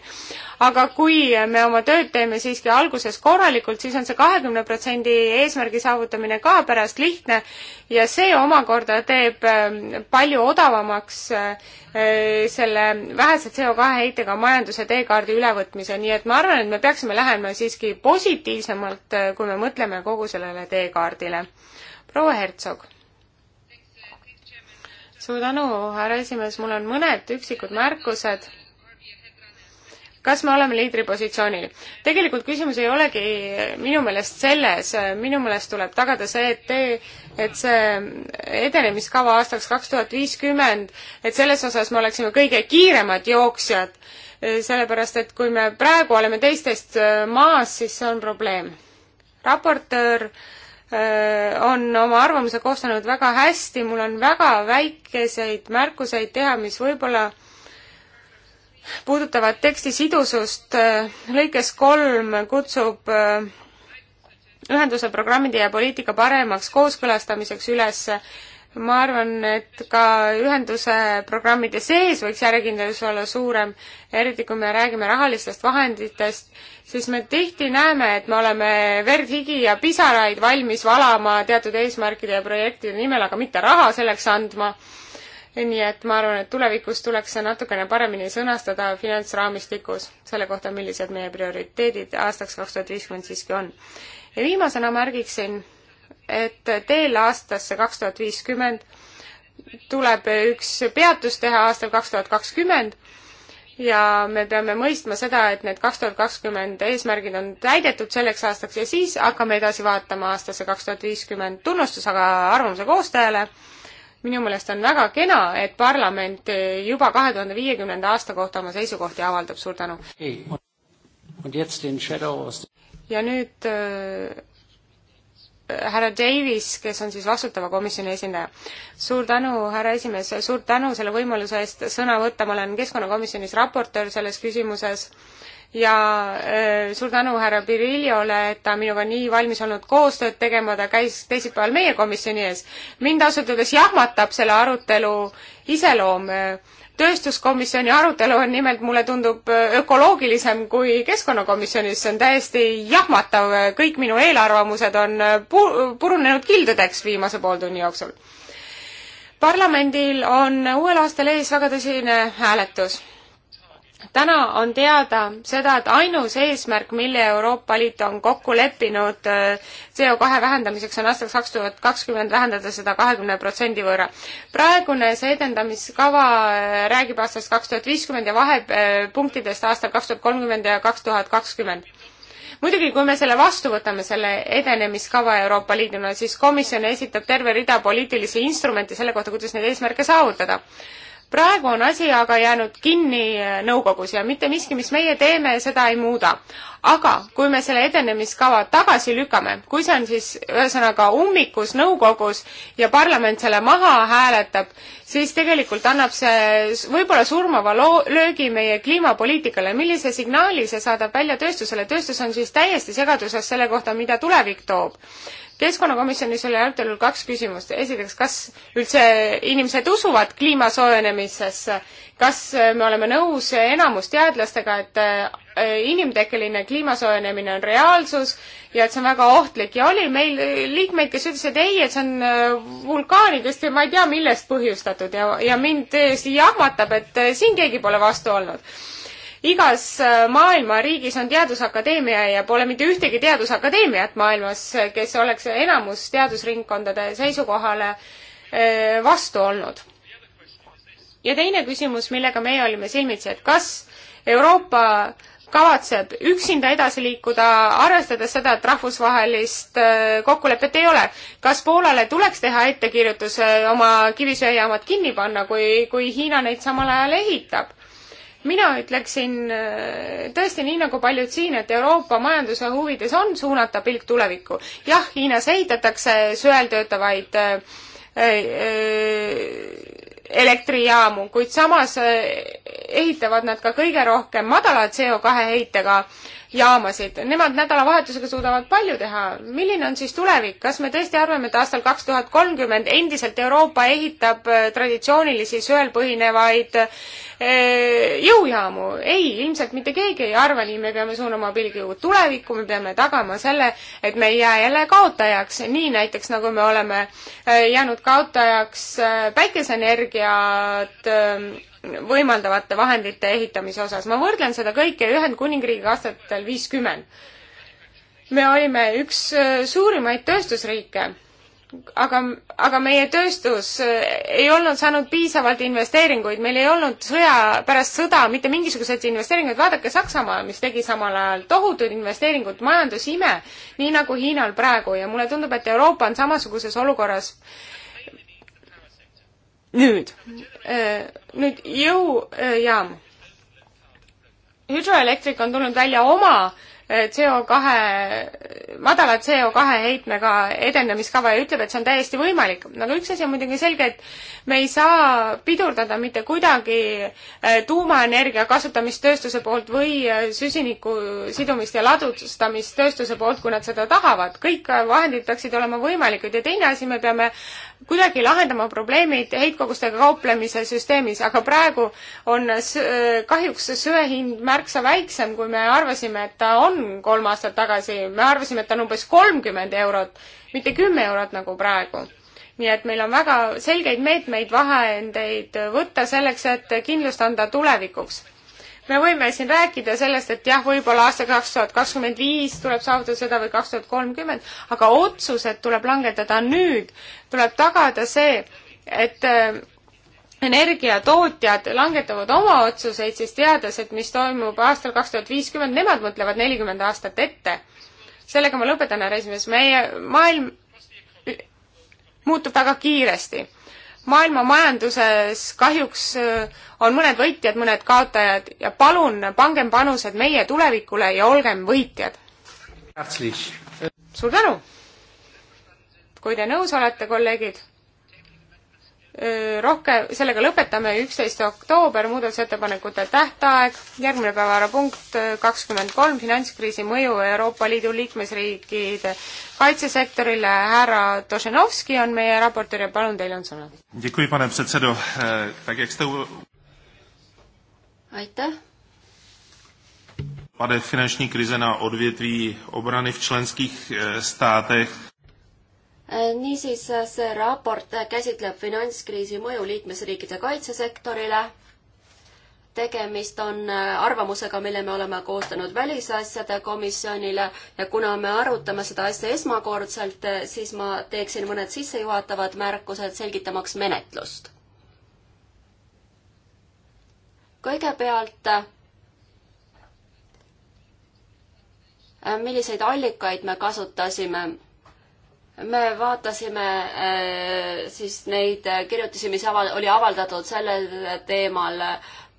aga kui me oma tööd teeme siiski alguses korralikult, siis on see kahekümne protsendi eesmärgi saavutamine ka pärast lihtne ja see omakorda teeb ähm, palju odavamaks äh, äh, selle vähese CO2 heitega majanduse teekaardi ülevõtmise, nii et ma arvan, et me peaksime lähenema siiski positiivsemalt, äh, kui me mõtleme kogu sellele teekaardile. proua Hertsog. suur tänu, härra esimees, mul on mõned üksikud märkused kas me oleme liidripositsioonil. tegelikult küsimus ei olegi minu meelest selles, minu meelest tuleb tagada see, et te, et see edenemiskava aastaks kaks tuhat viiskümmend, et selles osas me oleksime kõige kiiremad jooksjad Äh, sellepärast et kui me praegu oleme teistest äh, maas, siis see on probleem. raportöör äh, on oma arvamuse koostanud väga hästi, mul on väga väikeseid märkuseid teha, mis võib-olla puudutavad teksti sidusust. lõikes kolm kutsub ühenduse programmide ja poliitika paremaks kooskõlastamiseks üles ma arvan, et ka ühenduse programmide sees võiks järjekindlus olla suurem, eriti kui me räägime rahalistest vahenditest, siis me tihti näeme, et me oleme verd, higi ja pisaraid valmis valama teatud eesmärkide ja projektide nimel, aga mitte raha selleks andma. nii et ma arvan, et tulevikus tuleks see natukene paremini sõnastada finantsraamistikus selle kohta, millised meie prioriteedid aastaks kaks tuhat viiskümmend siiski on. ja viimasena märgiksin et teel aastasse kaks tuhat viiskümmend tuleb üks peatus teha aastal kaks tuhat kakskümmend ja me peame mõistma seda, et need kaks tuhat kakskümmend eesmärgid on täidetud selleks aastaks ja siis hakkame edasi vaatama aastasse kaks tuhat viiskümmend. tunnustus aga arvamuse koostajale. minu meelest on väga kena, et parlament juba kahe tuhande viiekümnenda aasta kohta oma seisukohti avaldab. suur tänu! ja nüüd äh, härra Davis, kes on siis vastutava komisjoni esindaja. suur tänu, härra esimees, suur tänu selle võimaluse eest sõna võtta, ma olen keskkonnakomisjonis raportöör selles küsimuses ja äh, suur tänu härra Piriliole, et ta minuga nii valmis olnud koostööd tegema, ta käis teisipäeval meie komisjoni ees. mind ausalt öeldes jahmatab selle arutelu iseloom äh, tööstuskomisjoni arutelu on nimelt, mulle tundub, ökoloogilisem kui keskkonnakomisjonis, see on täiesti jahmatav, kõik minu eelarvamused on pu-, purunenud kildudeks viimase pooltunni jooksul. parlamendil on uuel aastal ees väga tõsine hääletus täna on teada seda, et ainus eesmärk, mille Euroopa Liit on kokku leppinud äh, CO2 vähendamiseks, on aastaks kaks tuhat kakskümmend vähendada seda kahekümne protsendi võrra. praegune see edendamiskava äh, räägib aastast kaks tuhat viiskümmend ja vahepunktidest äh, aastal kaks tuhat kolmkümmend ja kaks tuhat kakskümmend muidugi, kui me selle vastu võtame, selle edenemiskava Euroopa Liiduna, siis komisjon esitab terve rida poliitilisi instrumente selle kohta, kuidas neid eesmärke saavutada praegu on asi aga jäänud kinni eh, nõukogus ja mitte miski, mis meie teeme, seda ei muuda. aga kui me selle edenemiskava tagasi lükkame, kui see on siis ühesõnaga ummikus nõukogus ja parlament selle maha hääletab, siis tegelikult annab see võib-olla surmava loo-, löögi meie kliimapoliitikale. millise signaali see saadab välja tööstusele? tööstus on siis täiesti segaduses selle kohta, mida tulevik toob keskkonnakomisjonis oli arutelul kaks küsimust. esiteks, kas üldse inimesed usuvad kliima soojenemisesse? kas me oleme nõus enamus teadlastega, et äh, inimtekkeline kliima soojenemine on reaalsus ja et see on väga ohtlik ja oli meil liikmeid, kes ütlesid, et ei, et see on äh, vulkaanidest ja ma ei tea, millest põhjustatud ja, ja mind täiesti jahmatab, et äh, siin keegi pole vastu olnud igas äh, maailma riigis on teadusakadeemia ja pole mitte ühtegi teadusakadeemiat maailmas, kes oleks enamus teadusringkondade seisukohale äh, vastu olnud. ja teine küsimus, millega meie olime silmitsi, et kas Euroopa kavatseb üksinda edasi liikuda, arvestades seda, et rahvusvahelist äh, kokkulepet ei ole. kas Poolale tuleks teha ettekirjutus oma kivisöejaamad kinni panna, kui, kui Hiina neid samal ajal ehitab? mina ütleksin äh, tõesti nii nagu paljud siin, et Euroopa majanduse huvides on suunata pilk tulevikku. jah, Hiinas ehitatakse söel töötavaid äh, äh, elektrijaamu, kuid samas ehitavad nad ka kõige rohkem madala CO2 heitega jaamasid. Nemad nädalavahetusega suudavad palju teha. milline on siis tulevik, kas me tõesti arvame, et aastal kaks tuhat kolmkümmend endiselt Euroopa ehitab äh, traditsioonilisi söel põhinevaid äh, jõujaamu? ei, ilmselt mitte keegi ei arva nii, me peame suunama pilgu tulevikku, me peame tagama selle, et me ei jää jälle kaotajaks, nii näiteks nagu me oleme äh, jäänud kaotajaks päikeseenergiat võimaldavate vahendite ehitamise osas. ma võrdlen seda kõike Ühendkuningriigiga aastatel viiskümmend. me olime üks äh, suurimaid tööstusriike, aga, aga meie tööstus äh, ei olnud saanud piisavalt investeeringuid, meil ei olnud sõja, pärast sõda mitte mingisuguseid investeeringuid, vaadake Saksamaa, mis tegi samal ajal tohutud investeeringud, majandusime, nii nagu Hiinal praegu ja mulle tundub, et Euroopa on samasuguses olukorras äh, nüüd, äh, nüüd jõujaam. Äh, Hydroelectric on tulnud välja oma äh, CO kahe, madala CO kahe heitmega edendamiskava ja ütleb, et see on täiesti võimalik. aga nagu üks asi on muidugi selge, et me ei saa pidurdada mitte kuidagi tuumaenergia kasutamist tööstuse poolt või süsiniku sidumist ja ladustamist tööstuse poolt, kui nad seda tahavad. kõik vahendid peaksid olema võimalikud ja teine asi, me peame kuidagi lahendama probleemid heitkogustega kauplemise süsteemis, aga praegu on kahjuks söe hind märksa väiksem, kui me arvasime, et ta on kolm aastat tagasi. me arvasime, et ta on umbes kolmkümmend eurot, mitte kümme eurot nagu praegu. nii et meil on väga selgeid meetmeid, vahendeid võtta selleks, et kindlust anda tulevikuks me võime siin rääkida sellest, et jah, võib-olla aasta kaks tuhat kakskümmend viis tuleb saavutada seda või kaks tuhat kolmkümmend, aga otsused tuleb langetada nüüd, tuleb tagada see, et äh, energiatootjad langetavad oma otsuseid, siis teades, et mis toimub aastal kaks tuhat viiskümmend, nemad mõtlevad nelikümmend aastat ette. sellega ma lõpetan, härra esimees, meie maailm äh, muutub väga kiiresti maailma majanduses kahjuks äh, on mõned võitjad, mõned kaotajad ja palun pangem panused meie tulevikule ja olgem võitjad. suur tänu! kui te nõus olete, kolleegid rohkem, sellega lõpetame, üksteist oktoober, muudatusettepanekute tähtaeg, järgmine päevakorrapunkt kakskümmend kolm, finantskriisi mõju Euroopa Liidu liikmesriikide kaitsesektorile, härra Tošenovski on meie raportöör ja palun, teil on sõna. aitäh. Padek finanční krize na odvětví obrany v členských státech Äh, niisiis, äh, see raport äh, käsitleb finantskriisi mõju liikmesriikide kaitsesektorile. tegemist on arvamusega, mille me oleme koostanud Välisasjade komisjonile ja kuna me arutame seda asja esmakordselt, siis ma teeksin mõned sissejuhatavad märkused, selgitamaks menetlust. kõigepealt milliseid allikaid me kasutasime me vaatasime äh, siis neid äh, kirjutisi, mis aval-, oli avaldatud sellel teemal,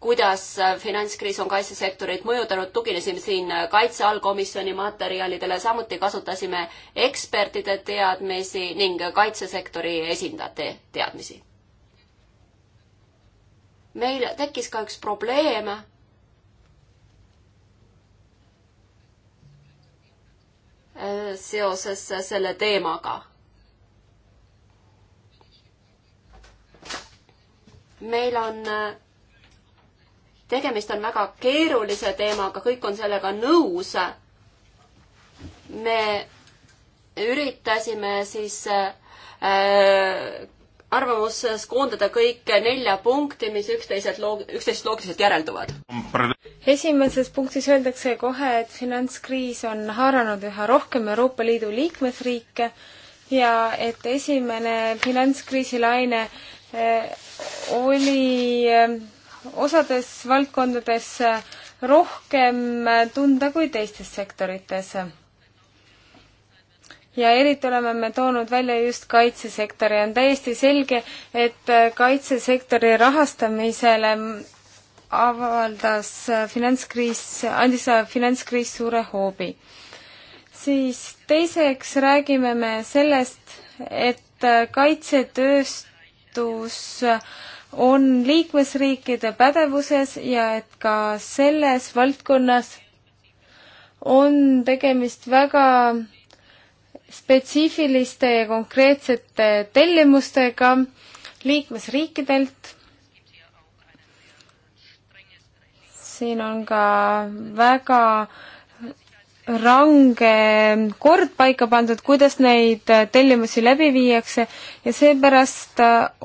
kuidas äh, finantskriis on kaitsesektorit mõjutanud, tuginesime siin kaitse allkomisjoni materjalidele, samuti kasutasime ekspertide teadmisi ning kaitsesektori esindajate teadmisi. meil tekkis ka üks probleem seoses selle teemaga. meil on, tegemist on väga keerulise teemaga, kõik on sellega nõus. me üritasime siis äh, arvamuses koondada kõik nelja punkti, mis üksteiselt loog-, üksteisest loogiliselt järelduvad esimeses punktis öeldakse kohe, et finantskriis on haaranud üha rohkem Euroopa Liidu liikmesriike ja et esimene finantskriisi laine eh, oli eh, osades valdkondades eh, rohkem tunda kui teistes sektorites. ja eriti oleme me toonud välja just kaitsesektori, on täiesti selge, et kaitsesektori rahastamisele avaldas finantskriis, andis finantskriis suure hoobi. siis teiseks räägime me sellest, et kaitsetööstus on liikmesriikide pädevuses ja et ka selles valdkonnas on tegemist väga spetsiifiliste ja konkreetsete tellimustega liikmesriikidelt siin on ka väga range kord paika pandud, kuidas neid tellimusi läbi viiakse ja seepärast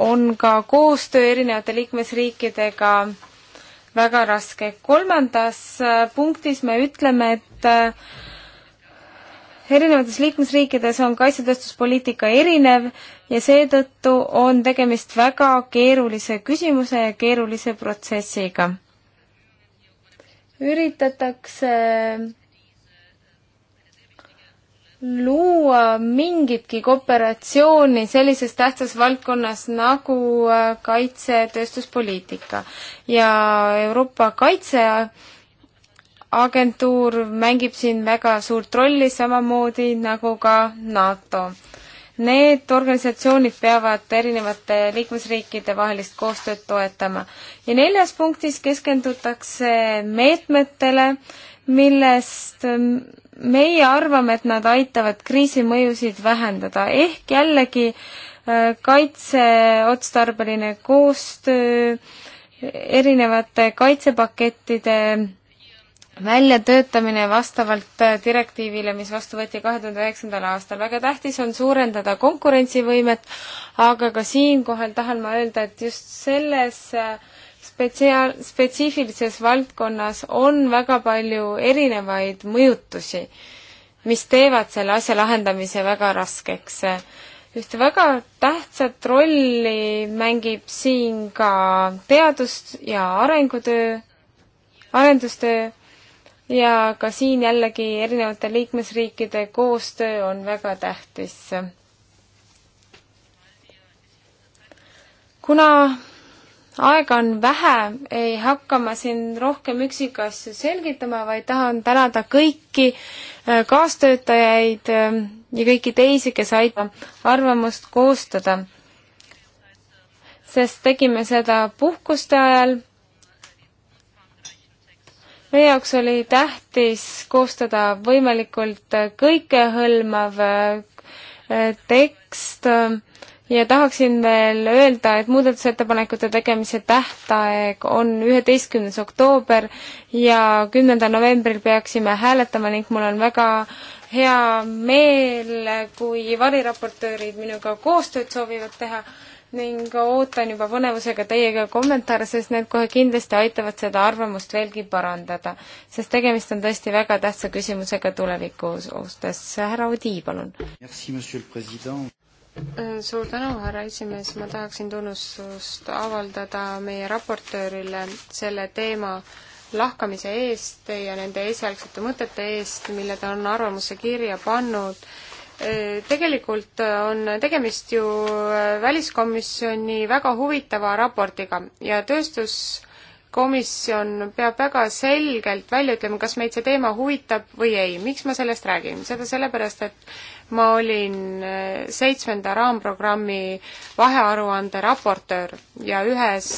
on ka koostöö erinevate liikmesriikidega väga raske. kolmandas punktis me ütleme, et erinevates liikmesriikides on kaitsetööstuspoliitika erinev ja seetõttu on tegemist väga keerulise küsimuse ja keerulise protsessiga üritatakse luua mingitki kooperatsiooni sellises tähtsas valdkonnas nagu äh, kaitsetööstuspoliitika ja Euroopa Kaitse agentuur mängib siin väga suurt rolli, samamoodi nagu ka NATO. Need organisatsioonid peavad erinevate liikmesriikide vahelist koostööd toetama. ja neljas punktis keskendutakse meetmetele, millest meie arvame, et nad aitavad kriisi mõjusid vähendada, ehk jällegi äh, kaitseotstarbeline koostöö, erinevate kaitsepakettide väljatöötamine vastavalt äh, direktiivile, mis vastu võeti kahe tuhande üheksandal aastal. väga tähtis on suurendada konkurentsivõimet, aga ka siinkohal tahan ma öelda, et just selles äh, spetsiaal, spetsiifilises valdkonnas on väga palju erinevaid mõjutusi, mis teevad selle asja lahendamise väga raskeks. ühte väga tähtsat rolli mängib siin ka teadus- ja arengutöö, arendustöö ja ka siin jällegi erinevate liikmesriikide koostöö on väga tähtis. kuna aega on vähe, ei hakka ma siin rohkem üksikasju selgitama, vaid tahan tänada kõiki äh, kaastöötajaid äh, ja kõiki teisi, kes aitavad arvamust koostada. sest tegime seda puhkuste ajal meie jaoks oli tähtis koostada võimalikult kõikehõlmav äh, tekst äh, ja tahaksin veel öelda, et muudatusettepanekute tegemise tähtaeg on üheteistkümnes oktoober ja kümnendal novembril peaksime hääletama ning mul on väga hea meel, kui variraportöörid minuga koostööd soovivad teha ning ootan juba põnevusega teiega kommentaare, sest need kohe kindlasti aitavad seda arvamust veelgi parandada. sest tegemist on tõesti väga tähtsa küsimusega tuleviku suhtes. härra Odi, palun. Äh, suur tänu, härra esimees, ma tahaksin tunnustust avaldada meie raportöörile selle teema lahkamise eest ja nende esialgsete mõtete eest, mille ta on arvamusse kirja pannud Äh, tegelikult on tegemist ju äh, väliskomisjoni väga huvitava raportiga ja tööstuskomisjon peab väga selgelt välja ütlema, kas meid see teema huvitab või ei. miks ma sellest räägin? seda sellepärast, et ma olin äh, seitsmenda raamprogrammi vahearuande raportöör ja ühes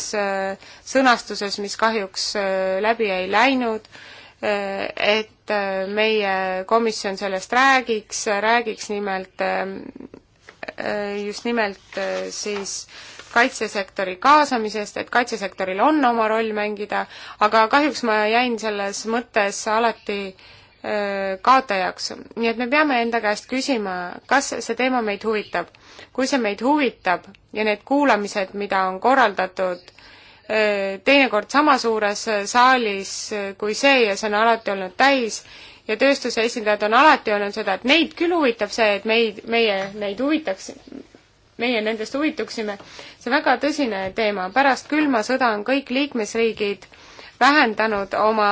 sõnastuses, mis kahjuks läbi ei läinud, et meie komisjon sellest räägiks, räägiks nimelt, just nimelt siis kaitsesektori kaasamisest, et kaitsesektoril on oma roll mängida, aga kahjuks ma jäin selles mõttes alati kaotajaks. nii et me peame enda käest küsima, kas see teema meid huvitab. kui see meid huvitab ja need kuulamised, mida on korraldatud äh, Äh, teinekord sama suures äh, saalis äh, kui see ja see on alati olnud täis ja tööstuse esindajad on alati öelnud seda, et neid küll huvitab see, et meid, meie neid huvitaks, meie nendest huvituksime. see on väga tõsine teema, pärast külma sõda on kõik liikmesriigid vähendanud oma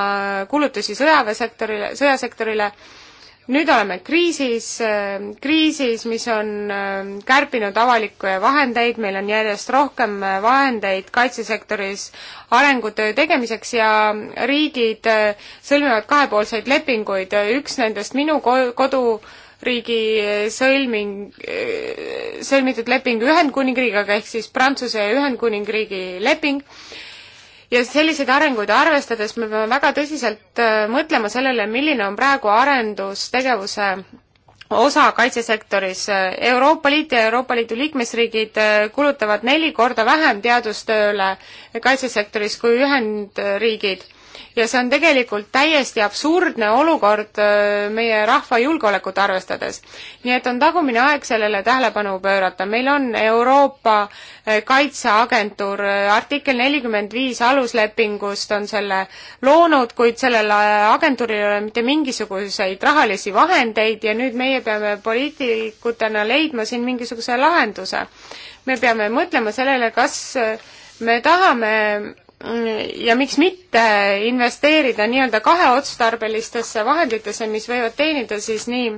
kulutusi sõjaväesektorile, sõjasektorile nüüd oleme kriisis, kriisis, mis on ähm, kärpinud avalikke vahendeid, meil on järjest rohkem äh, vahendeid kaitsesektoris arengutöö tegemiseks ja riigid äh, sõlmivad kahepoolseid lepinguid, üks nendest minu kodu riigi äh, sõlming, sõlmitud leping Ühendkuningriigiga ehk siis Prantsuse ja Ühendkuningriigi leping ja selliseid arenguid arvestades me peame väga tõsiselt äh, mõtlema sellele, milline on praegu arendustegevuse osa kaitsesektoris. Äh, Euroopa Liit ja Euroopa Liidu liikmesriigid äh, kulutavad neli korda vähem teadustööle kaitsesektoris kui Ühendriigid ja see on tegelikult täiesti absurdne olukord äh, meie rahva julgeolekut arvestades. nii et on tagumine aeg sellele tähelepanu pöörata, meil on Euroopa äh, Kaitseagentuur, äh, artikkel nelikümmend viis aluslepingust on selle loonud, kuid sellel agentuuril ei ole mitte mingisuguseid rahalisi vahendeid ja nüüd meie peame poliitikutena leidma siin mingisuguse lahenduse. me peame mõtlema sellele, kas me tahame ja miks mitte investeerida nii-öelda kaheotstarbelistesse vahenditesse, mis võivad teenida siis nii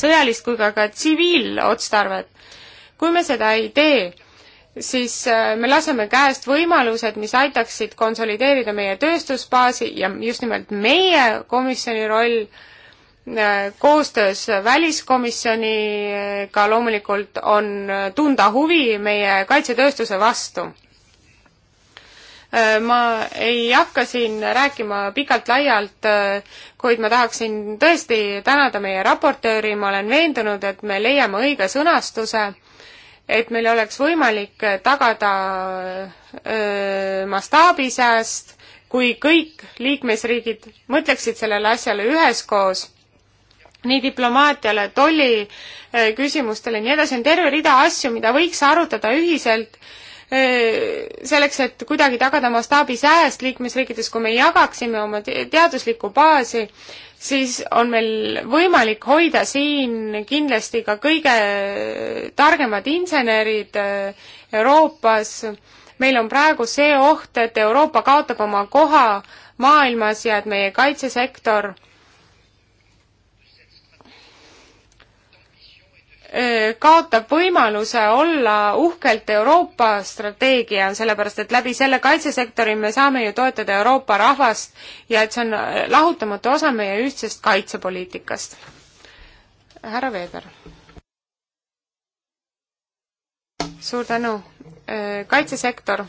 sõjalist kui ka ka tsiviilotstarvet. kui me seda ei tee, siis äh, me laseme käest võimalused, mis aitaksid konsolideerida meie tööstusbaasi ja just nimelt meie komisjoni roll äh, koostöös väliskomisjoniga loomulikult on äh, tunda huvi meie kaitsetööstuse vastu Äh, ma ei hakka siin rääkima pikalt-laialt, äh, kuid ma tahaksin tõesti tänada meie raportööri, ma olen veendunud, et me leiame õige sõnastuse, et meil oleks võimalik tagada äh, mastaabisääst, kui kõik liikmesriigid mõtleksid sellele asjale üheskoos, nii diplomaatiale, tolli küsimustele, nii edasi, on terve rida asju, mida võiks arutada ühiselt Äh, selleks, et kuidagi tagada mastaabisääst liikmesriikides, kui me jagaksime oma teaduslikku baasi, siis on meil võimalik hoida siin kindlasti ka kõige targemad insenerid äh, Euroopas. meil on praegu see oht, et Euroopa kaotab oma koha maailmas ja et meie kaitsesektor Eh, kaotab võimaluse olla uhkelt Euroopa strateegia, sellepärast et läbi selle kaitsesektori me saame ju toetada Euroopa rahvast ja et see on eh, lahutamatu osa meie ühtsest kaitsepoliitikast. härra Veeber. suur tänu. Eh, kaitsesektor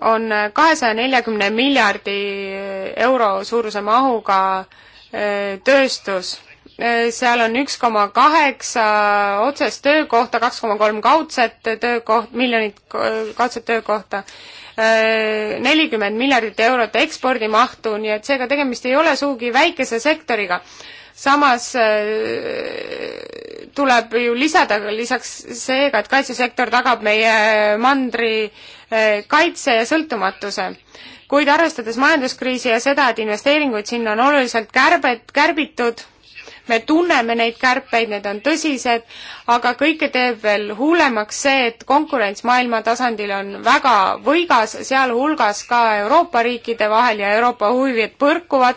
on kahesaja neljakümne miljardi euro suuruse mahuga äh, tööstus. Äh, seal on üks koma kaheksa otsest töökohta, kaks koma kolm kaudset töökoht, miljonit kaudset töökohta, äh, nelikümmend miljardit eurot ekspordimahtu, nii et seega tegemist ei ole sugugi väikese sektoriga samas tuleb ju lisada lisaks seega, et kaitsesektor tagab meie mandri Eh, kaitse ja sõltumatuse. kuid arvestades majanduskriisi ja seda, et investeeringuid sinna on oluliselt kärbet, kärbitud, me tunneme neid kärpeid, need on tõsised, aga kõike teeb veel hullemaks see, et konkurents maailma tasandil on väga võigas, sealhulgas ka Euroopa riikide vahel ja Euroopa huvid põrkuvad.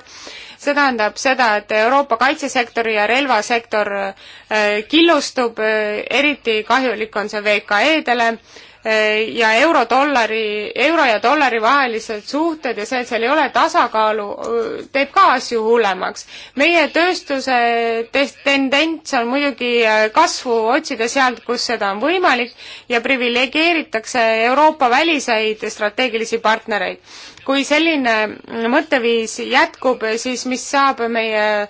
see tähendab seda, et Euroopa kaitsesektori ja relvasektor eh, killustub, eh, eriti kahjulik on see VKE-dele Äh, ja eurodollari, euro ja dollari vahelised suhted ja see, et seal ei ole tasakaalu, äh, teeb ka asju hullemaks. meie tööstuse tendents on muidugi äh, kasvu otsida sealt, kus seda on võimalik ja priviligeeritakse Euroopa väliseid strateegilisi partnereid. kui selline mõtteviis jätkub, siis mis saab meie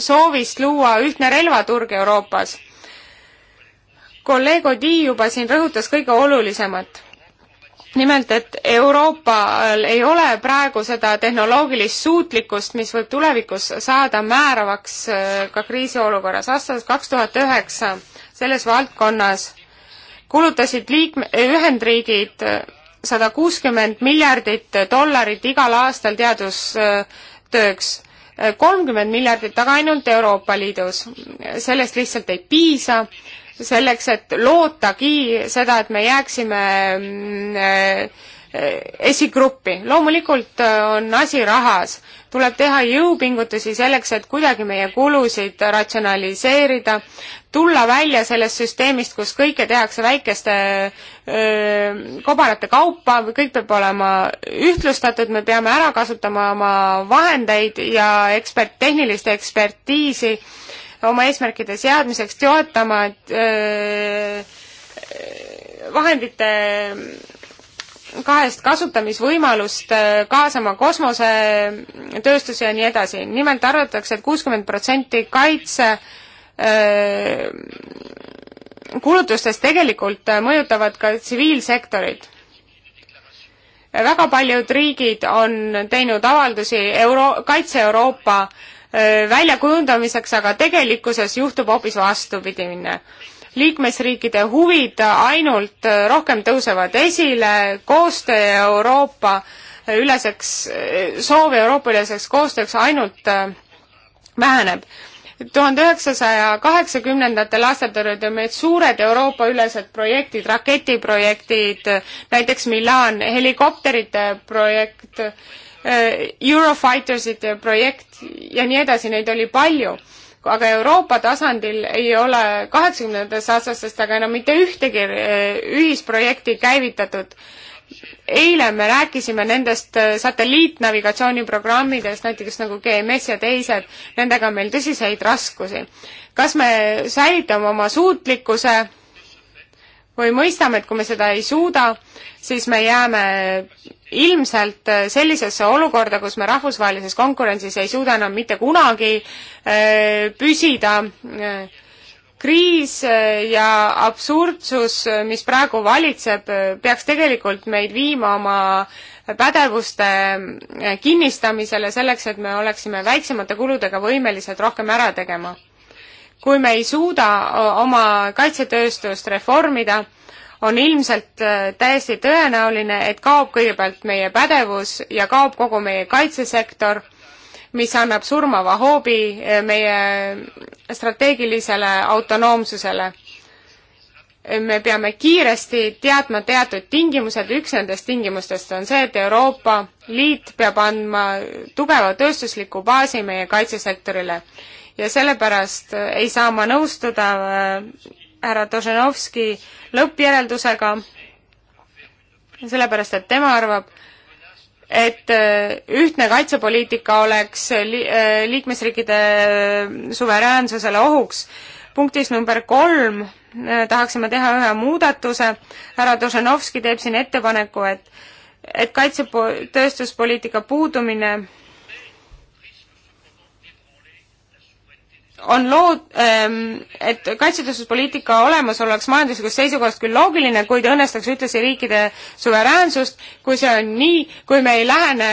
soovist luua ühtne relvaturg Euroopas kolleeg Odi juba siin rõhutas kõige olulisemat. nimelt, et Euroopal ei ole praegu seda tehnoloogilist suutlikkust, mis võib tulevikus saada määravaks äh, ka kriisiolukorras. aastast kaks tuhat üheksa selles valdkonnas kulutasid liikme, Ühendriigid äh, sada kuuskümmend miljardit dollarit igal aastal teadustööks, äh, kolmkümmend miljardit aga ainult Euroopa Liidus. sellest lihtsalt ei piisa selleks, et lootagi seda, et me jääksime mm, äh, esigruppi. loomulikult äh, on asi rahas, tuleb teha jõupingutusi selleks, et kuidagi meie kulusid ratsionaliseerida, tulla välja sellest süsteemist, kus kõike tehakse väikeste öö, äh, kobarate kaupa, kõik peab olema ühtlustatud, me peame ära kasutama oma vahendeid ja ekspert, tehnilist ekspertiisi öö, oma eesmärkide seadmiseks toetama äh, vahendite kahest kasutamisvõimalust, äh, kaasama kosmosetööstuse ja nii edasi. nimelt arvatakse et, et kuuskümmend protsenti kaitse äh, kulutustes tegelikult mõjutavad ka tsiviilsektorit. väga paljud riigid on teinud avaldusi Euro-, Kaitse Euroopa äh, väljakujundamiseks, aga tegelikkuses juhtub hoopis vastupidine. liikmesriikide huvid ainult rohkem tõusevad esile, koostöö Euroopa üleseks, soov Euroopa üleseks koostööks ainult väheneb tuhande üheksasaja kaheksakümnendatel aastatel olid meil suured Euroopa-ülesed projektid, raketiprojektid, näiteks Milan helikopterite projekt Eh, Eurofightersid eh, projekt ja nii edasi, neid oli palju. aga Euroopa tasandil ei ole kaheksakümnendatest aastatest aga enam mitte ühtegi eh, ühisprojekti käivitatud eile me rääkisime nendest satelliitnavigatsiooniprogrammidest, näiteks nagu GMS ja teised, nendega on meil tõsiseid raskusi. kas me säilitame oma suutlikkuse või mõistame, et kui me seda ei suuda, siis me jääme ilmselt äh, sellisesse olukorda, kus me rahvusvahelises konkurentsis ei suuda enam mitte kunagi äh, püsida. Äh, kriis ja absurdsus, mis praegu valitseb, peaks tegelikult meid viima oma pädevuste kinnistamisele selleks, et me oleksime väiksemate kuludega võimelised rohkem ära tegema kui me ei suuda oma kaitsetööstust reformida, on ilmselt täiesti tõenäoline, et kaob kõigepealt meie pädevus ja kaob kogu meie kaitsesektor, mis annab surmava hoobi meie strateegilisele autonoomsusele. me peame kiiresti teadma teatud tingimused, üks nendest tingimustest on see, et Euroopa Liit peab andma tugeva tööstusliku baasi meie kaitsesektorile ja sellepärast ei saa ma nõustuda äh, härra Toženovski lõppjäreldusega, sellepärast et tema arvab, et äh, ühtne kaitsepoliitika oleks li-, äh, liikmesriikide suveräänsusele ohuks. punktis number kolm tahaksime teha ühe muudatuse, härra Toženovski teeb siin ettepaneku, et et kaitsepo-, tööstuspoliitika puudumine on lood, ähm, et kaitsetööstuspoliitika olemas oleks majanduslikust seisukohast küll loogiline, kuid õnnestaks ühtlasi riikide suveräänsust, kui see on nii, kui me ei lähene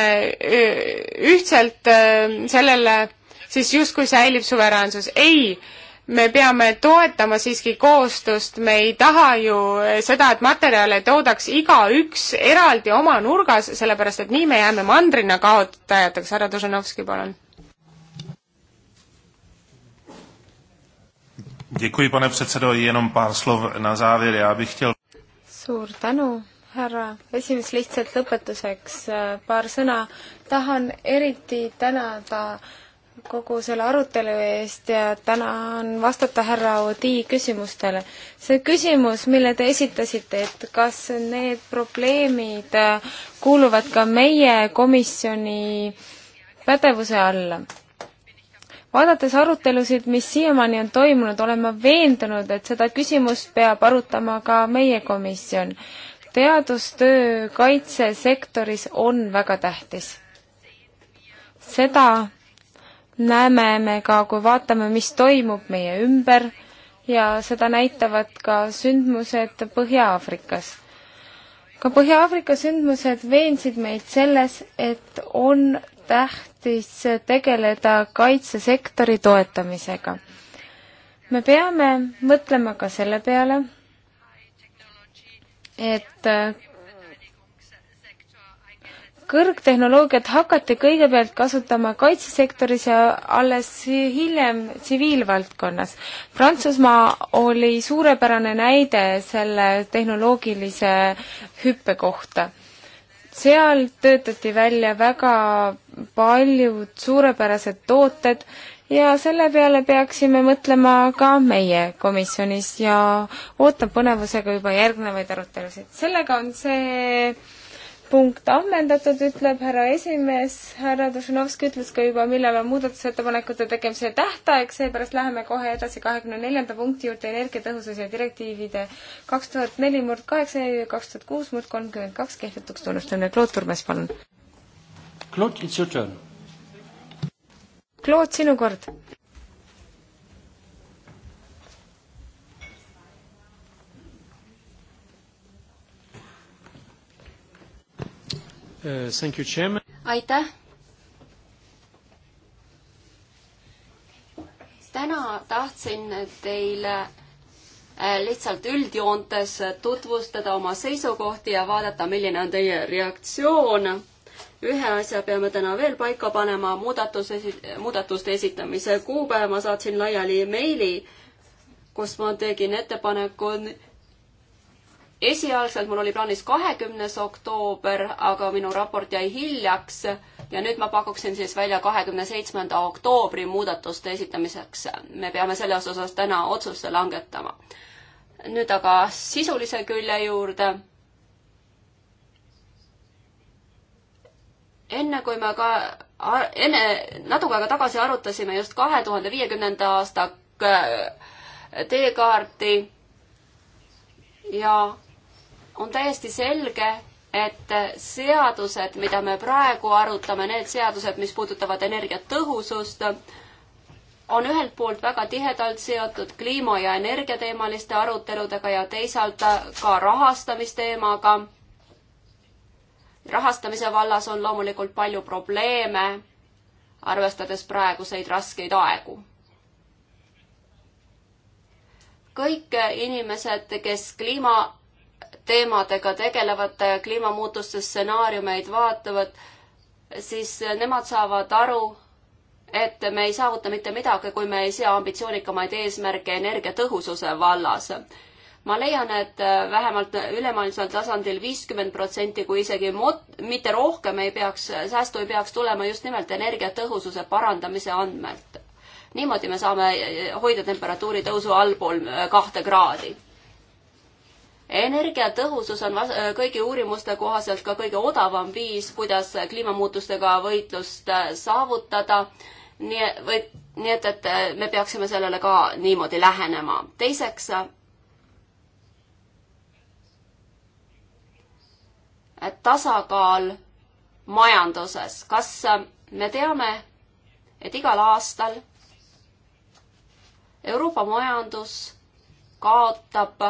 ühtselt ähm, sellele, siis justkui säilib suveräänsus. ei, me peame toetama siiski koostust, me ei taha ju äh, seda, et materjale toodaks igaüks eraldi oma nurgas, sellepärast et nii me jääme mandrina kaotajateks. härra Dušanovski, palun Děkuji, pane předsedo, jenom pár slov na závěr, já bych chtěl. suur tänu, härra esimees, lihtsalt lõpetuseks äh, paar sõna. tahan eriti tänada kogu selle arutelu eest ja tänan vastata härra Odi küsimustele. see küsimus, mille te esitasite, et kas need probleemid äh, kuuluvad ka meie komisjoni pädevuse alla vaadates arutelusid, mis siiamaani on toimunud, olen ma veendunud, et seda küsimust peab arutama ka meie komisjon. teadustöö kaitsesektoris on väga tähtis. seda näeme me ka, kui vaatame, mis toimub meie ümber ja seda näitavad ka sündmused Põhja-Aafrikas. ka Põhja-Aafrika sündmused veensid meid selles, et on tähtis tegeleda kaitsesektori toetamisega. me peame mõtlema ka selle peale, et kõrgtehnoloogiat hakati kõigepealt kasutama kaitsesektoris ja alles hiljem tsiviilvaldkonnas. Prantsusmaa oli suurepärane näide selle tehnoloogilise hüppe kohta seal töötati välja väga paljud suurepärased tooted ja selle peale peaksime mõtlema ka meie komisjonis ja ootan põnevusega juba järgnevaid arutelusid. sellega on see punkt ammendatud, ütleb härra esimees, härra Dušanovski ütles ka juba, millal on muudatusettepanekute tegemise tähtaeg, seepärast läheme kohe edasi kahekümne neljanda punkti juurde, energiatõhususe direktiivide kaks tuhat neli murd kaheksa ja kaks tuhat kuus murd kolmkümmend kaks kehtetuks tunnustamine. Claude Turmes, palun. Claude, it's your turn. Claude, sinu kord. Thank you, Chairman. aitäh. täna tahtsin teile äh, lihtsalt üldjoontes tutvustada oma seisukohti ja vaadata, milline on teie reaktsioon. ühe asja peame täna veel paika panema, muudatuse, muudatuste esitamise kuupäeva ma saatsin laiali meili, kus ma tegin ettepaneku esialgselt mul oli plaanis kahekümnes oktoober, aga minu raport jäi hiljaks ja nüüd ma pakuksin siis välja kahekümne seitsmenda oktoobri muudatuste esitamiseks. me peame selles osas täna otsuse langetama. nüüd aga sisulise külje juurde. enne kui me ka, enne, natuke aega tagasi arutasime just kahe tuhande viiekümnenda aasta äh, teekaarti ja on täiesti selge, et seadused, mida me praegu arutame, need seadused, mis puudutavad energiatõhusust, on ühelt poolt väga tihedalt seotud kliima- ja energiateemaliste aruteludega ja teisalt ka rahastamisteemaga. rahastamise vallas on loomulikult palju probleeme, arvestades praeguseid raskeid aegu. kõik inimesed, kes kliima teemadega tegelevad, kliimamuutuste stsenaariumeid vaatavad, siis nemad saavad aru, et me ei saavuta mitte midagi, kui me ei sea ambitsioonikamaid eesmärke energiatõhususe vallas. ma leian, et vähemalt ülemaailmsel tasandil viiskümmend protsenti, kui isegi mot-, mitte rohkem ei peaks, säästu ei peaks tulema just nimelt energiatõhususe parandamise andmelt. niimoodi me saame hoida temperatuuri tõusu allpool kahte kraadi energiatõhusus on äh, kõigi uurimuste kohaselt ka kõige odavam viis, kuidas kliimamuutustega võitlust äh, saavutada. nii, või nii et, et äh, me peaksime sellele ka niimoodi lähenema. teiseks, tasakaal majanduses. kas me teame, et igal aastal Euroopa majandus kaotab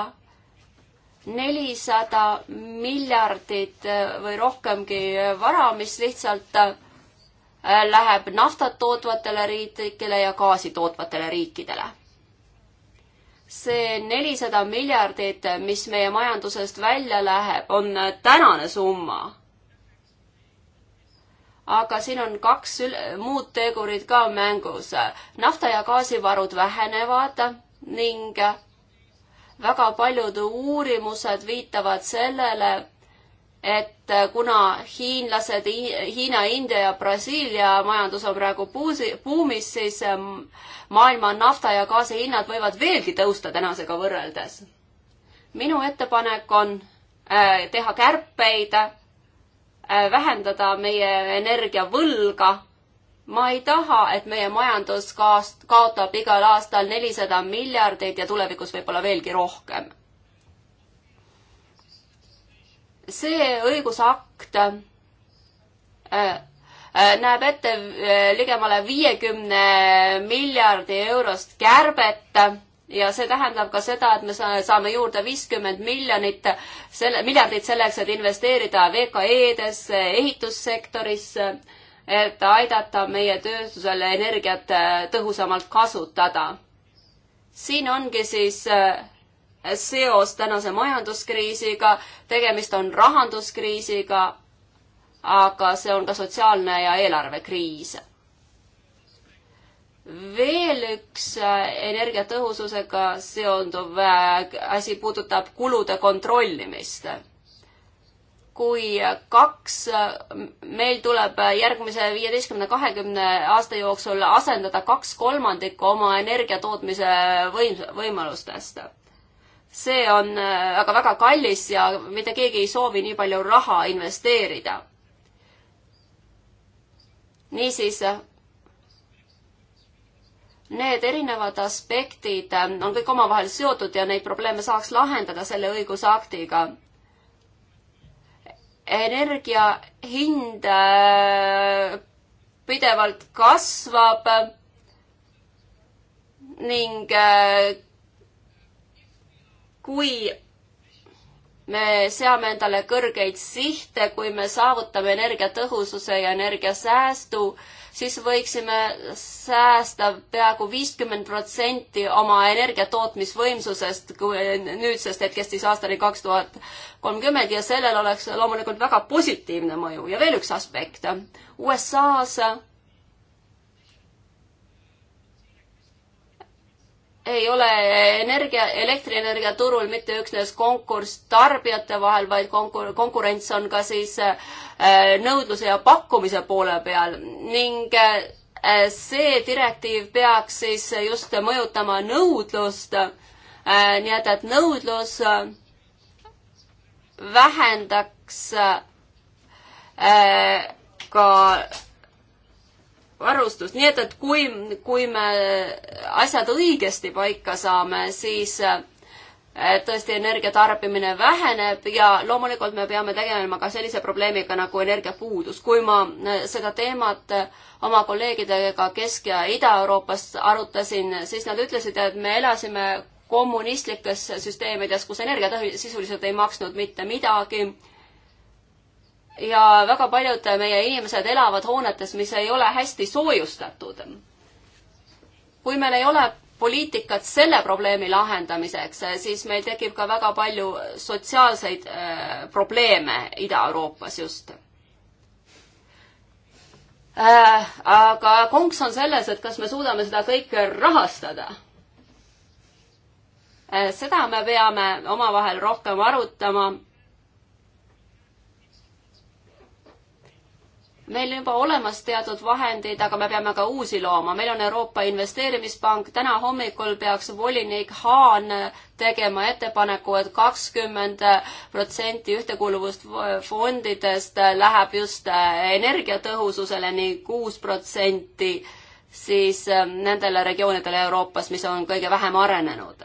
nelisada miljardit äh, või rohkemgi vara, mis lihtsalt äh, läheb naftat tootvatele riikidele ja gaasi tootvatele riikidele. see nelisada miljardit, mis meie majandusest välja läheb, on äh, tänane summa. aga siin on kaks muud tegurit ka mängus. nafta ja gaasivarud vähenevad ning väga paljud uurimused viitavad sellele, et kuna hiinlased, Hiina, India ja Brasiilia majandus on praegu buusi, buumis, siis ähm, maailma nafta ja gaasi hinnad võivad veelgi tõusta tänasega võrreldes. minu ettepanek on äh, teha kärpeid, äh, vähendada meie energiavõlga ma ei taha, et meie majandus kaast-, kaotab igal aastal nelisada miljardit ja tulevikus võib-olla veelgi rohkem. see õigusakt äh, äh, näeb ette äh, ligemale viiekümne miljardi eurost kärbet ja see tähendab ka seda, et me saame juurde viiskümmend miljonit, selle, miljardit selleks, et investeerida VKE-desse, ehitussektorisse et aidata meie tööstusele energiat äh, tõhusamalt kasutada. siin ongi siis äh, seos tänase majanduskriisiga, tegemist on rahanduskriisiga, aga see on ka sotsiaalne ja eelarvekriis. veel üks äh, energiatõhususega seonduv asi puudutab kulude kontrollimist kui kaks, meil tuleb järgmise viieteistkümne, kahekümne aasta jooksul asendada kaks kolmandikku oma energiatootmise võim-, võimalustest. see on äh, aga väga kallis ja mitte keegi ei soovi nii palju raha investeerida. niisiis, need erinevad aspektid on kõik omavahel seotud ja neid probleeme saaks lahendada selle õigusaktiga energia hind äh, pidevalt kasvab ning äh, kui me seame endale kõrgeid sihte, kui me saavutame energiatõhususe ja energiasäästu, siis võiksime säästa peaaegu viiskümmend protsenti oma energiatootmisvõimsusest nüüdsest hetkest siis aastani kaks tuhat kolmkümmend ja sellel oleks loomulikult väga positiivne mõju ja veel üks aspekt. USA-s ei ole energia, elektrienergia turul mitte üksnes konkurss tarbijate vahel, vaid konkur-, konkurents on ka siis äh, nõudluse ja pakkumise poole peal ning äh, see direktiiv peaks siis just mõjutama nõudlust, äh, nii et, et nõudlus vähendaks ka varustust, nii et, et kui, kui me asjad õigesti paika saame, siis äh, tõesti energia tarbimine väheneb ja loomulikult me peame tegelema ka sellise probleemiga nagu energiapuudus. kui ma äh, seda teemat äh, oma kolleegidega Kesk- ja Ida-Euroopas arutasin, siis nad ütlesid, et me elasime kommunistlikes süsteemides, kus energia sisuliselt ei maksnud mitte midagi ja väga paljud meie inimesed elavad hoonetes, mis ei ole hästi soojustatud. kui meil ei ole poliitikat selle probleemi lahendamiseks, siis meil tekib ka väga palju sotsiaalseid äh, probleeme Ida-Euroopas just. Äh, aga konks on selles, et kas me suudame seda kõike rahastada äh, seda me peame omavahel rohkem arutama meil on juba olemas teatud vahendid, aga me peame ka uusi looma. meil on Euroopa Investeerimispank, täna hommikul peaks volinik Haan tegema ettepaneku et, et kakskümmend protsenti ühtekuuluvusfondidest läheb just energiatõhususele ning kuus protsenti siis ähm, nendele regioonidele Euroopas, mis on kõige vähem arenenud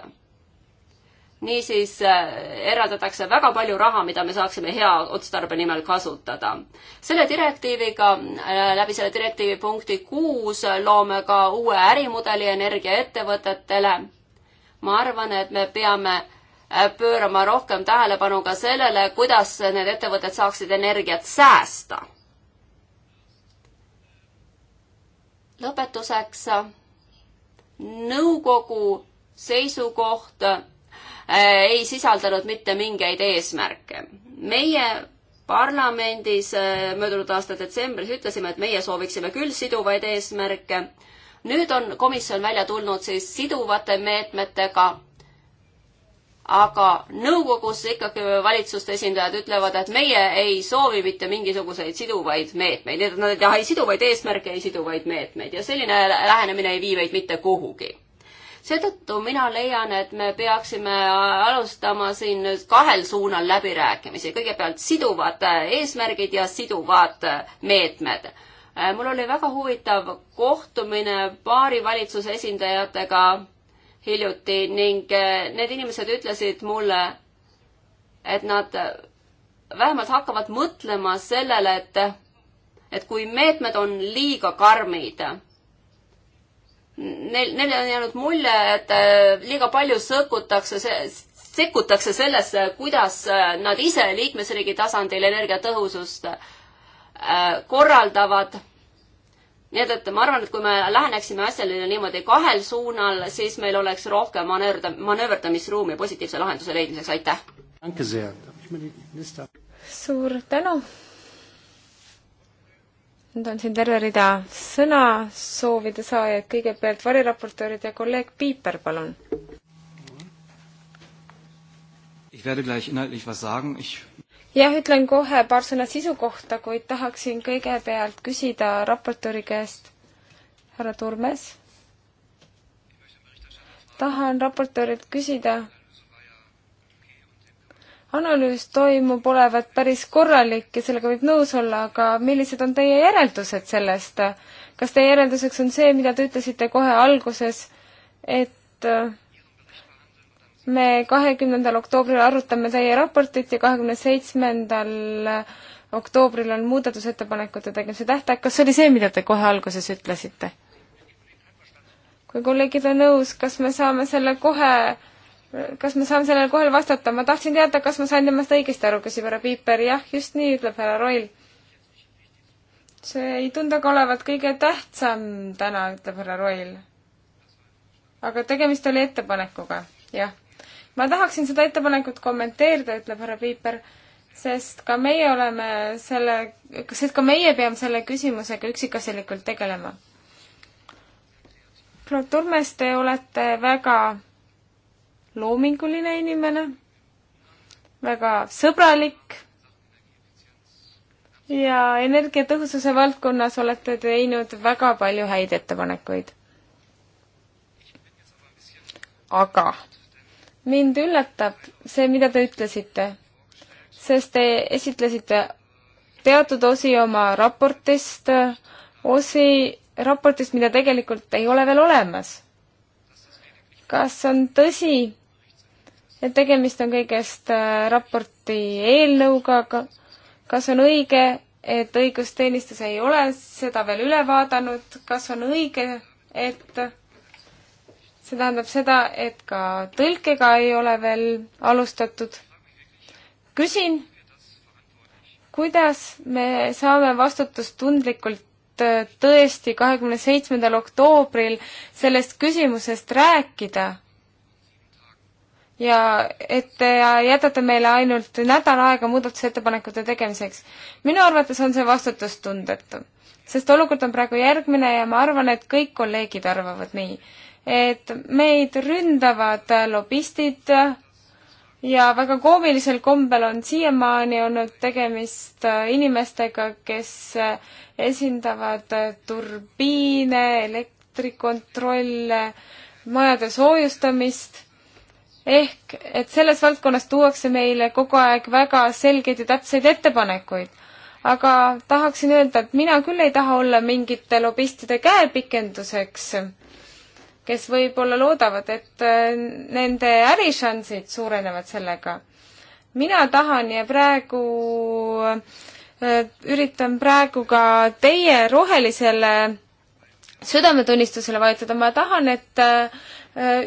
niisiis äh, eraldatakse väga palju raha, mida me saaksime hea otstarbe nimel kasutada. selle direktiiviga, äh, läbi selle direktiivi punkti kuus loome ka uue ärimudeli energiaettevõtetele. ma arvan, et me peame äh, pöörama rohkem tähelepanu ka sellele, kuidas need ettevõtted saaksid energiat säästa. lõpetuseks nõukogu seisukoht Äh, ei sisaldanud mitte mingeid eesmärke. meie parlamendis äh, möödunud aasta detsembris ütlesime, et meie sooviksime küll siduvaid eesmärke. nüüd on komisjon välja tulnud siis siduvate meetmetega. aga nõukogus ikkagi valitsuste esindajad ütlevad, et meie ei soovi mitte mingisuguseid siduvaid meetmeid, nii et nad ei taha ei siduvaid eesmärke, ei siduvaid meetmeid ja selline lähenemine ei vii meid mitte kuhugi seetõttu mina leian, et me peaksime alustama siin kahel suunal läbirääkimisi, kõigepealt siduvad eesmärgid ja siduvad meetmed mul oli väga huvitav kohtumine paari valitsuse esindajatega hiljuti ning need inimesed ütlesid mulle, et nad vähemalt hakkavad mõtlema sellele, et, et kui meetmed on liiga karmid, neil, neil on jäänud mulje, et äh, liiga palju sõkutakse se-, sekkutakse sellesse, kuidas äh, nad ise liikmesriigi tasandil energiatõhusust äh, korraldavad. nii et, et ma arvan, et kui me läheneksime asjale niimoodi kahel suunal, siis meil oleks rohkem manöörda-, manööverdamisruumi positiivse lahenduse leidmiseks, aitäh! suur tänu! nüüd on siin terve rida sõnasoovide saajaid, kõigepealt variraportöörid ja kolleeg Piiper, palun. jah, ütlen kohe paar sõna sisu kohta, kuid tahaksin kõigepealt küsida raportööri käest, härra Turmes. tahan raportöörilt küsida analüüs toimub olevat päris korralik ja sellega võib nõus olla, aga millised on teie järeldused sellest? kas teie järelduseks on see, mida te ütlesite kohe alguses, et äh, me kahekümnendal oktoobril arutame teie raportit ja kahekümne seitsmendal äh, oktoobril on muudatusettepanekute tegemise tähtaeg, kas see oli see, mida te kohe alguses ütlesite? kui kolleegid on nõus, kas me saame selle kohe kas ma saan sellele kohale vastata, ma tahtsin teada, kas ma sain temast õigesti aru, küsib härra Piiper, jah, just nii, ütleb härra Roil. see ei tundu aga olevat kõige tähtsam täna, ütleb härra Roil. aga tegemist oli ettepanekuga, jah. ma tahaksin seda ettepanekut kommenteerida, ütleb härra Piiper, sest ka meie oleme selle, sest ka meie peame selle küsimusega üksikasjalikult tegelema. Claude Turmes, te olete väga loominguline inimene, väga sõbralik ja energiatõhususe valdkonnas olete teinud väga palju häid ettepanekuid. aga mind üllatab see, mida te ütlesite, sest te esitlesite teatud osi oma raportist, osi raportist, mida tegelikult ei ole veel olemas. kas on tõsi, et tegemist on kõigest äh, raporti eelnõuga, aga kas on õige, et õigusteenistus ei ole seda veel üle vaadanud, kas on õige, et see tähendab seda, et ka tõlkega ei ole veel alustatud. küsin, kuidas me saame vastutustundlikult äh, tõesti kahekümne seitsmendal oktoobril sellest küsimusest rääkida ja et te jätate meile ainult nädal aega muudatusettepanekute tegemiseks. minu arvates on see vastutustundetu, sest olukord on praegu järgmine ja ma arvan, et kõik kolleegid arvavad nii, et meid ründavad lobistid ja väga koomilisel kombel on siiamaani olnud tegemist inimestega, kes esindavad turbiine, elektrikontrolle, majade soojustamist ehk et selles valdkonnas tuuakse meile kogu aeg väga selgeid ja täpseid ettepanekuid. aga tahaksin öelda, et mina küll ei taha olla mingite lobistide käepikenduseks, kes võib-olla loodavad, et äh, nende ärišansid suurenevad sellega. mina tahan ja praegu äh, üritan praegu ka teie rohelisele südametunnistusele vajutada, ma tahan, et äh,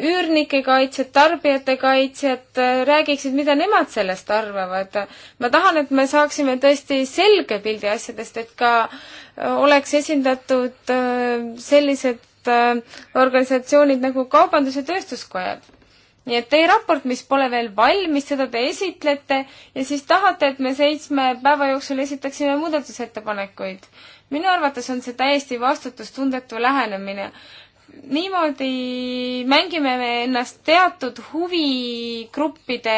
üürnike kaitsjad, tarbijate kaitsjad äh, räägiksid, mida nemad sellest arvavad. ma tahan, et me saaksime tõesti selge pildi asjadest, et ka äh, oleks esindatud sellised organisatsioonid nagu Kaubandus- ja Tööstuskojad nii et teie raport, mis pole veel valmis, seda te esitlete ja siis tahate, et me seitsme päeva jooksul esitaksime muudatusettepanekuid minu arvates on see täiesti vastutustundetu lähenemine. niimoodi mängime me ennast teatud huvigruppide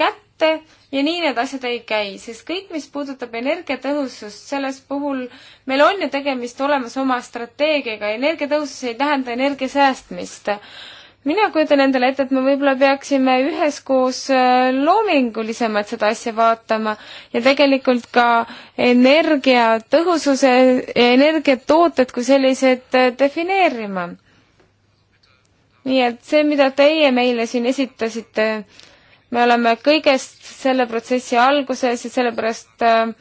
kätte ja nii need asjad ei käi, sest kõik, mis puudutab energiatõhusust, selles puhul meil on ju tegemist olemas oma strateegiaga, energiatõhusus ei tähenda energia säästmist mina kujutan endale ette, et me võib-olla peaksime üheskoos äh, loomingulisemalt seda asja vaatama ja tegelikult ka energiatõhususe ja energiatooted kui sellised äh, defineerima. nii et see, mida teie meile siin esitasite, me oleme kõigest selle protsessi alguses ja sellepärast äh,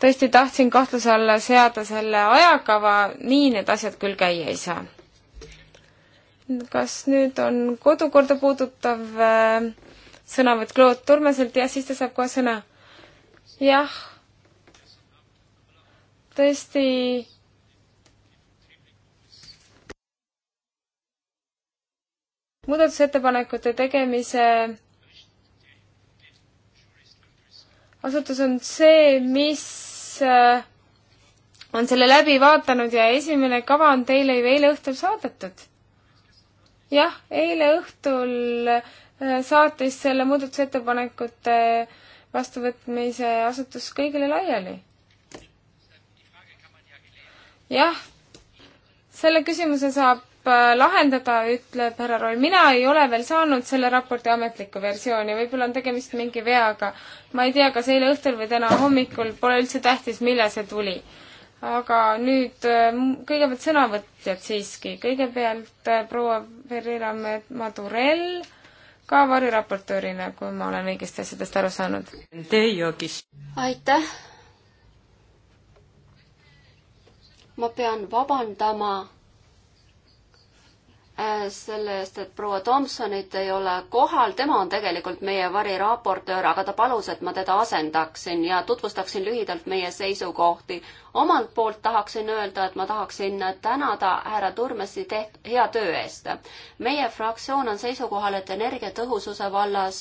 tõesti tahtsin kahtluse alla seada selle ajakava, nii need asjad küll käia ei saa kas nüüd on kodukorda puudutav äh, sõnavõtt Claude Turmeselt, jah, siis ta saab kohe sõna. jah, tõesti. muudatusettepanekute tegemise asutus on see, mis äh, on selle läbi vaatanud ja esimene kava on teile ju eile õhtul saadetud jah, eile õhtul äh, saatis selle muudatusettepanekute vastuvõtmise asutus kõigile laiali. jah, selle küsimuse saab äh, lahendada, ütleb härra Roll. mina ei ole veel saanud selle raporti ametlikku versiooni, võib-olla on tegemist mingi veaga. ma ei tea, kas eile õhtul või täna hommikul, pole üldse tähtis, millal see tuli aga nüüd äh, kõigepealt sõnavõtjad siiski. kõigepealt äh, proua Ferreira Madurell ka variraportöörina, kui ma olen õigesti asjadest aru saanud. aitäh. ma pean vabandama Äh, selle eest, et proua Tomsonit ei ole kohal, tema on tegelikult meie variraportöör, aga ta palus, et ma teda asendaksin ja tutvustaksin lühidalt meie seisukohti. omalt poolt tahaksin öelda, et ma tahaksin tänada härra Turmesi teht-, hea töö eest. meie fraktsioon on seisukohal, et energiatõhususe vallas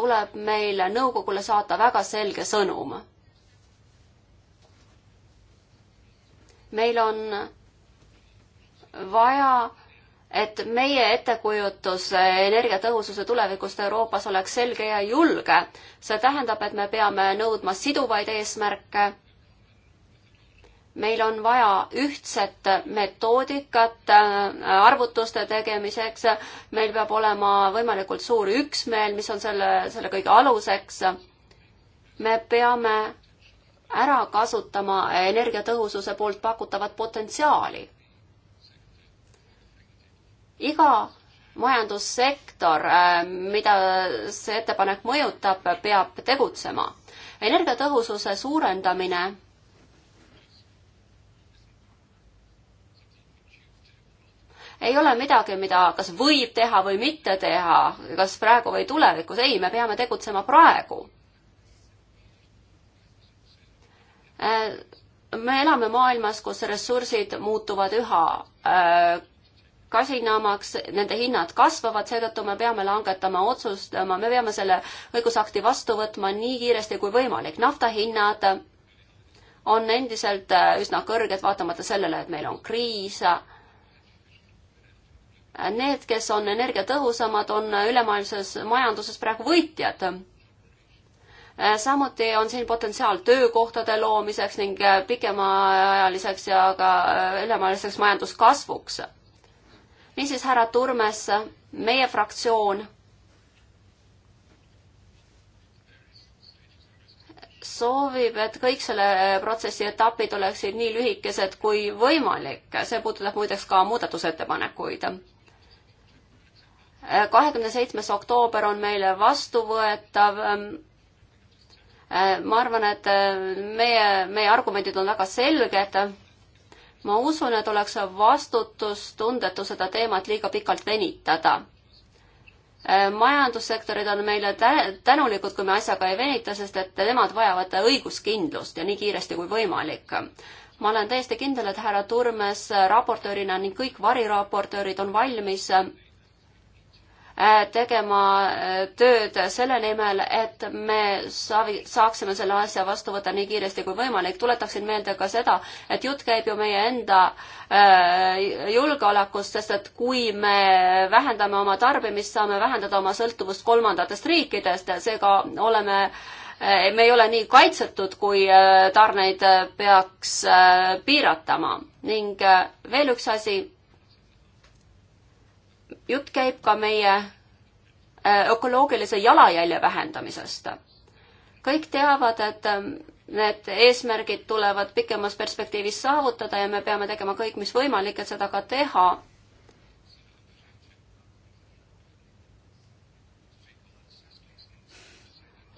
tuleb meil nõukogule saata väga selge sõnum. meil on vaja, et meie ettekujutus energiatõhususe tulevikust Euroopas oleks selge ja julge. see tähendab, et me peame nõudma siduvaid eesmärke. meil on vaja ühtset metoodikat äh, arvutuste tegemiseks, meil peab olema võimalikult suur üksmeel, mis on selle, selle kõige aluseks. me peame ära kasutama energiatõhususe poolt pakutavat potentsiaali iga majandussektor, äh, mida see ettepanek mõjutab, peab tegutsema. energiatõhususe suurendamine ei ole midagi, mida kas võib teha või mitte teha, kas praegu või tulevikus, ei, me peame tegutsema praegu. Äh, me elame maailmas, kus ressursid muutuvad üha äh, kasinamaks, nende hinnad kasvavad, seetõttu me peame langetama, otsustama, me peame selle õigusakti vastu võtma nii kiiresti kui võimalik. naftahinnad on endiselt äh, üsna kõrged, vaatamata sellele, et meil on kriis. Need, kes on energiatõhusamad, on ülemaailmses majanduses praegu võitjad äh, samuti on siin potentsiaal töökohtade loomiseks ning äh, pikemaajaliseks ja ka ülemaailmseks majanduskasvuks niisiis, härra Turmes, meie fraktsioon soovib, et kõik selle protsessi etapid oleksid nii lühikesed kui võimalik. see puudutab muideks ka muudatusettepanekuid. kahekümne seitsmes oktoober on meile vastuvõetav. ma arvan, et meie, meie argumendid on väga selged ma usun, et oleks vastutustundetu seda teemat liiga pikalt venitada. Äh, majandussektorid on meile tänulikud, kui me asjaga ei venita, sest et nemad vajavad õiguskindlust ja nii kiiresti kui võimalik. ma olen täiesti kindel, et härra Turmes raportöörina ning kõik variraportöörid on valmis Äh, tegema äh, tööd selle nimel, et me saavi, saaksime selle asja vastu võtta nii kiiresti kui võimalik. tuletaksin meelde ka seda, et jutt käib ju meie enda äh, julgeolekust, sest et kui me vähendame oma tarbimist, saame vähendada oma sõltuvust kolmandatest riikidest, seega oleme me ei ole nii kaitsetud, kui tarneid peaks piiratama ning veel üks asi jutt käib ka meie äh, ökoloogilise jalajälje vähendamisest. kõik teavad, et ähm, need eesmärgid tulevad pikemas perspektiivis saavutada ja me peame tegema kõik, mis võimalik, et seda ka teha.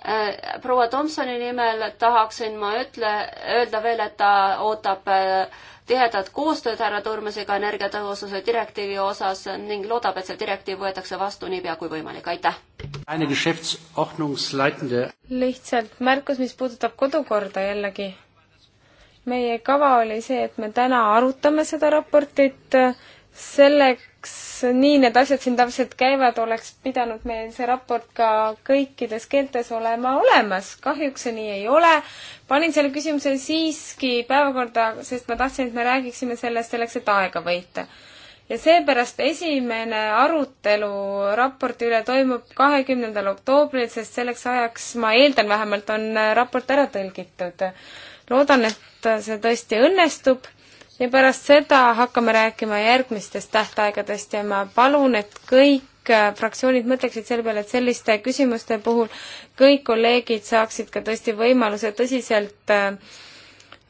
Äh, proua Tomsoni nimel tahaksin ma ütle, öelda veel, et ta ootab äh, tihedat koostööd härra Turmesega energiatõhususe direktiivi osas ning loodab, et see direktiiv võetakse vastu niipea kui võimalik, aitäh! lihtsalt märkus, mis puudutab kodukorda jällegi. meie kava oli see, et me täna arutame seda raportit selleks, nii need asjad siin täpselt käivad, oleks pidanud meil see raport ka kõikides keeltes olema olemas. kahjuks see nii ei ole. panin selle küsimuse siiski päevakorda, sest ma tahtsin, et me räägiksime sellest selleks, et aega võita. ja seepärast esimene arutelu raporti üle toimub kahekümnendal oktoobril, sest selleks ajaks, ma eeldan vähemalt, on raport ära tõlgitud. loodan, et see tõesti õnnestub ja pärast seda hakkame rääkima järgmistest tähtaegadest ja ma palun, et kõik äh, fraktsioonid mõtleksid selle peale, et selliste küsimuste puhul kõik kolleegid saaksid ka tõesti võimaluse tõsiselt äh,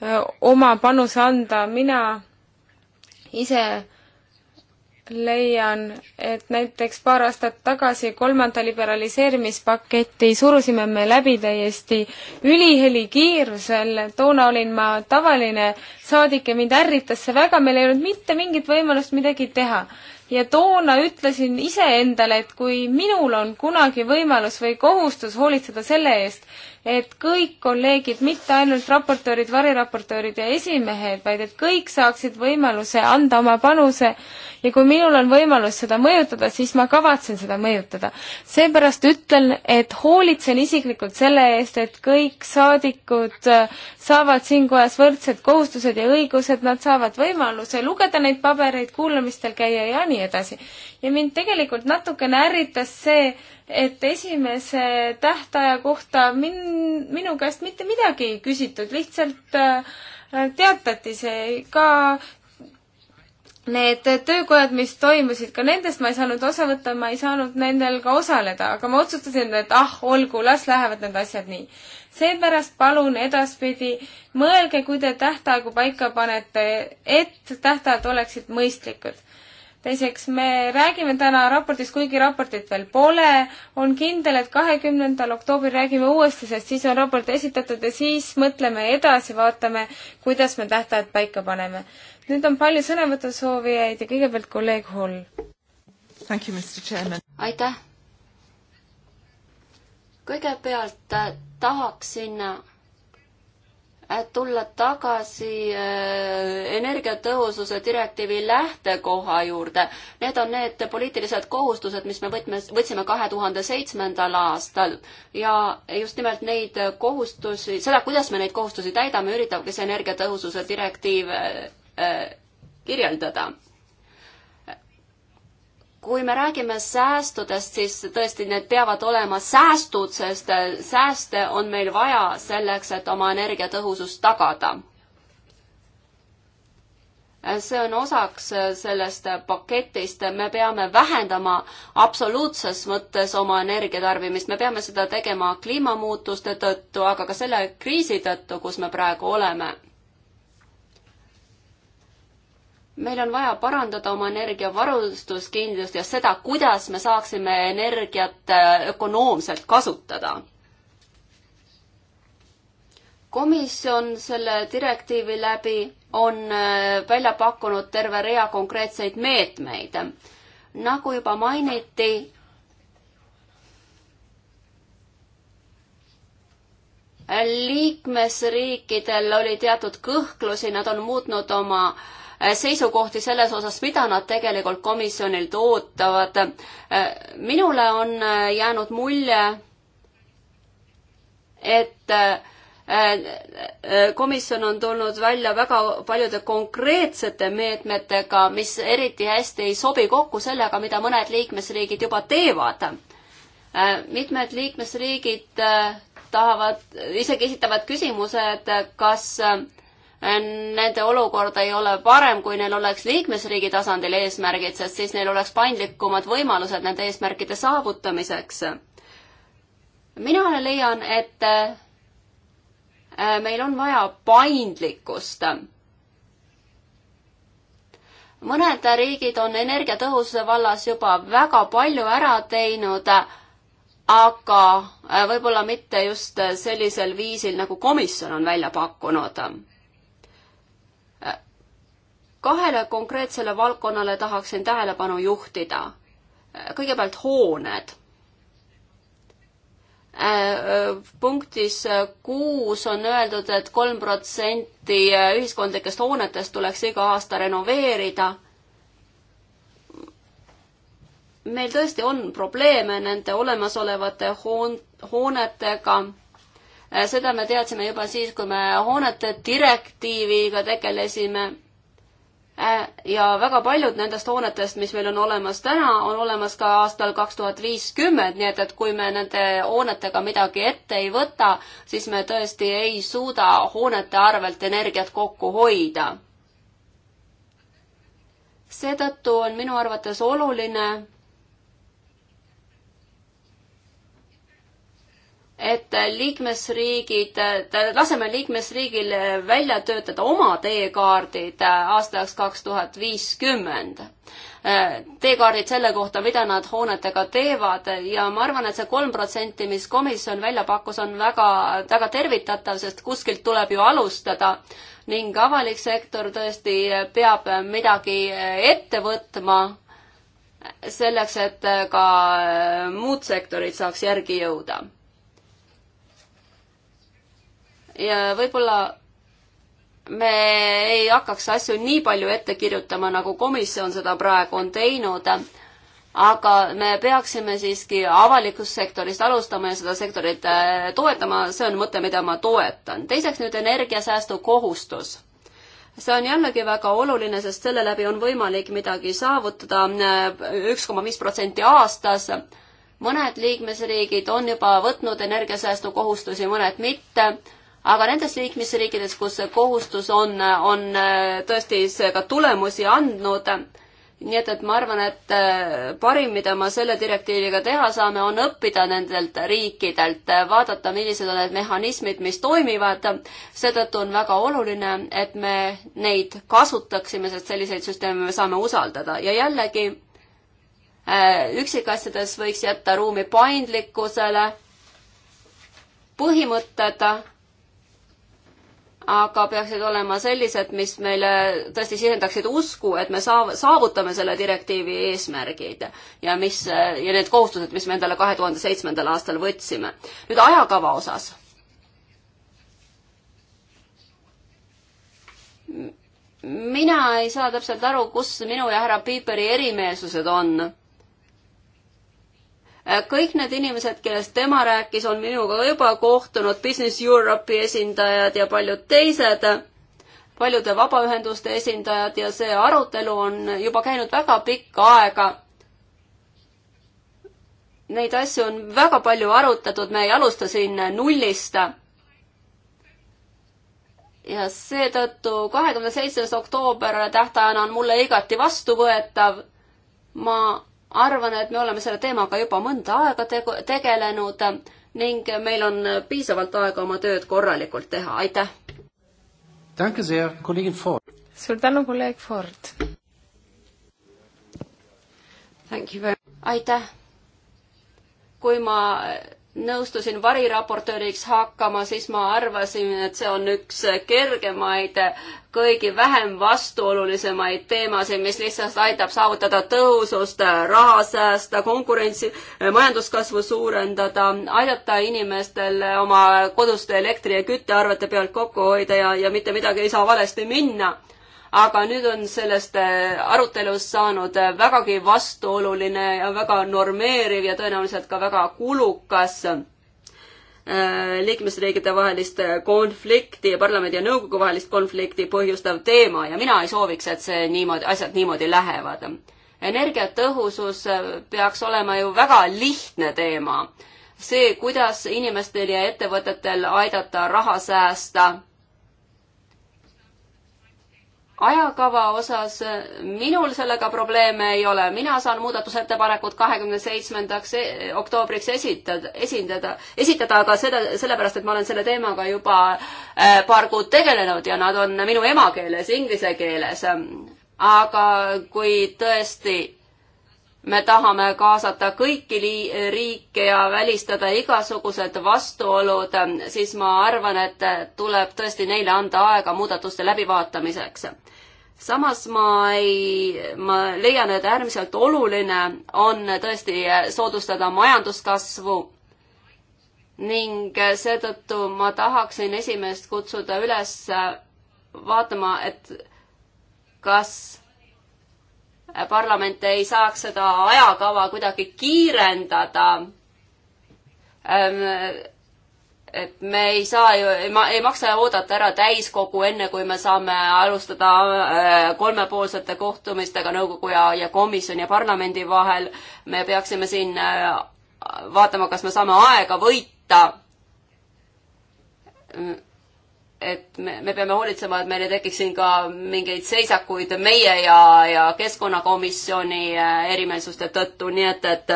äh, oma panuse anda, mina ise leian, et näiteks paar aastat tagasi kolmanda liberaliseerimispaketi surusime me läbi täiesti ülihelikiirusel, toona olin ma tavaline saadik ja mind ärritas see väga, meil ei olnud mitte mingit võimalust midagi teha. ja toona ütlesin iseendale, et kui minul on kunagi võimalus või kohustus hoolitseda selle eest, et kõik kolleegid, mitte ainult raportöörid, variraportöörid ja esimehed, vaid et kõik saaksid võimaluse anda oma panuse ja kui minul on võimalus seda mõjutada, siis ma kavatsen seda mõjutada. seepärast ütlen, et hoolitsen isiklikult selle eest, et kõik saadikud äh, saavad siin kojas võrdsed kohustused ja õigused, nad saavad võimaluse lugeda neid pabereid, kuulamistel käia ja nii edasi. ja mind tegelikult natukene ärritas see, et esimese tähtaja kohta min-, minu käest mitte midagi ei küsitud, lihtsalt äh, teatati see ka need töökojad, mis toimusid, ka nendest ma ei saanud osa võtta, ma ei saanud nendel ka osaleda, aga ma otsustasin, et ah, olgu, las lähevad need asjad nii. seepärast palun edaspidi mõelge, kui te tähtaegu paika panete, et tähtajad oleksid mõistlikud teiseks, me räägime täna raportist, kuigi raportit veel pole, on kindel, et kahekümnendal oktoobril räägime uuesti, sest siis on raport esitatud ja siis mõtleme edasi, vaatame, kuidas me tähtajad paika paneme. nüüd on palju sõnavõtusoovijaid ja kõigepealt kolleeg Hull. aitäh! kõigepealt äh, tahaksin äh, tulla tagasi äh, energiatõhususe direktiivi lähtekoha juurde. Need on need poliitilised kohustused, mis me võtme, võtsime kahe tuhande seitsmendal aastal ja just nimelt neid kohustusi, seda, kuidas me neid kohustusi täidame, üritabki see energiatõhususe direktiiv äh, äh, kirjeldada kui me räägime säästudest, siis tõesti, need peavad olema säästud, sest äh, sääste on meil vaja selleks, et oma energiatõhusust tagada. Äh, see on osaks äh, sellest paketist, me peame vähendama absoluutses mõttes oma energiatarbimist, me peame seda tegema kliimamuutuste tõttu, aga ka selle kriisi tõttu, kus me praegu oleme meil on vaja parandada oma energiavarustuskindlust ja seda, kuidas me saaksime energiat äh, ökonoomselt kasutada. komisjon selle direktiivi läbi on äh, välja pakkunud terve rea konkreetseid meetmeid. nagu juba mainiti, liikmesriikidel oli teatud kõhklusi, nad on muutnud oma äh, Äh, seisukohti selles osas, mida nad tegelikult komisjonilt ootavad. Äh, minule on äh, jäänud mulje, et komisjon on tulnud välja väga paljude konkreetsete meetmetega, mis eriti hästi ei sobi kokku sellega, mida mõned liikmesriigid juba teevad. mitmed liikmesriigid tahavad, isegi esitavad küsimuse, et kas äh, nende olukord ei ole parem, kui neil oleks liikmesriigi tasandil eesmärgid, sest siis neil oleks paindlikumad võimalused nende eesmärkide saavutamiseks. mina leian, et äh, meil on vaja paindlikkust. mõned riigid on energiatõhususe vallas juba väga palju ära teinud, aga äh, võib-olla mitte just sellisel viisil, nagu komisjon on välja pakkunud kahele konkreetsele valdkonnale tahaksin tähelepanu juhtida. kõigepealt hooned punktis kuus on öeldud et, et kolm protsenti ühiskondlikest hoonetest tuleks iga aasta renoveerida. meil tõesti on probleeme nende olemasolevate hoon-, hoonetega. seda me teadsime juba siis, kui me hoonete direktiiviga tegelesime Äh, ja väga paljud nendest hoonetest, mis meil on olemas täna, on olemas ka aastal kaks tuhat viiskümmend, nii et, et kui me nende hoonetega midagi ette ei võta, siis me tõesti ei suuda hoonete arvelt energiat kokku hoida. seetõttu on minu arvates oluline et liikmesriigid, laseme liikmesriigil välja töötada oma teekaardid aastaks kaks tuhat viiskümmend. teekaardid selle kohta, mida nad hoonetega teevad ja ma arvan, et see kolm protsenti, mis komisjon välja pakkus, on väga, väga tervitatav, sest kuskilt tuleb ju alustada ning avalik sektor tõesti peab midagi ette võtma selleks, et ka muud sektorid saaks järgi jõuda ja võib-olla me ei hakkaks asju nii palju ette kirjutama, nagu komisjon seda praegu on teinud, aga me peaksime siiski avalikust sektorist alustama ja seda sektorit äh, toetama, see on mõte, mida ma toetan. teiseks nüüd energiasäästu kohustus. see on jällegi väga oluline, sest selle läbi on võimalik midagi saavutada, äh, üks koma viis protsenti aastas mõned liikmesriigid on juba võtnud energiasäästukohustusi, mõned mitte aga nendes liikmesriikides, kus see kohustus on, on äh, tõesti see ka tulemusi andnud. nii et, et ma arvan, et äh, parim, mida ma selle direktiiviga teha saame, on õppida nendelt riikidelt, vaadata, millised on need mehhanismid, mis toimivad. seetõttu on väga oluline, et me neid kasutaksime, sest selliseid süsteeme me saame usaldada ja jällegi äh, üksikasjades võiks jätta ruumi paindlikkusele, põhimõtted aga peaksid olema sellised, mis meile tõesti sisendaksid usku, et me saav-, saavutame selle direktiivi eesmärgid ja mis, ja need kohustused, mis me endale kahe tuhande seitsmendal aastal võtsime. nüüd ajakava osas. mina ei saa täpselt aru, kus minu ja härra Piiperi erimeelsused on Äh, kõik need inimesed, kellest tema rääkis, on minuga juba kohtunud, Business Europe'i esindajad ja paljud teised, paljude vabaühenduste esindajad ja see arutelu on juba käinud väga pikka aega. Neid asju on väga palju arutatud, me ei alusta siin nullist ja seetõttu kahekümne seitsmes oktoober tähtajana on mulle igati vastuvõetav. ma arvan, et me oleme selle teemaga juba mõnda aega tegu, tegelenud ning meil on piisavalt aega oma tööd korralikult teha, aitäh! suur tänu, kolleeg Ford! aitäh! kui ma nõustusin variraportööriks hakkama, siis ma arvasin, et see on üks kergemaid, kõigi vähem vastuolulisemaid teemasid, mis lihtsalt aitab saavutada tõhusust, raha säästa, konkurentsi, majanduskasvu suurendada, aidata inimestel oma koduste elektri- ja küttearvete pealt kokku hoida ja, ja mitte midagi ei saa valesti minna aga nüüd on sellest äh, arutelust saanud äh, vägagi vastuoluline ja väga normeeriv ja tõenäoliselt ka väga kulukas äh, liikmesriikide vahelist konflikti, parlamendi ja nõukogu vahelist konflikti põhjustav teema ja mina ei sooviks, et see niimoodi, asjad niimoodi lähevad. energiatõhusus peaks olema ju väga lihtne teema. see, kuidas inimestel ja ettevõtetel aidata raha säästa ajakava osas minul sellega probleeme ei ole, mina saan muudatusettepanekud kahekümne seitsmendaks e-, oktoobriks esitada, esindada, esitada, aga seda sellepärast, et ma olen selle teemaga juba äh, paar kuud tegelenud ja nad on minu emakeeles, inglise keeles. aga kui tõesti me tahame kaasata kõiki riike ja välistada igasugused vastuolud, siis ma arvan, et tuleb tõesti neile anda aega muudatuste läbivaatamiseks samas ma ei, ma leian, et äärmiselt oluline on tõesti soodustada majanduskasvu ning seetõttu ma tahaksin esimest kutsuda üles vaatama, et kas parlament ei saaks seda ajakava kuidagi kiirendada ehm, et me ei saa ju, ei maksa oodata ära täiskogu, enne kui me saame alustada äh, kolmepoolsete kohtumistega nõukogu ja, ja komisjoni ja parlamendi vahel. me peaksime siin äh, vaatama, kas me saame aega võita. et me, me peame hoolitsema, et meil ei tekiks siin ka mingeid seisakuid meie ja, ja keskkonnakomisjoni äh, erimeelsuste tõttu, nii et, et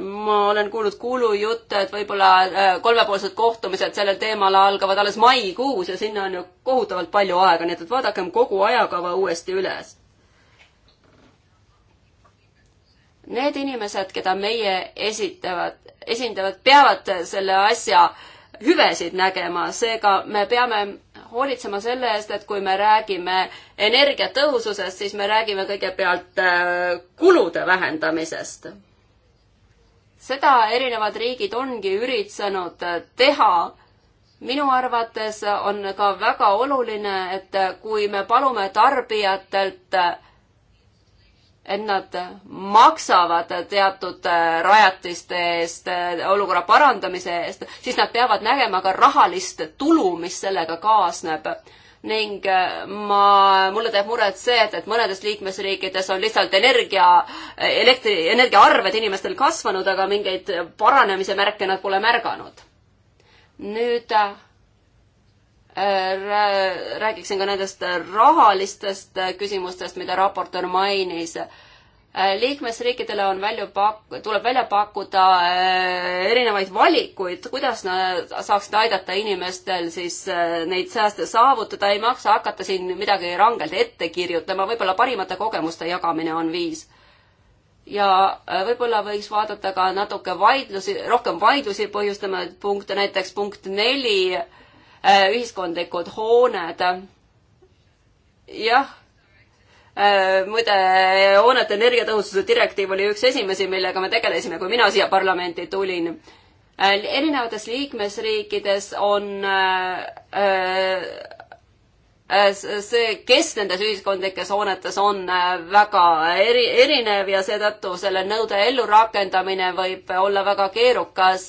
ma olen kuulnud kuulujutte, et võib-olla äh, kolmepoolsed kohtumised sellel teemal algavad alles maikuus ja sinna on ju kohutavalt palju aega, nii et vaadakem kogu ajakava uuesti üles. Need inimesed, keda meie esitavad, esindavad, peavad selle asja hüvesid nägema, seega me peame hoolitsema selle eest, et kui me räägime energiatõhususest, siis me räägime kõigepealt äh, kulude vähendamisest seda erinevad riigid ongi üritanud teha. minu arvates on ka väga oluline, et kui me palume tarbijatelt, et nad maksavad teatud rajatiste eest, olukorra parandamise eest, siis nad peavad nägema ka rahalist tulu, mis sellega kaasneb ning äh, ma, mulle teeb muret see, et, et mõnedes liikmesriikides on lihtsalt energia, elektri, energiaarved inimestel kasvanud, aga mingeid paranemise märke nad pole märganud. nüüd äh, räägiksin ka nendest rahalistest küsimustest, mida raportöör mainis Äh, liikmesriikidele on välja pak-, tuleb välja pakkuda äh, erinevaid valikuid, kuidas nad saaksid aidata inimestel siis äh, neid sääste saavutada, ei maksa hakata siin midagi rangelt ette kirjutama, võib-olla parimate kogemuste jagamine on viis. ja võib-olla võiks vaadata ka natuke vaidlusi, rohkem vaidlusi põhjustamaid punkte, näiteks punkt neli, ühiskondlikud hooned. jah Äh, muide, hoonete energiatõhususe direktiiv oli üks esimesi, millega me tegelesime, kui mina siia parlamenti tulin. Äh, erinevates liikmesriikides on äh, äh Äh, see, kes nendes ühiskondlikes hoonetes on, äh, väga eri, erinev ja seetõttu selle nõude ellurakendamine võib olla väga keerukas.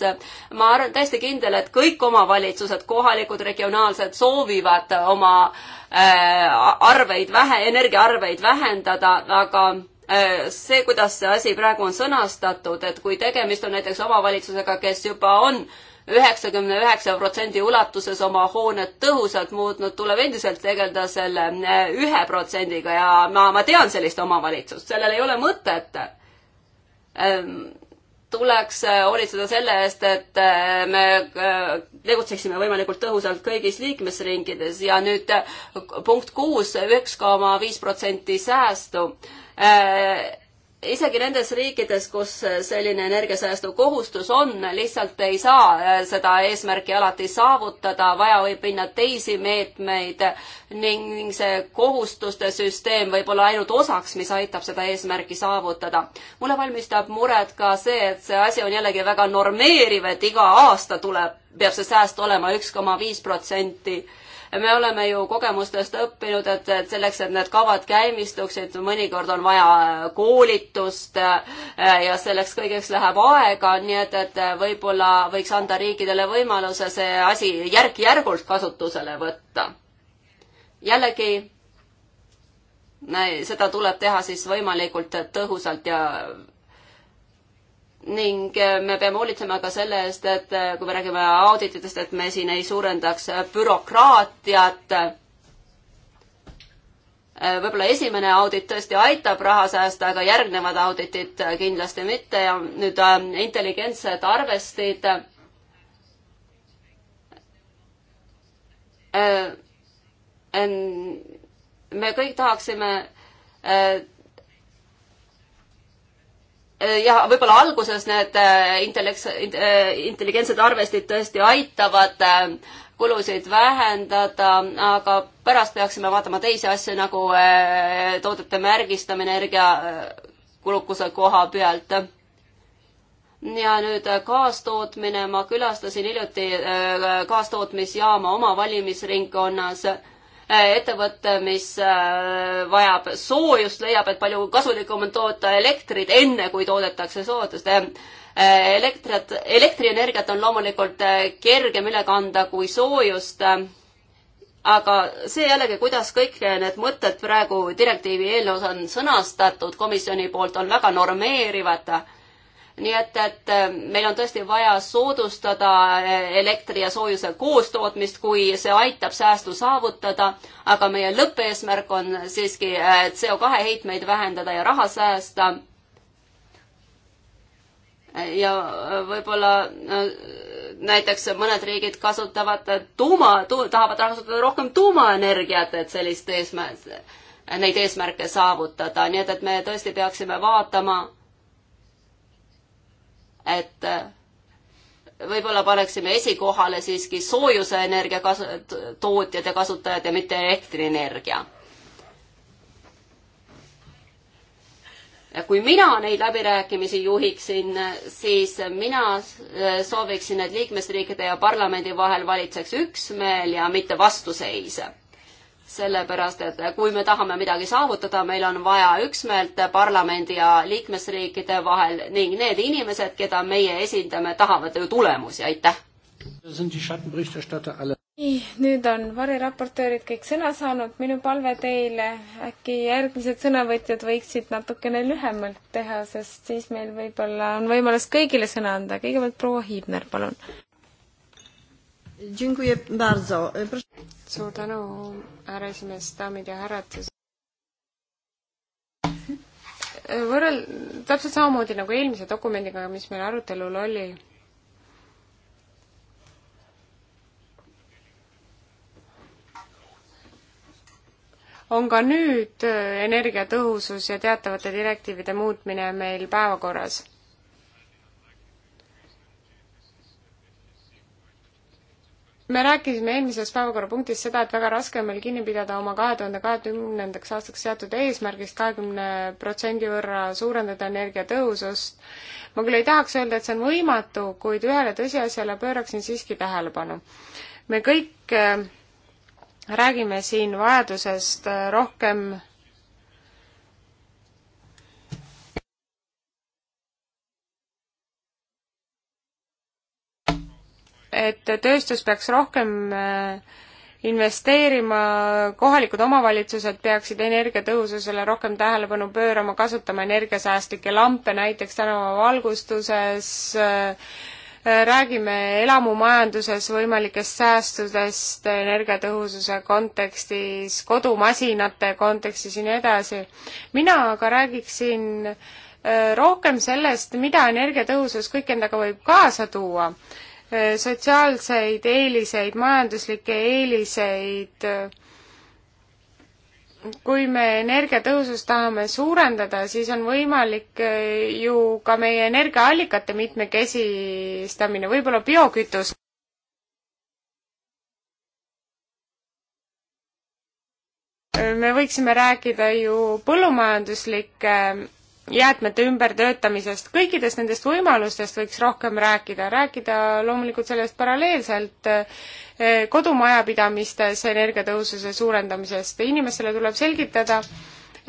ma olen täiesti kindel, et kõik omavalitsused, kohalikud, regionaalsed soovivad oma äh, arveid vähe, energiaarveid vähendada, aga see, kuidas see asi praegu on sõnastatud, et kui tegemist on näiteks omavalitsusega, kes juba on äh, üheksakümne üheksa protsendi ulatuses oma hoonet tõhusalt muutnud, tuleb endiselt tegeleda selle eh, ühe protsendiga ja ma, ma tean sellist omavalitsust, sellel ei ole mõtet ehm, tuleks eh, hoolitseda selle eest, et eh, me tegutseksime võimalikult tõhusalt kõigis liikmesringides ja nüüd punkt kuus, üks koma viis protsenti säästu isegi nendes riikides, kus selline energiasäästu kohustus on, lihtsalt ei saa äh, seda eesmärki alati saavutada, vaja võib minna teisi meetmeid ning see kohustuste süsteem võib olla ainult osaks, mis aitab seda eesmärki saavutada. mulle valmistab muret ka see, et see asi on jällegi väga normeeriv, et iga aasta tuleb, peab see sääst olema üks koma viis protsenti me oleme ju kogemustest õppinud, et, et selleks, et need kavad käimistuksid, mõnikord on vaja koolitust äh, ja selleks kõigeks läheb aega, nii et, et võib-olla võiks anda riikidele võimaluse see asi järk-järgult kasutusele võtta. jällegi seda tuleb teha siis võimalikult tõhusalt ja ning äh, me peame hoolitsema ka selle eest, et äh, kui me räägime audititest, et me siin ei suurendaks äh, bürokraatiat. võib-olla esimene audit tõesti aitab raha säästa, aga järgnevad auditid kindlasti mitte ja nüüd intelligentsed arvestid me kõik tahaksime Äh, jah, võib-olla alguses need äh, intelleks-, äh, intelligentsed arvestid tõesti aitavad kulusid vähendada, aga pärast peaksime vaatama teisi asju nagu toodete märgistamine energiakulukuse koha pealt. ja nüüd kaastootmine, ma külastasin hiljuti kaastootmisjaama oma valimisringkonnas Äh, ettevõte, mis äh, vajab soojust, leiab, et palju kasulikum on toota elektrit enne, kui toodetakse soojust. Äh, elektrit, elektrienergiat on loomulikult kergem üle kanda kui soojust aga see jällegi, kuidas kõik need mõtted praegu direktiivi eelnõus on sõnastatud komisjoni poolt, on väga normeerivad nii et, et äh, meil on tõesti vaja soodustada äh, elektri ja soojuse koostootmist, kui see aitab säästu saavutada, aga meie lõppeesmärk on siiski äh, CO2 heitmeid vähendada ja raha säästa. ja võib-olla näiteks mõned riigid kasutavad tuuma tu,, tahavad kasutada rohkem tuumaenergiat, et sellist eesmärk, neid eesmärke saavutada, nii et, et me tõesti peaksime vaatama et äh, võib-olla paneksime esikohale siiski soojuseenergia kas-, tootjad ja kasutajad ja mitte elektrienergia. ja kui mina neid läbirääkimisi juhiksin, siis mina äh, sooviksin, et liikmesriikide ja parlamendi vahel valitseks üksmeel ja mitte vastuseis sellepärast et kui me tahame midagi saavutada, meil on vaja üksmeelt parlamendi ja liikmesriikide vahel ning need inimesed, keda meie esindame, tahavad ju tulemusi, aitäh! nii, nüüd on variraportöörid kõik sõna saanud, minu palve teile, äkki järgmised sõnavõtjad võiksid natukene lühemalt teha, sest siis meil võib-olla on võimalus kõigile sõna anda, kõigepealt proua Hiibner, palun! suur tänu, härra esimees, daamid ja härrad. võrrel-, täpselt samamoodi nagu eelmise dokumendiga, mis meil arutelul oli on ka nüüd äh, energiatõhusus ja teatavate direktiivide muutmine meil päevakorras. me rääkisime eelmises päevakorrapunktis seda, et väga raske on meil kinni pidada oma kahe tuhande kahekümnendaks aastaks seatud eesmärgist kahekümne protsendi võrra suurendada energiatõhusust. ma küll ei tahaks öelda, et see on võimatu, kuid ühele tõsiasjale pööraksin siiski tähelepanu. me kõik äh, räägime siin vajadusest rohkem et tööstus peaks rohkem äh, investeerima, kohalikud omavalitsused peaksid energiatõhususele rohkem tähelepanu pöörama, kasutama energiasäästlikke lampe näiteks tänavavalgustuses, äh, äh, räägime elamumajanduses võimalikest säästudest energiatõhususe kontekstis, kodumasinate kontekstis ja nii edasi. mina aga räägiksin rohkem sellest, mida energiatõhusus kõik endaga võib kaasa tuua sotsiaalseid eeliseid, majanduslikke eeliseid. kui me energiatõhusust tahame suurendada, siis on võimalik eh, ju ka meie energiaallikate mitmekesistamine, võib-olla biokütus. me võiksime rääkida ju põllumajanduslike jäätmete ümbertöötamisest, kõikidest nendest võimalustest võiks rohkem rääkida, rääkida loomulikult sellest paralleelselt eh, kodumajapidamistes energiatõhususe suurendamisest, inimestele tuleb selgitada,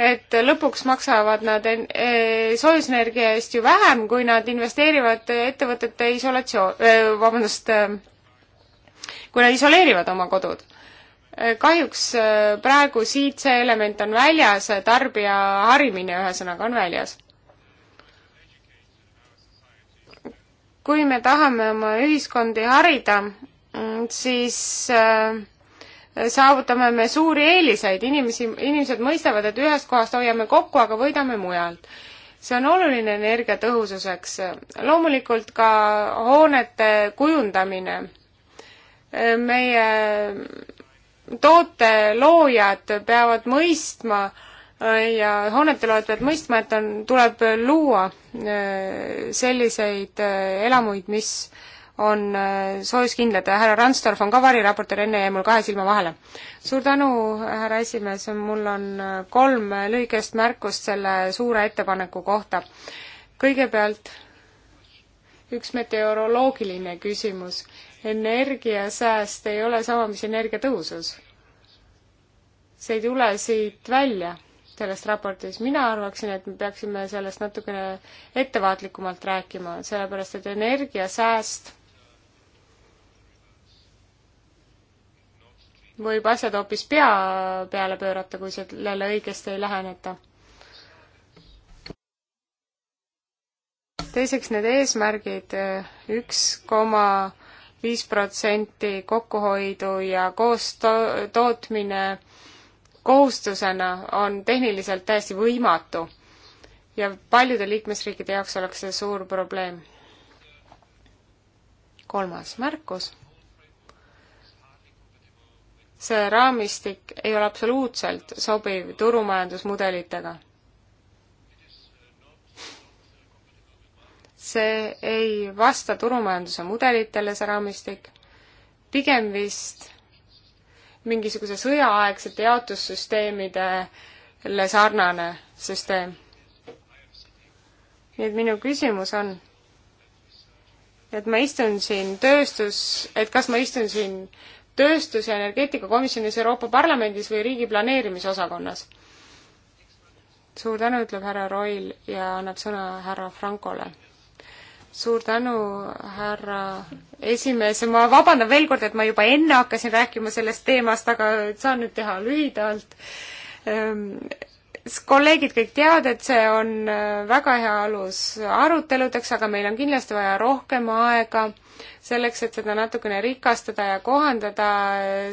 et lõpuks maksavad nad en-, eh, soojusenergia eest ju vähem, kui nad investeerivad ettevõtete isolatsioon, eh, vabandust, kui nad isoleerivad oma kodud kahjuks äh, praegu siit see element on väljas, äh, tarbija harimine ühesõnaga on väljas. kui me tahame oma ühiskondi harida, mm, siis äh, saavutame me suuri eeliseid, inimesi, inimesed mõistavad, et ühest kohast hoiame kokku, aga võidame mujalt see on oluline energiatõhususeks. loomulikult ka hoonete kujundamine. meie toote loojad peavad mõistma äh, ja hoonete loojad peavad mõistma, et on, tuleb luua äh, selliseid äh, elamuid, mis on soojuskindlad ja härra Randstorf on ka variraportor, enne jäi mul kahe silma vahele. suur tänu, härra esimees, mul on kolm lühikest märkust selle suure ettepaneku kohta. kõigepealt üks meteoroloogiline küsimus energiasääst ei ole sama, mis energiatõhusus. see ei tule siit välja, sellest raportis. mina arvaksin, et me peaksime sellest natukene ettevaatlikumalt rääkima, sellepärast et energiasääst võib asjad hoopis pea peale pöörata, kui sellele õigesti ei läheneta. teiseks need eesmärgid, üks koma viis protsenti kokkuhoidu ja koostootmine kohustusena on tehniliselt täiesti võimatu ja paljude liikmesriikide jaoks oleks see suur probleem. kolmas märkus. see raamistik ei ole absoluutselt sobiv turumajandusmudelitega see ei vasta turumajanduse mudelitele, see raamistik, pigem vist mingisuguse sõjaaegsete jaotussüsteemidele sarnane süsteem. nii et minu küsimus on, et ma istun siin tööstus, et kas ma istun siin tööstus- ja energeetikakomisjonis Euroopa Parlamendis või riigi planeerimisosakonnas? suur tänu, ütleb härra Roil ja annab sõna härra Frankole suur tänu, härra esimees, ma vabandan veel kord, et ma juba enne hakkasin rääkima sellest teemast, aga saan nüüd teha lühidalt ehm, kolleegid kõik teavad, et see on äh, väga hea alus aruteludeks, aga meil on kindlasti vaja rohkem aega selleks, et seda natukene rikastada ja kohandada,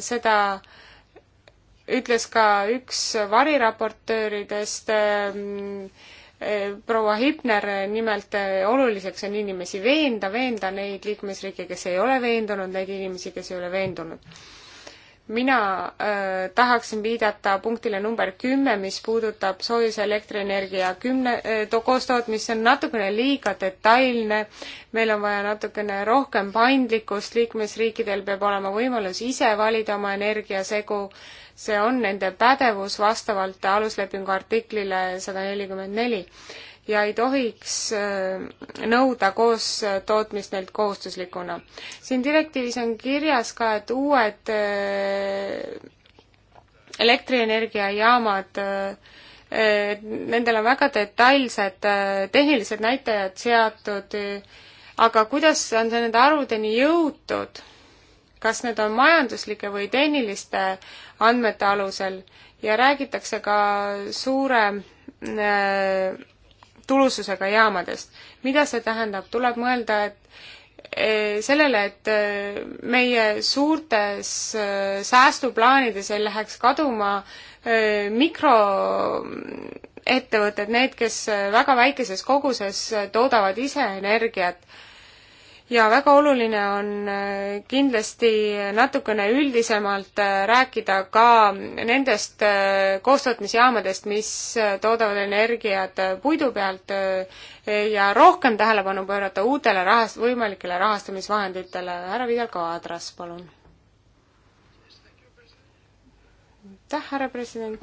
seda ütles ka üks variraportööridest äh, Eh, proua Hipner eh, nimelt eh, oluliseks on inimesi veenda, veenda neid liikmesriike, kes ei ole veendunud, neid inimesi, kes ei ole veendunud. mina äh, tahaksin viidata punktile number kümme, mis puudutab soojuse elektrienergia kümne äh, koostootmist, see on natukene liiga detailne, meil on vaja natukene rohkem paindlikkust, liikmesriikidel peab olema võimalus ise valida oma energiasegu äh, see on nende pädevus vastavalt aluslepingu artiklile sada nelikümmend neli ja ei tohiks äh, nõuda koostootmist äh, neilt kohustuslikuna. siin direktiivis on kirjas ka, et uued äh, elektrienergiajaamad Nendel on väga detailsed tehnilised näitajad seatud, aga kuidas on nende arvudeni jõutud kas need on majanduslike või tehniliste andmete alusel ja räägitakse ka suure äh, tulususega jaamadest. mida see tähendab, tuleb mõelda, et äh, sellele, et äh, meie suurtes äh, säästuplaanides ei läheks kaduma äh, mikroettevõtted, mm, need, kes äh, väga väikeses koguses toodavad ise energiat ja väga oluline on äh, kindlasti natukene üldisemalt äh, rääkida ka nendest äh, koostootmisjaamadest, mis toodavad energiat puidu pealt ja rohkem tähelepanu pöörata uutele rahast-, võimalikele rahastamisvahenditele. härra Vidal Kadras, palun. aitäh, härra president.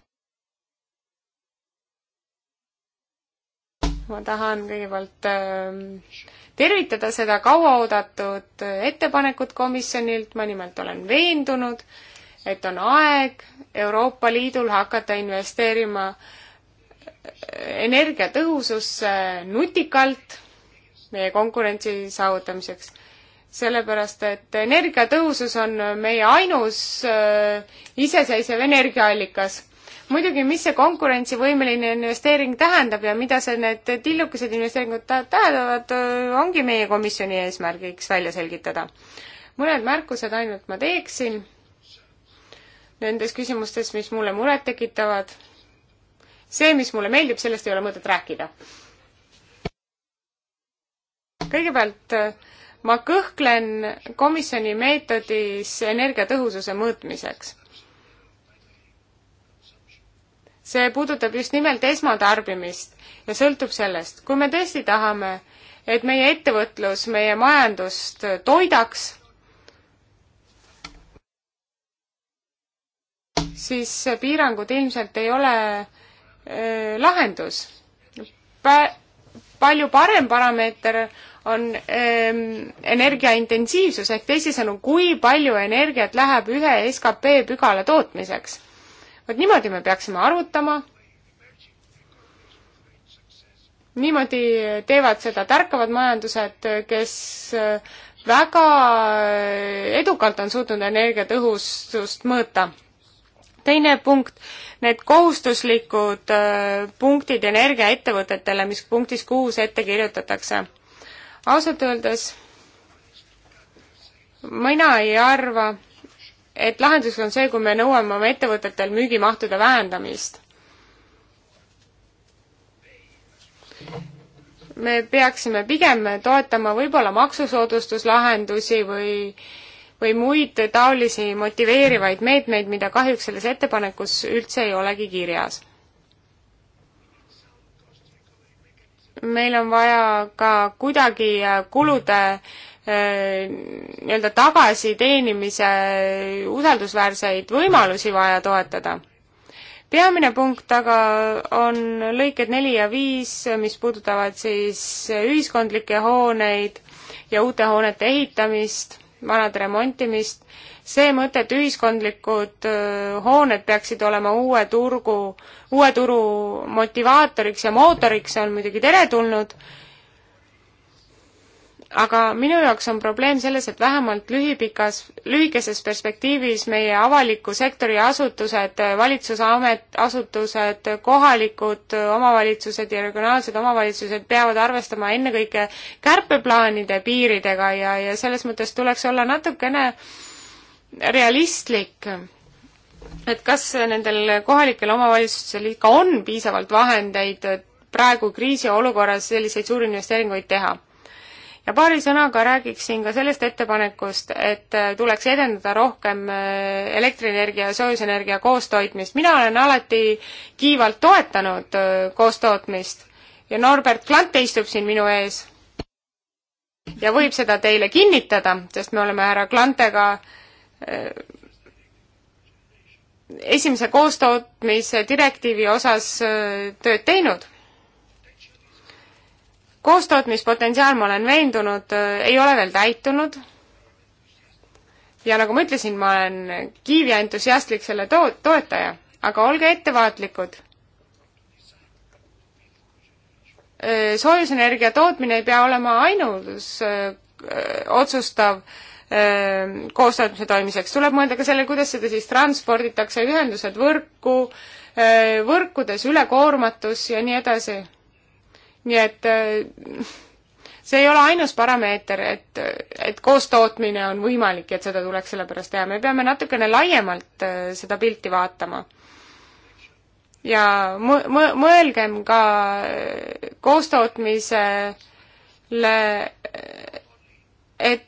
ma tahan kõigepealt äh, tervitada seda kauaoodatud ettepanekut komisjonilt, ma nimelt olen veendunud, et on aeg Euroopa Liidul hakata investeerima energiatõhususse nutikalt meie konkurentsi saavutamiseks sellepärast, et energiatõhusus on meie ainus äh, iseseisev energiaallikas muidugi, mis see konkurentsivõimeline investeering tähendab ja mida see, need tillukesed investeeringud tähendavad, äh, ongi meie komisjoni eesmärgiks välja selgitada. mõned märkused ainult ma teeksin nendes küsimustes, mis mulle muret tekitavad. see, mis mulle meeldib, sellest ei ole mõtet rääkida. kõigepealt äh, ma kõhklen komisjoni meetodis energiatõhususe mõõtmiseks see puudutab just nimelt esmatarbimist ja sõltub sellest, kui me tõesti tahame, et meie ettevõtlus meie majandust toidaks, siis piirangud ilmselt ei ole öö, lahendus pa. palju parem parameeter on öö, energiaintensiivsus ehk teisisõnu, kui palju energiat läheb ühe skp pügala tootmiseks vot niimoodi me peaksime arvutama. niimoodi teevad seda tärkavad majandused, kes äh, väga äh, edukalt on suutnud energiatõhusust mõõta. teine punkt, need kohustuslikud äh, punktid energiaettevõtetele, mis punktis kuus ette kirjutatakse. ausalt öeldes mina ei arva, et lahenduseks on see, kui me nõuame oma ettevõtetel müügimahtude vähendamist. me peaksime pigem toetama võib-olla maksusoodustuslahendusi või, või muid taolisi motiveerivaid meetmeid, mida kahjuks selles ettepanekus üldse ei olegi kirjas meil on vaja ka kuidagi kulude Äh, nii-öelda tagasiteenimise usaldusväärseid võimalusi vaja toetada. peamine punkt aga on lõiked neli ja viis, mis puudutavad siis ühiskondlikke hooneid ja uute hoonete ehitamist, vanade remontimist, see mõte, et ühiskondlikud äh, hooned peaksid olema uue turgu, uue turu motivaatoriks ja mootoriks, on muidugi teretulnud aga minu jaoks on probleem selles, et vähemalt lühipikas, lühikeses perspektiivis meie avaliku sektori asutused, valitsusamet, asutused, kohalikud omavalitsused ja regionaalsed omavalitsused peavad arvestama ennekõike kärpeplaanide piiridega ja, ja selles mõttes tuleks olla natukene realistlik, et kas nendel kohalikel omavalitsustel ikka on piisavalt vahendeid praegu kriisiolukorras selliseid suurinvesteeringuid teha ja paari sõnaga räägiksin ka sellest ettepanekust, et äh, tuleks edendada rohkem äh, elektrienergia ja soojusenergia koostoitmist. mina olen alati kiivalt toetanud äh, koostootmist ja Norbert Klante istub siin minu ees ja võib seda teile kinnitada, sest me oleme härra Klantega esimese koostootmise direktiivi osas tööd teinud koostootmispotentsiaal, ma olen veendunud, äh, ei ole veel täitunud. ja nagu ma ütlesin, ma olen kiivi entusiastlik selle to-, toetaja, aga olge ettevaatlikud. Äh, soojusenergia tootmine ei pea olema ainus öö, äh, otsustav öö, koostootmise toimimiseks, tuleb mõelda ka sellele, kuidas seda siis transporditakse, ühendused võrku, võrkudes ülekoormatus ja nii edasi nii et äh, see ei ole ainus parameeter, et, et koostootmine on võimalik ja et seda tuleks sellepärast teha, me peame natukene laiemalt äh, seda pilti vaatama. ja mõ-, mõ-, mõelgem ka äh, koostootmisele, et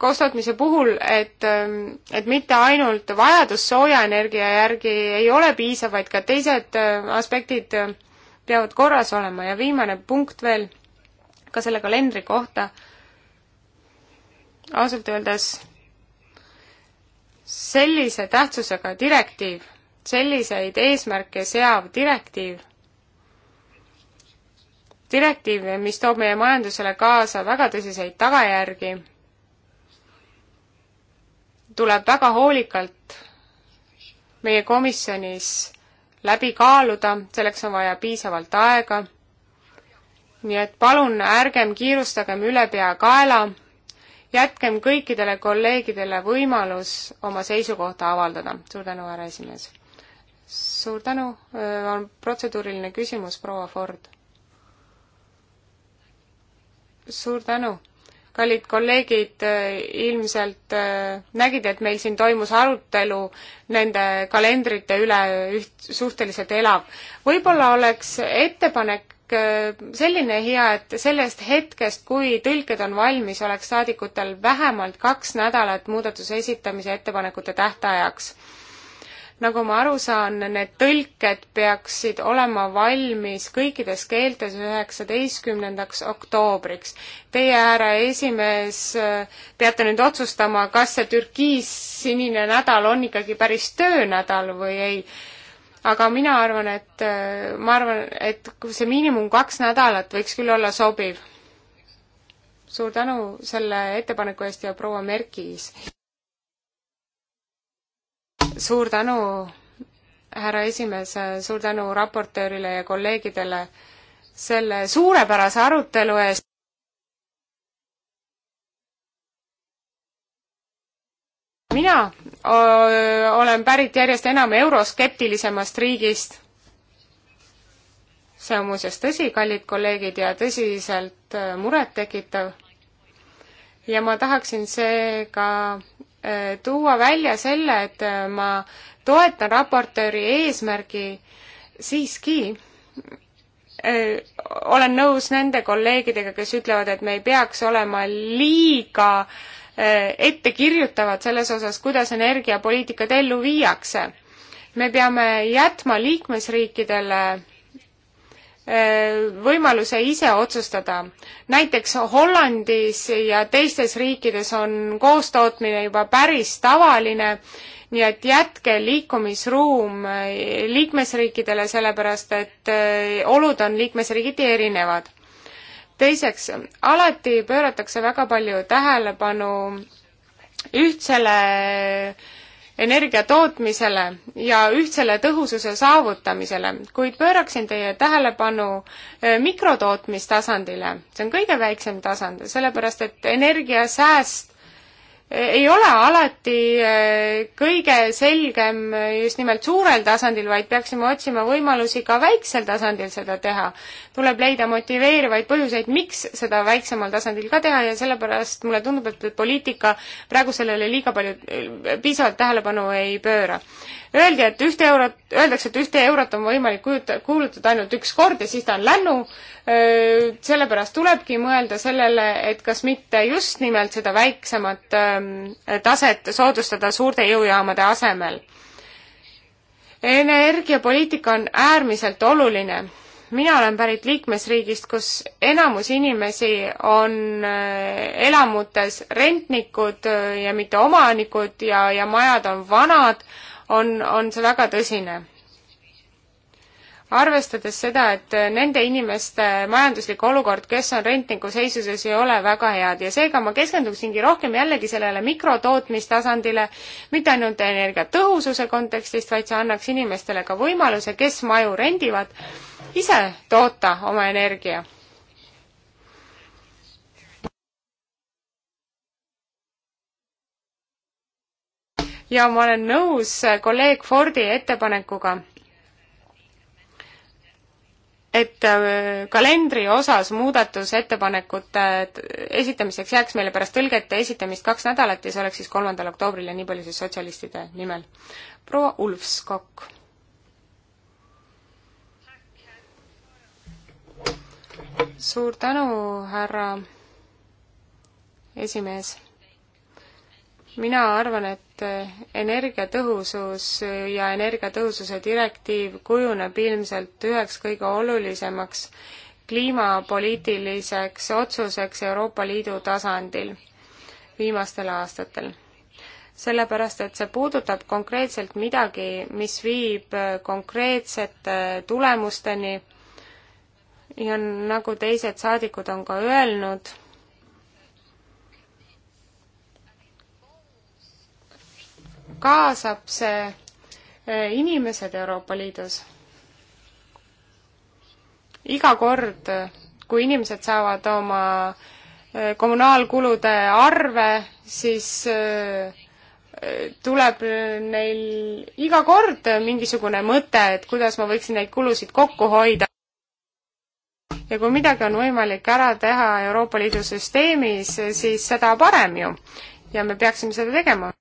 koostootmise puhul, et, ähm, et mitte ainult vajadus sooja energia järgi ei ole piisav, vaid ka teised aspektid peavad korras olema ja viimane punkt veel ka selle kalendri kohta. ausalt öeldes sellise tähtsusega direktiiv, selliseid eesmärke seav direktiiv, direktiiv, mis toob meie majandusele kaasa väga tõsiseid tagajärgi, tuleb väga hoolikalt meie komisjonis läbi kaaluda, selleks on vaja piisavalt aega. nii et palun ärgem kiirustagem ülepeakaela, jätkem kõikidele kolleegidele võimalus oma seisukohta avaldada. suur tänu, härra esimees! suur tänu, äh, on protseduuriline küsimus, proua Ford. suur tänu kallid kolleegid äh, ilmselt äh, nägid, et meil siin toimus arutelu nende kalendrite üle üht-, suhteliselt elav. võib-olla oleks ettepanek äh, selline hea, et sellest hetkest, kui tõlked on valmis, oleks saadikutel vähemalt kaks nädalat muudatuse esitamise ettepanekute tähtajaks nagu ma aru saan, need tõlked peaksid olema valmis kõikides keeltes üheksateistkümnendaks oktoobriks. Teie, härra esimees, peate nüüd otsustama, kas see Türgis sinine nädal on ikkagi päris töönädal või ei. aga mina arvan, et ma arvan, et see miinimum kaks nädalat võiks küll olla sobiv. suur tänu selle ettepaneku eest ja proua Merkis! suur tänu, härra esimees, suur tänu raportöörile ja kolleegidele selle suurepärase arutelu eest. mina olen pärit järjest enam euroskeptilisemast riigist. see on muuseas tõsi, kallid kolleegid, ja tõsiselt murettekitav. ja ma tahaksin seega tuua välja selle, et äh, ma toetan raportööri eesmärgi siiski äh, olen nõus nende kolleegidega, kes ütlevad, et me ei peaks olema liiga äh, ettekirjutavad selles osas, kuidas energiapoliitikat ellu viiakse. me peame jätma liikmesriikidele võimaluse ise otsustada. näiteks Hollandis ja teistes riikides on koostootmine juba päris tavaline, nii et jätke liikumisruum liikmesriikidele, sellepärast et äh, olud on liikmesriigiti erinevad. teiseks, alati pööratakse väga palju tähelepanu ühtsele äh, energia tootmisele ja ühtsele tõhususe saavutamisele, kuid pööraksin teie tähelepanu eh, mikrotootmistasandile. see on kõige väiksem tasand, sellepärast et energiasääst ei ole alati eh, kõige selgem just nimelt suurel tasandil, vaid peaksime otsima võimalusi ka väiksel tasandil seda teha. tuleb leida motiveerivaid põhjuseid, miks seda väiksemal tasandil ka teha ja sellepärast mulle tundub, et poliitika praegu sellele liiga palju, eh, piisavalt tähelepanu ei pööra. Öeldi, et ühte eurot, öeldakse, et ühte eurot on võimalik kujuta, kuulutada ainult üks kord ja siis ta on lännu. sellepärast tulebki mõelda sellele, et kas mitte just nimelt seda väiksemat taset soodustada suurte jõujaamade asemel. energiapoliitika on äärmiselt oluline mina olen pärit liikmesriigist, kus enamus inimesi on elamutes rentnikud ja mitte omanikud ja, ja majad on vanad, on, on see väga tõsine. arvestades seda, et nende inimeste majanduslik olukord, kes on rentniku seisuses, ei ole väga head ja seega ma keskenduksingi rohkem jällegi sellele mikrotootmistasandile, mitte ainult energiatõhususe kontekstist, vaid see annaks inimestele ka võimaluse, kes maju rendivad, ise toota oma energia ja ma olen nõus äh, kolleeg Fordi ettepanekuga, et äh, kalendri osas muudatusettepanekute äh, esitamiseks jääks meile pärast tõlgete esitamist kaks nädalat ja see oleks siis kolmandal oktoobril ja nii palju siis sotsialistide nimel. proua Ulfskokk. suur tänu, härra esimees mina arvan, et energiatõhusus ja energiatõhususe direktiiv kujuneb ilmselt üheks kõige olulisemaks kliimapoliitiliseks otsuseks Euroopa Liidu tasandil viimastel aastatel. sellepärast, et see puudutab konkreetselt midagi, mis viib konkreetsete tulemusteni ja nagu teised saadikud on ka öelnud kaasab see eh, inimesed Euroopa Liidus. iga kord, kui inimesed saavad oma eh, kommunaalkulude arve, siis eh, tuleb neil iga kord mingisugune mõte, et kuidas ma võiksin neid kulusid kokku hoida. ja kui midagi on võimalik ära teha Euroopa Liidu süsteemis, siis seda parem ju. ja me peaksime seda tegema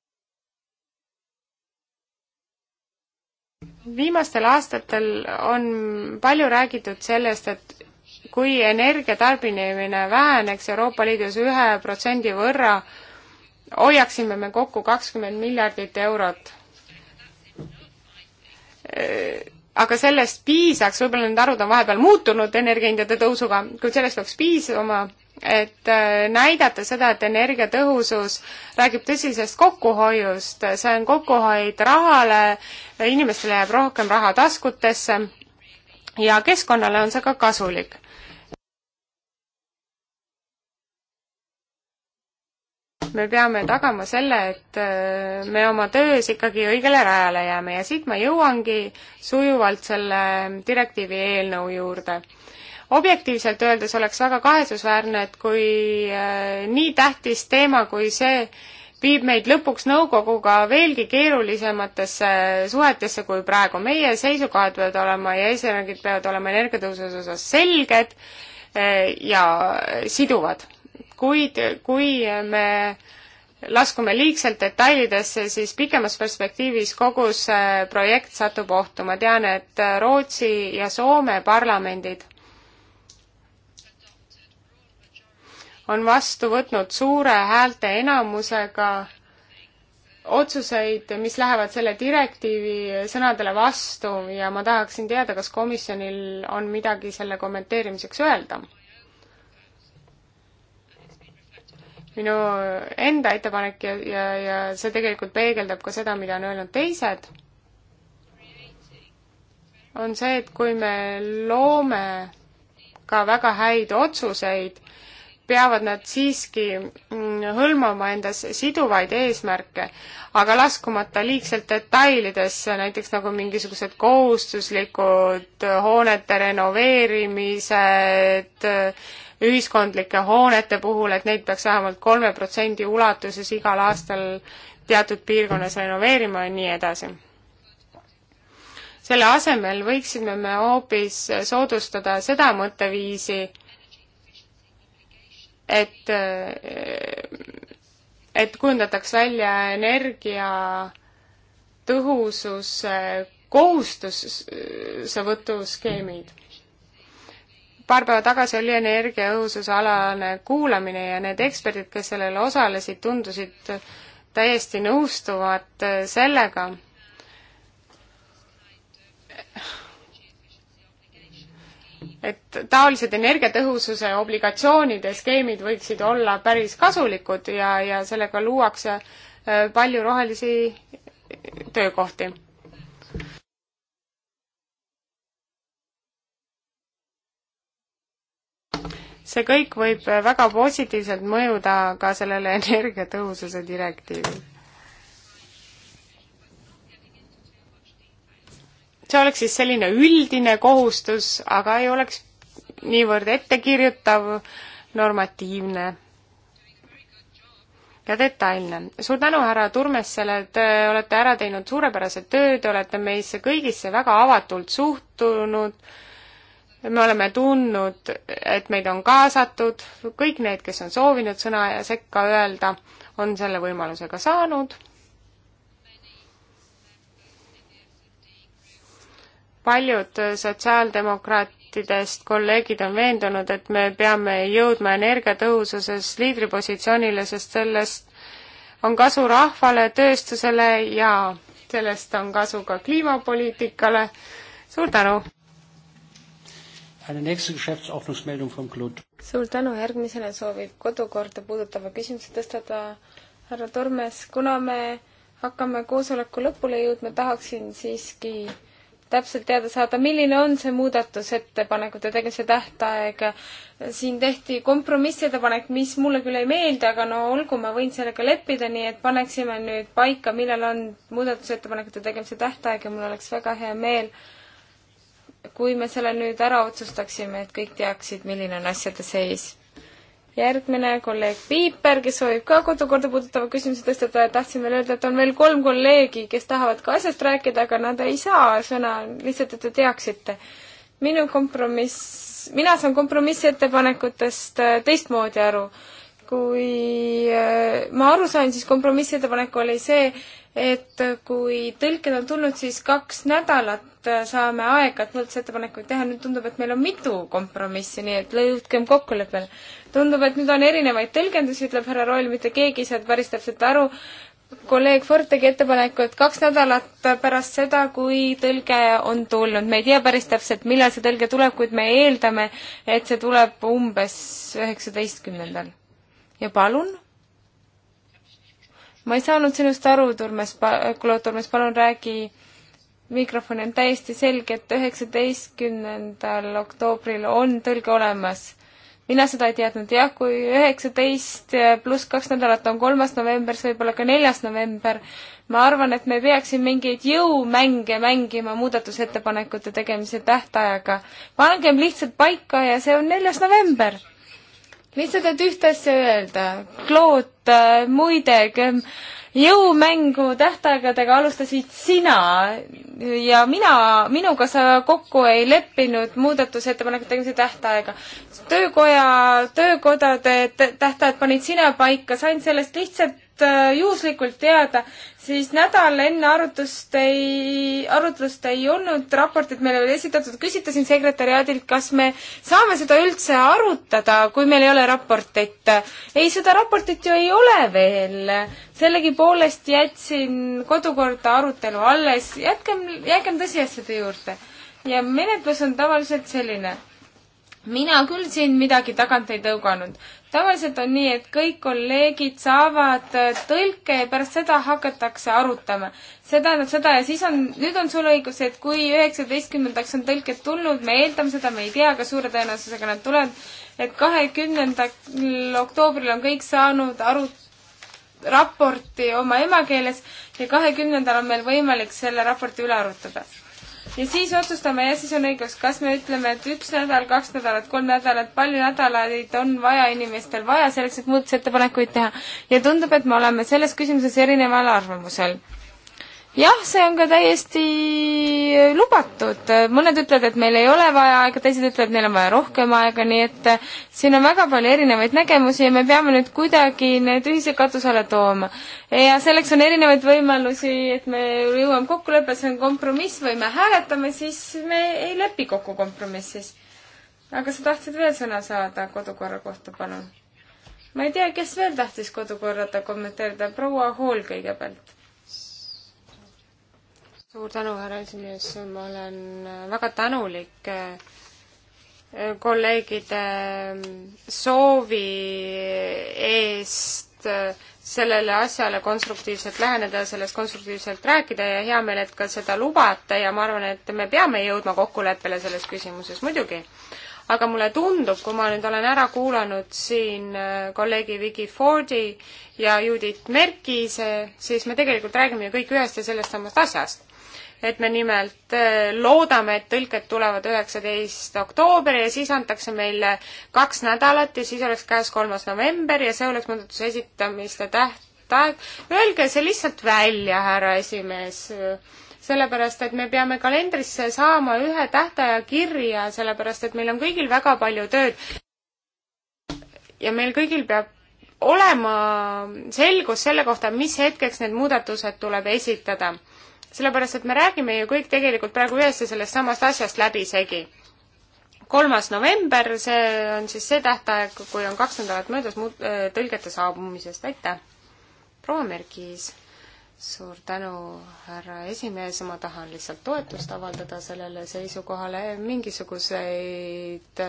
viimastel aastatel on palju räägitud sellest, et kui energia tarbimine väheneks Euroopa Liidus ühe protsendi võrra, hoiaksime me kokku kakskümmend miljardit eurot aga sellest piisaks, võib-olla need arvud on vahepeal muutunud energiahindade tõusuga, kuid sellest peaks piisama, et äh, näidata seda, et energiatõhusus räägib tõsisest kokkuhoiust, see on kokkuhoid rahale, inimestele jääb rohkem raha taskutesse ja keskkonnale on see ka kasulik. me peame tagama selle, et äh, me oma töös ikkagi õigele rajale jääme ja siit ma jõuangi sujuvalt selle direktiivi eelnõu juurde. objektiivselt öeldes oleks väga kahetsusväärne, et kui äh, nii tähtis teema kui see viib meid lõpuks nõukoguga veelgi keerulisematesse suhetesse kui praegu. meie seisukohad peavad olema ja eesmärgid peavad olema energiatõususe osas selged äh, ja siduvad kuid kui me laskume liigselt detailidesse, siis pikemas perspektiivis kogu see projekt satub ohtu. ma tean, et Rootsi ja Soome parlamendid on vastu võtnud suure häälte enamusega otsuseid, mis lähevad selle direktiivi sõnadele vastu ja ma tahaksin teada, kas komisjonil on midagi selle kommenteerimiseks öelda minu enda ettepanek ja, ja, ja see tegelikult peegeldab ka seda, mida on öelnud teised, on see, et kui me loome ka väga häid otsuseid, peavad nad siiski mm, hõlmama endas siduvaid eesmärke, aga laskumata liigselt detailidesse, näiteks nagu mingisugused kohustuslikud hoonete renoveerimised, ühiskondlike hoonete puhul, et neid peaks vähemalt kolme protsendi ulatuses igal aastal teatud piirkonnas renoveerima ja nii edasi. selle asemel võiksime me hoopis soodustada seda mõtteviisi, et, et kujundataks välja energia tõhususe kohustussevõtuskeemid paar päeva tagasi oli energiaõhususe alane kuulamine ja need eksperdid, kes sellele osalesid, tundusid täiesti nõustuvat sellega, et taolised energiatõhususe obligatsioonid ja skeemid võiksid olla päris kasulikud ja, ja sellega luuakse äh, palju rohelisi töökohti see kõik võib väga positiivselt mõjuda ka sellele *laughs* energiatõhususe direktiivile. see oleks siis selline üldine kohustus, aga ei oleks niivõrd ettekirjutav, normatiivne ja detailne. suur tänu, härra Turmessele, te olete ära teinud suurepärase töö, te olete meisse kõigisse väga avatult suhtunud me oleme tundnud, et meid on kaasatud, kõik need, kes on soovinud sõna sekka öelda, on selle võimaluse ka saanud. paljud sotsiaaldemokraatidest kolleegid on veendunud, et me peame jõudma energiatõhususes liidripositsioonile, sest sellest on kasu rahvale, tööstusele ja sellest on kasu ka kliimapoliitikale. suur tänu! suur tänu, järgmisena soovib kodukorda puudutava küsimuse tõstada härra Tormes, kuna me hakkame koosoleku lõpule jõudma, tahaksin siiski täpselt teada saada, milline on see muudatusettepanekute tegemise tähtaeg. siin tehti kompromissettepanek, mis mulle küll ei meeldi, aga no olgu, ma võin sellega leppida, nii et paneksime nüüd paika, millal on muudatusettepanekute tegemise tähtaeg ja mul oleks väga hea meel äh, kui me selle nüüd ära otsustaksime, et kõik teaksid, milline on asjade seis. järgmine kolleeg Piiper, kes soovib ka kodukorda puudutava küsimuse tõstatada, tahtsin veel öelda, et on veel kolm kolleegi, kes tahavad ka asjast rääkida, aga nad ei saa sõna, lihtsalt, et te teaksite. minu kompromiss, mina saan kompromissettepanekutest äh, teistmoodi aru kui äh, ma aru sain, siis kompromissettepanek oli see, et kui tõlked on tulnud, siis kaks nädalat äh, saame aega, et muudatusettepanekuid teha, nüüd tundub, et meil on mitu kompromissi, nii et jõudkem kokkuleppele. tundub, et nüüd on erinevaid tõlgendusi, ütleb härra Roll, mitte keegi ei saa päris täpselt aru, kolleeg Ford tegi ettepaneku, et kaks nädalat pärast seda, kui tõlge on tulnud, me ei tea päris täpselt, millal see tõlge tuleb, kuid me eeldame, et see tuleb umbes üheksateistkümnendal ja palun? ma ei saanud sinust aru, Turmes, Turmes, palun räägi, mikrofon on täiesti selge, et üheksateistkümnendal oktoobril on tõlge olemas. mina seda ei teadnud, jah, kui üheksateist pluss kaks nädalat on kolmas november, siis võib-olla ka neljas november, ma arvan, et me peaksime mingeid jõumänge mängima muudatusettepanekute tegemise tähtajaga. pangem lihtsalt paika ja see on neljas november lihtsalt, et ühte asja öelda. Claude, äh, muide, jõumängu tähtaegadega alustasid sina ja mina, minuga sa kokku ei leppinud muudatusettepanekute tegemise tähtaega. töökoja, töökodade tähtajad panid sina paika, sain sellest lihtsalt Äh, juhuslikult teada, siis nädal enne arutust ei, arutlust ei olnud raportit meile veel esitatud, küsitasin sekretäriaadilt, kas me saame seda üldse arutada, kui meil ei ole raportit. ei, seda raportit ju ei ole veel. sellegipoolest jätsin kodukorda arutelu alles, jätkem, jäägem tõsiasjade juurde. ja menetlus on tavaliselt selline mina küll siin midagi tagant ei tõuganud tavaliselt on nii, et kõik kolleegid saavad äh, tõlke ja pärast seda hakatakse arutama. see tähendab seda ja siis on, nüüd on sul õigus, et kui üheksateistkümnendaks on tõlked tulnud, me eeldame seda, me ei tea, aga suure tõenäosusega nad tulevad, et kahekümnendal oktoobril on kõik saanud aru, raporti oma emakeeles ja kahekümnendal on meil võimalik selle raporti üle arutada ja siis otsustame ja siis on õigus, kas me ütleme, et üks nädal, kaks nädalat, kolm nädalat, palju nädalaid on vaja inimestel vaja selleks, et muudatusettepanekuid teha. ja tundub, et me oleme selles küsimuses erineval arvamusel jah, see on ka täiesti äh, lubatud, mõned ütlevad, et meil ei ole vaja aega, teised ütlevad, et neil on vaja rohkem aega, nii et äh, siin on väga palju erinevaid nägemusi ja me peame nüüd kuidagi need ühise katuse alla tooma. ja selleks on erinevaid võimalusi, et me jõuame kokkuleppele, see on kompromiss või me hääletame, siis me ei lepi kokku kompromissis. aga sa tahtsid veel sõna saada kodukorra kohta, palun? ma ei tea, kes veel tahtis kodukorrata kommenteerida, proua Hool kõigepealt suur tänu, härra esimees, ma olen äh, väga tänulik äh, kolleegide äh, soovi eest sellele asjale konstruktiivselt läheneda, sellest konstruktiivselt rääkida ja hea meel, et ka seda lubate ja ma arvan, et me peame jõudma kokkuleppele selles küsimuses muidugi. aga mulle tundub, kui ma nüüd olen ära kuulanud siin kolleegi Vicky Fordi ja Judith Merkise, siis me tegelikult räägime ju kõik ühest ja sellest samast asjast et me nimelt äh, loodame, et tõlked tulevad üheksateist oktoober ja siis antakse meile kaks nädalat ja siis oleks käes kolmas november ja see oleks muudatuse esitamiste tähtaeg. Öelge see lihtsalt välja, härra esimees, sellepärast et me peame kalendrisse saama ühe tähtaja kirja, sellepärast et meil on kõigil väga palju tööd. ja meil kõigil peab olema selgus selle kohta, mis hetkeks need muudatused tuleb esitada sellepärast, et me räägime ju kõik tegelikult praegu ühest ja sellest samast asjast läbisegi. kolmas november, see on siis see tähtaeg, kui on kaks nädalat möödas mu-, tõlgete saabumisest, aitäh! proua Merkis, suur tänu, härra esimees, ma tahan lihtsalt toetust avaldada sellele seisukohale, mingisuguseid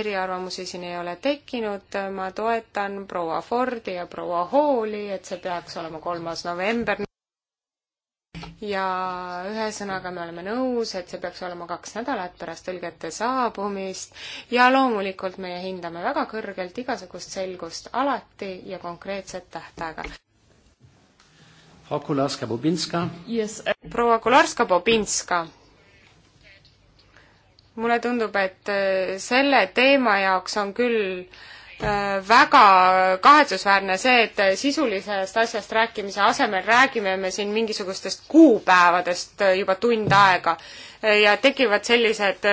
eriarvamusi siin ei ole tekkinud, ma toetan proua Fordi ja proua Hooli, et see peaks olema kolmas november ja ühesõnaga me oleme nõus, et see peaks olema kaks nädalat pärast tõlgete saabumist ja loomulikult meie hindame väga kõrgelt igasugust selgust alati ja konkreetset tähtaega. Yes. proua Kularska-Bobinska mulle tundub, et äh, selle teema jaoks on küll Äh, väga kahetsusväärne see, et sisulisest asjast rääkimise asemel räägime me siin mingisugustest kuupäevadest äh, juba tund aega äh, ja tekivad sellised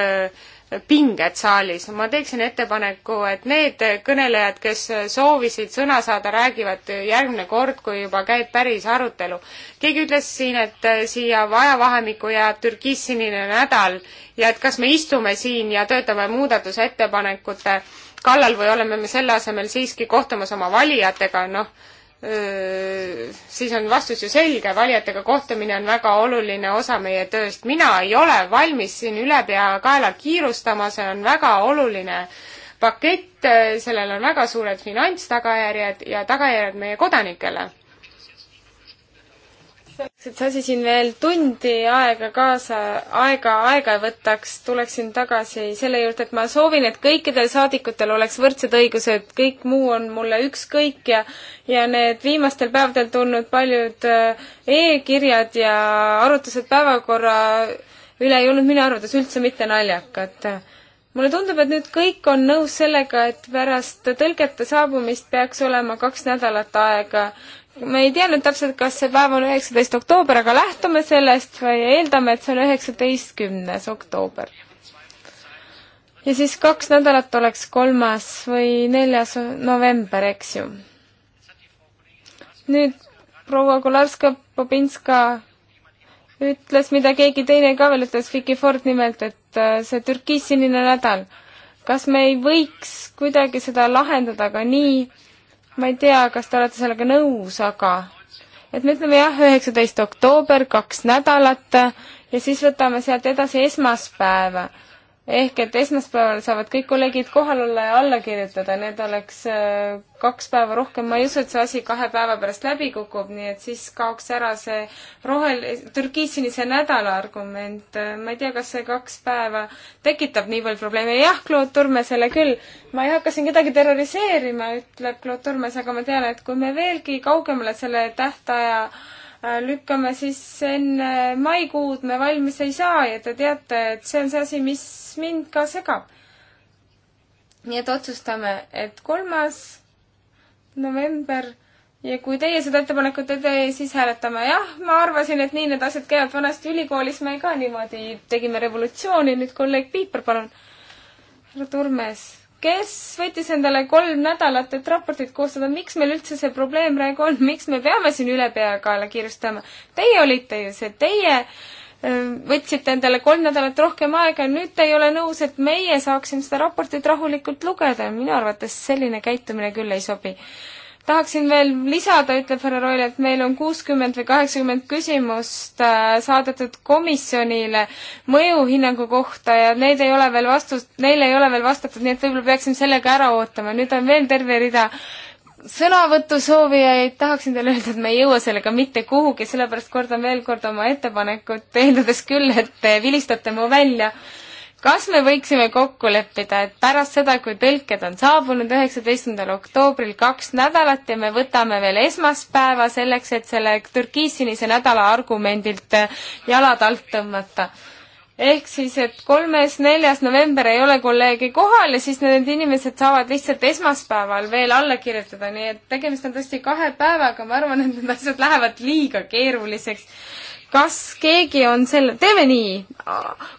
pinged saalis. ma teeksin ettepaneku, et need kõnelejad, kes soovisid sõna saada, räägivad järgmine kord, kui juba käib päris arutelu. keegi ütles siin, et siia ajavahemikku jääb türkissinine nädal ja et kas me istume siin ja töötame muudatusettepanekute äh, kallal või oleme me selle asemel siiski kohtumas oma valijatega, noh, siis on vastus ju selge, valijatega kohtumine on väga oluline osa meie tööst. mina ei ole valmis siin ülepeakaela kiirustama, see on väga oluline pakett, sellel on väga suured finantstagajärjed ja tagajärjed meie kodanikele selleks, et see asi siin veel tundi aega kaasa, aega, aega ei võtaks, tuleksin tagasi selle juurde, et ma soovin, et kõikidel saadikutel oleks võrdsed õigused, kõik muu on mulle ükskõik ja ja need viimastel päevadel tulnud paljud äh, e-kirjad ja arutlused päevakorra üle ei olnud minu arvates üldse mitte naljakad mulle tundub, et nüüd kõik on nõus sellega, et pärast tõlgete saabumist peaks olema kaks nädalat aega me ei teadnud täpselt, kas see päev on üheksateist oktoober, aga lähtume sellest või eeldame, et see on üheksateistkümnes oktoober. ja siis kaks nädalat oleks kolmas või neljas november, eks ju. nüüd proua Kolarska-Bobinska ütles, mida keegi teine ka veel ütles, Vicky Ford nimelt, et äh, see türkiissinine nädal, kas me ei võiks kuidagi seda lahendada ka nii, ma ei tea, kas te olete sellega nõus, aga et me ütleme jah, üheksateist oktoober, kaks nädalat ja siis võtame sealt edasi esmaspäeva ehk et esmaspäeval saavad kõik kolleegid kohal olla ja alla kirjutada, need oleks äh, kaks päeva rohkem, ma ei usu, et see asi kahe päeva pärast läbi kukub, nii et siis kaoks ära see rohel-, türkiissinise nädala argument, äh, ma ei tea, kas see kaks päeva tekitab nii palju probleeme, jah, Claude Turmesele küll, ma ei hakka siin kedagi terroriseerima, ütleb Claude Turmes, aga ma tean, et kui me veelgi kaugemale selle tähtaja äh, lükkame siis enne maikuud me valmis ei saa ja te teate, et see on see asi, mis mind ka segab. nii et otsustame, et kolmas november ja kui teie seda ettepanekut ei tee, siis hääletame jah, ma arvasin, et nii need asjad käivad, vanasti ülikoolis me ka niimoodi tegime revolutsiooni, nüüd kolleeg Piiper, palun. härra Turmes kes võttis endale kolm nädalat, et raportit koostada, miks meil üldse see probleem praegu on, miks me peame siin ülepeakaela kiirustama? Teie olite ju see, teie võtsite endale kolm nädalat rohkem aega ja nüüd te ei ole nõus, et meie saaksime seda raportit rahulikult lugeda ja minu arvates selline käitumine küll ei sobi tahaksin veel lisada, ütleb härra Roil, et meil on kuuskümmend või kaheksakümmend küsimust äh, saadetud komisjonile mõjuhinnangu kohta ja need ei ole veel vastust, neile ei ole veel vastatud, nii et võib-olla peaksime sellega ära ootama. nüüd on veel terve rida sõnavõtusoovijaid, tahaksin teile öelda, et me ei jõua sellega mitte kuhugi, sellepärast kordan veel kord oma ettepanekut, eeldades küll, et te vilistate mu välja kas me võiksime kokku leppida, et pärast seda, kui tõlked on saabunud üheksateistkümnendal oktoobril kaks nädalat ja me võtame veel esmaspäeva selleks, et selle türkiissinise nädala argumendilt äh, jalad alt tõmmata? ehk siis, et kolmes-neljas november ei ole kolleegi kohal ja siis need inimesed saavad lihtsalt esmaspäeval veel alla kirjutada, nii et tegemist on tõesti kahe päevaga, ma arvan, et need asjad lähevad liiga keeruliseks kas keegi on selle, teeme nii,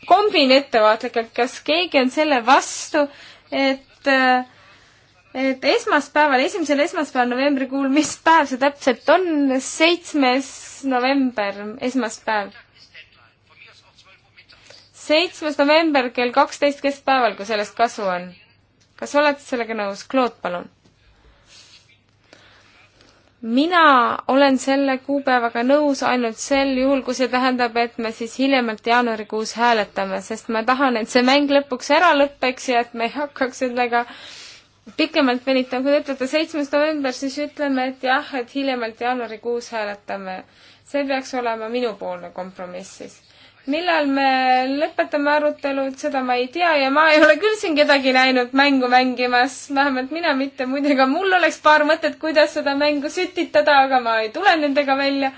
kombin ettevaatlikult, kas keegi on selle vastu, et et esmaspäeval, esimesel esmaspäeval novembrikuul, mis päev see täpselt on, seitsmes november, esmaspäev? seitsmes november kell kaksteist keskpäeval, kui sellest kasu on. kas olete sellega nõus? Claude, palun mina olen selle kuupäevaga nõus ainult sel juhul, kui see tähendab, et me siis hiljemalt jaanuarikuus hääletame, sest ma tahan, et see mäng lõpuks ära lõpeks ja et me ei hakkaks sellega pikemalt venitama. kui te ütlete seitsmes november, siis ütleme, et jah, et hiljemalt jaanuarikuus hääletame. see peaks olema minupoolne kompromiss siis millal me lõpetame arutelud, seda ma ei tea ja ma ei ole küll siin kedagi näinud mängu mängimas, vähemalt mina mitte. muide, ka mul oleks paar mõtet, kuidas seda mängu sütitada, aga ma ei tule nendega välja.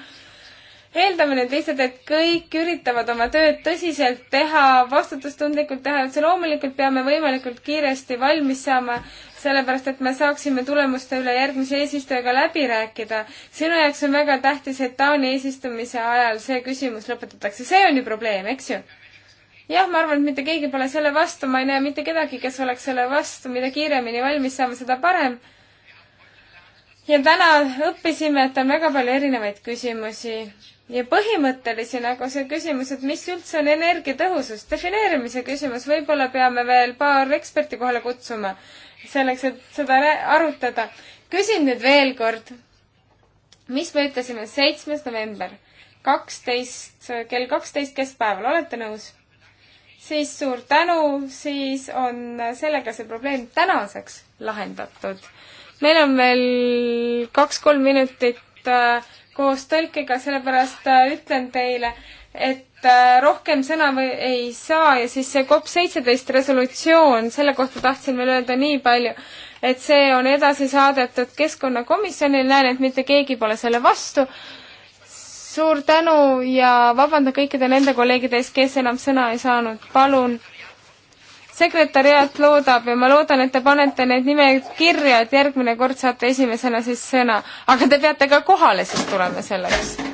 eeldame nüüd lihtsalt, et kõik üritavad oma tööd tõsiselt teha, vastutustundlikult teha, et see loomulikult peame võimalikult kiiresti valmis saama sellepärast et me saaksime tulemuste üle järgmise eesistujaga läbi rääkida. sinu jaoks on väga tähtis, et Taani eesistumise ajal see küsimus lõpetatakse, see on ju probleem, eks ju? jah, ma arvan, et mitte keegi pole selle vastu, ma ei näe mitte kedagi, kes oleks selle vastu, mida kiiremini valmis saame, seda parem. ja täna õppisime, et on väga palju erinevaid küsimusi ja põhimõttelisi nagu see küsimus, et mis üldse on energiatõhusus, defineerimise küsimus, võib-olla peame veel paar eksperti kohale kutsuma selleks, et seda arutada. küsin nüüd veel kord, mis me ütlesime, seitsmes november, kaksteist, kell kaksteist keskpäeval, olete nõus? siis suur tänu, siis on sellega see probleem tänaseks lahendatud. meil on veel kaks-kolm minutit äh, koos tõlkega, sellepärast äh, ütlen teile, et Äh, rohkem sõna või ei saa ja siis see COP seitseteist resolutsioon, selle kohta tahtsin veel öelda nii palju, et see on edasi saadetud keskkonnakomisjonile, näen, et mitte keegi pole selle vastu. suur tänu ja vabandan kõikide nende kolleegide ees, kes enam sõna ei saanud, palun sekretäriaat loodab ja ma loodan, et te panete need nimed kirja, et järgmine kord saate esimesena siis sõna. aga te peate ka kohale siis tulema selleks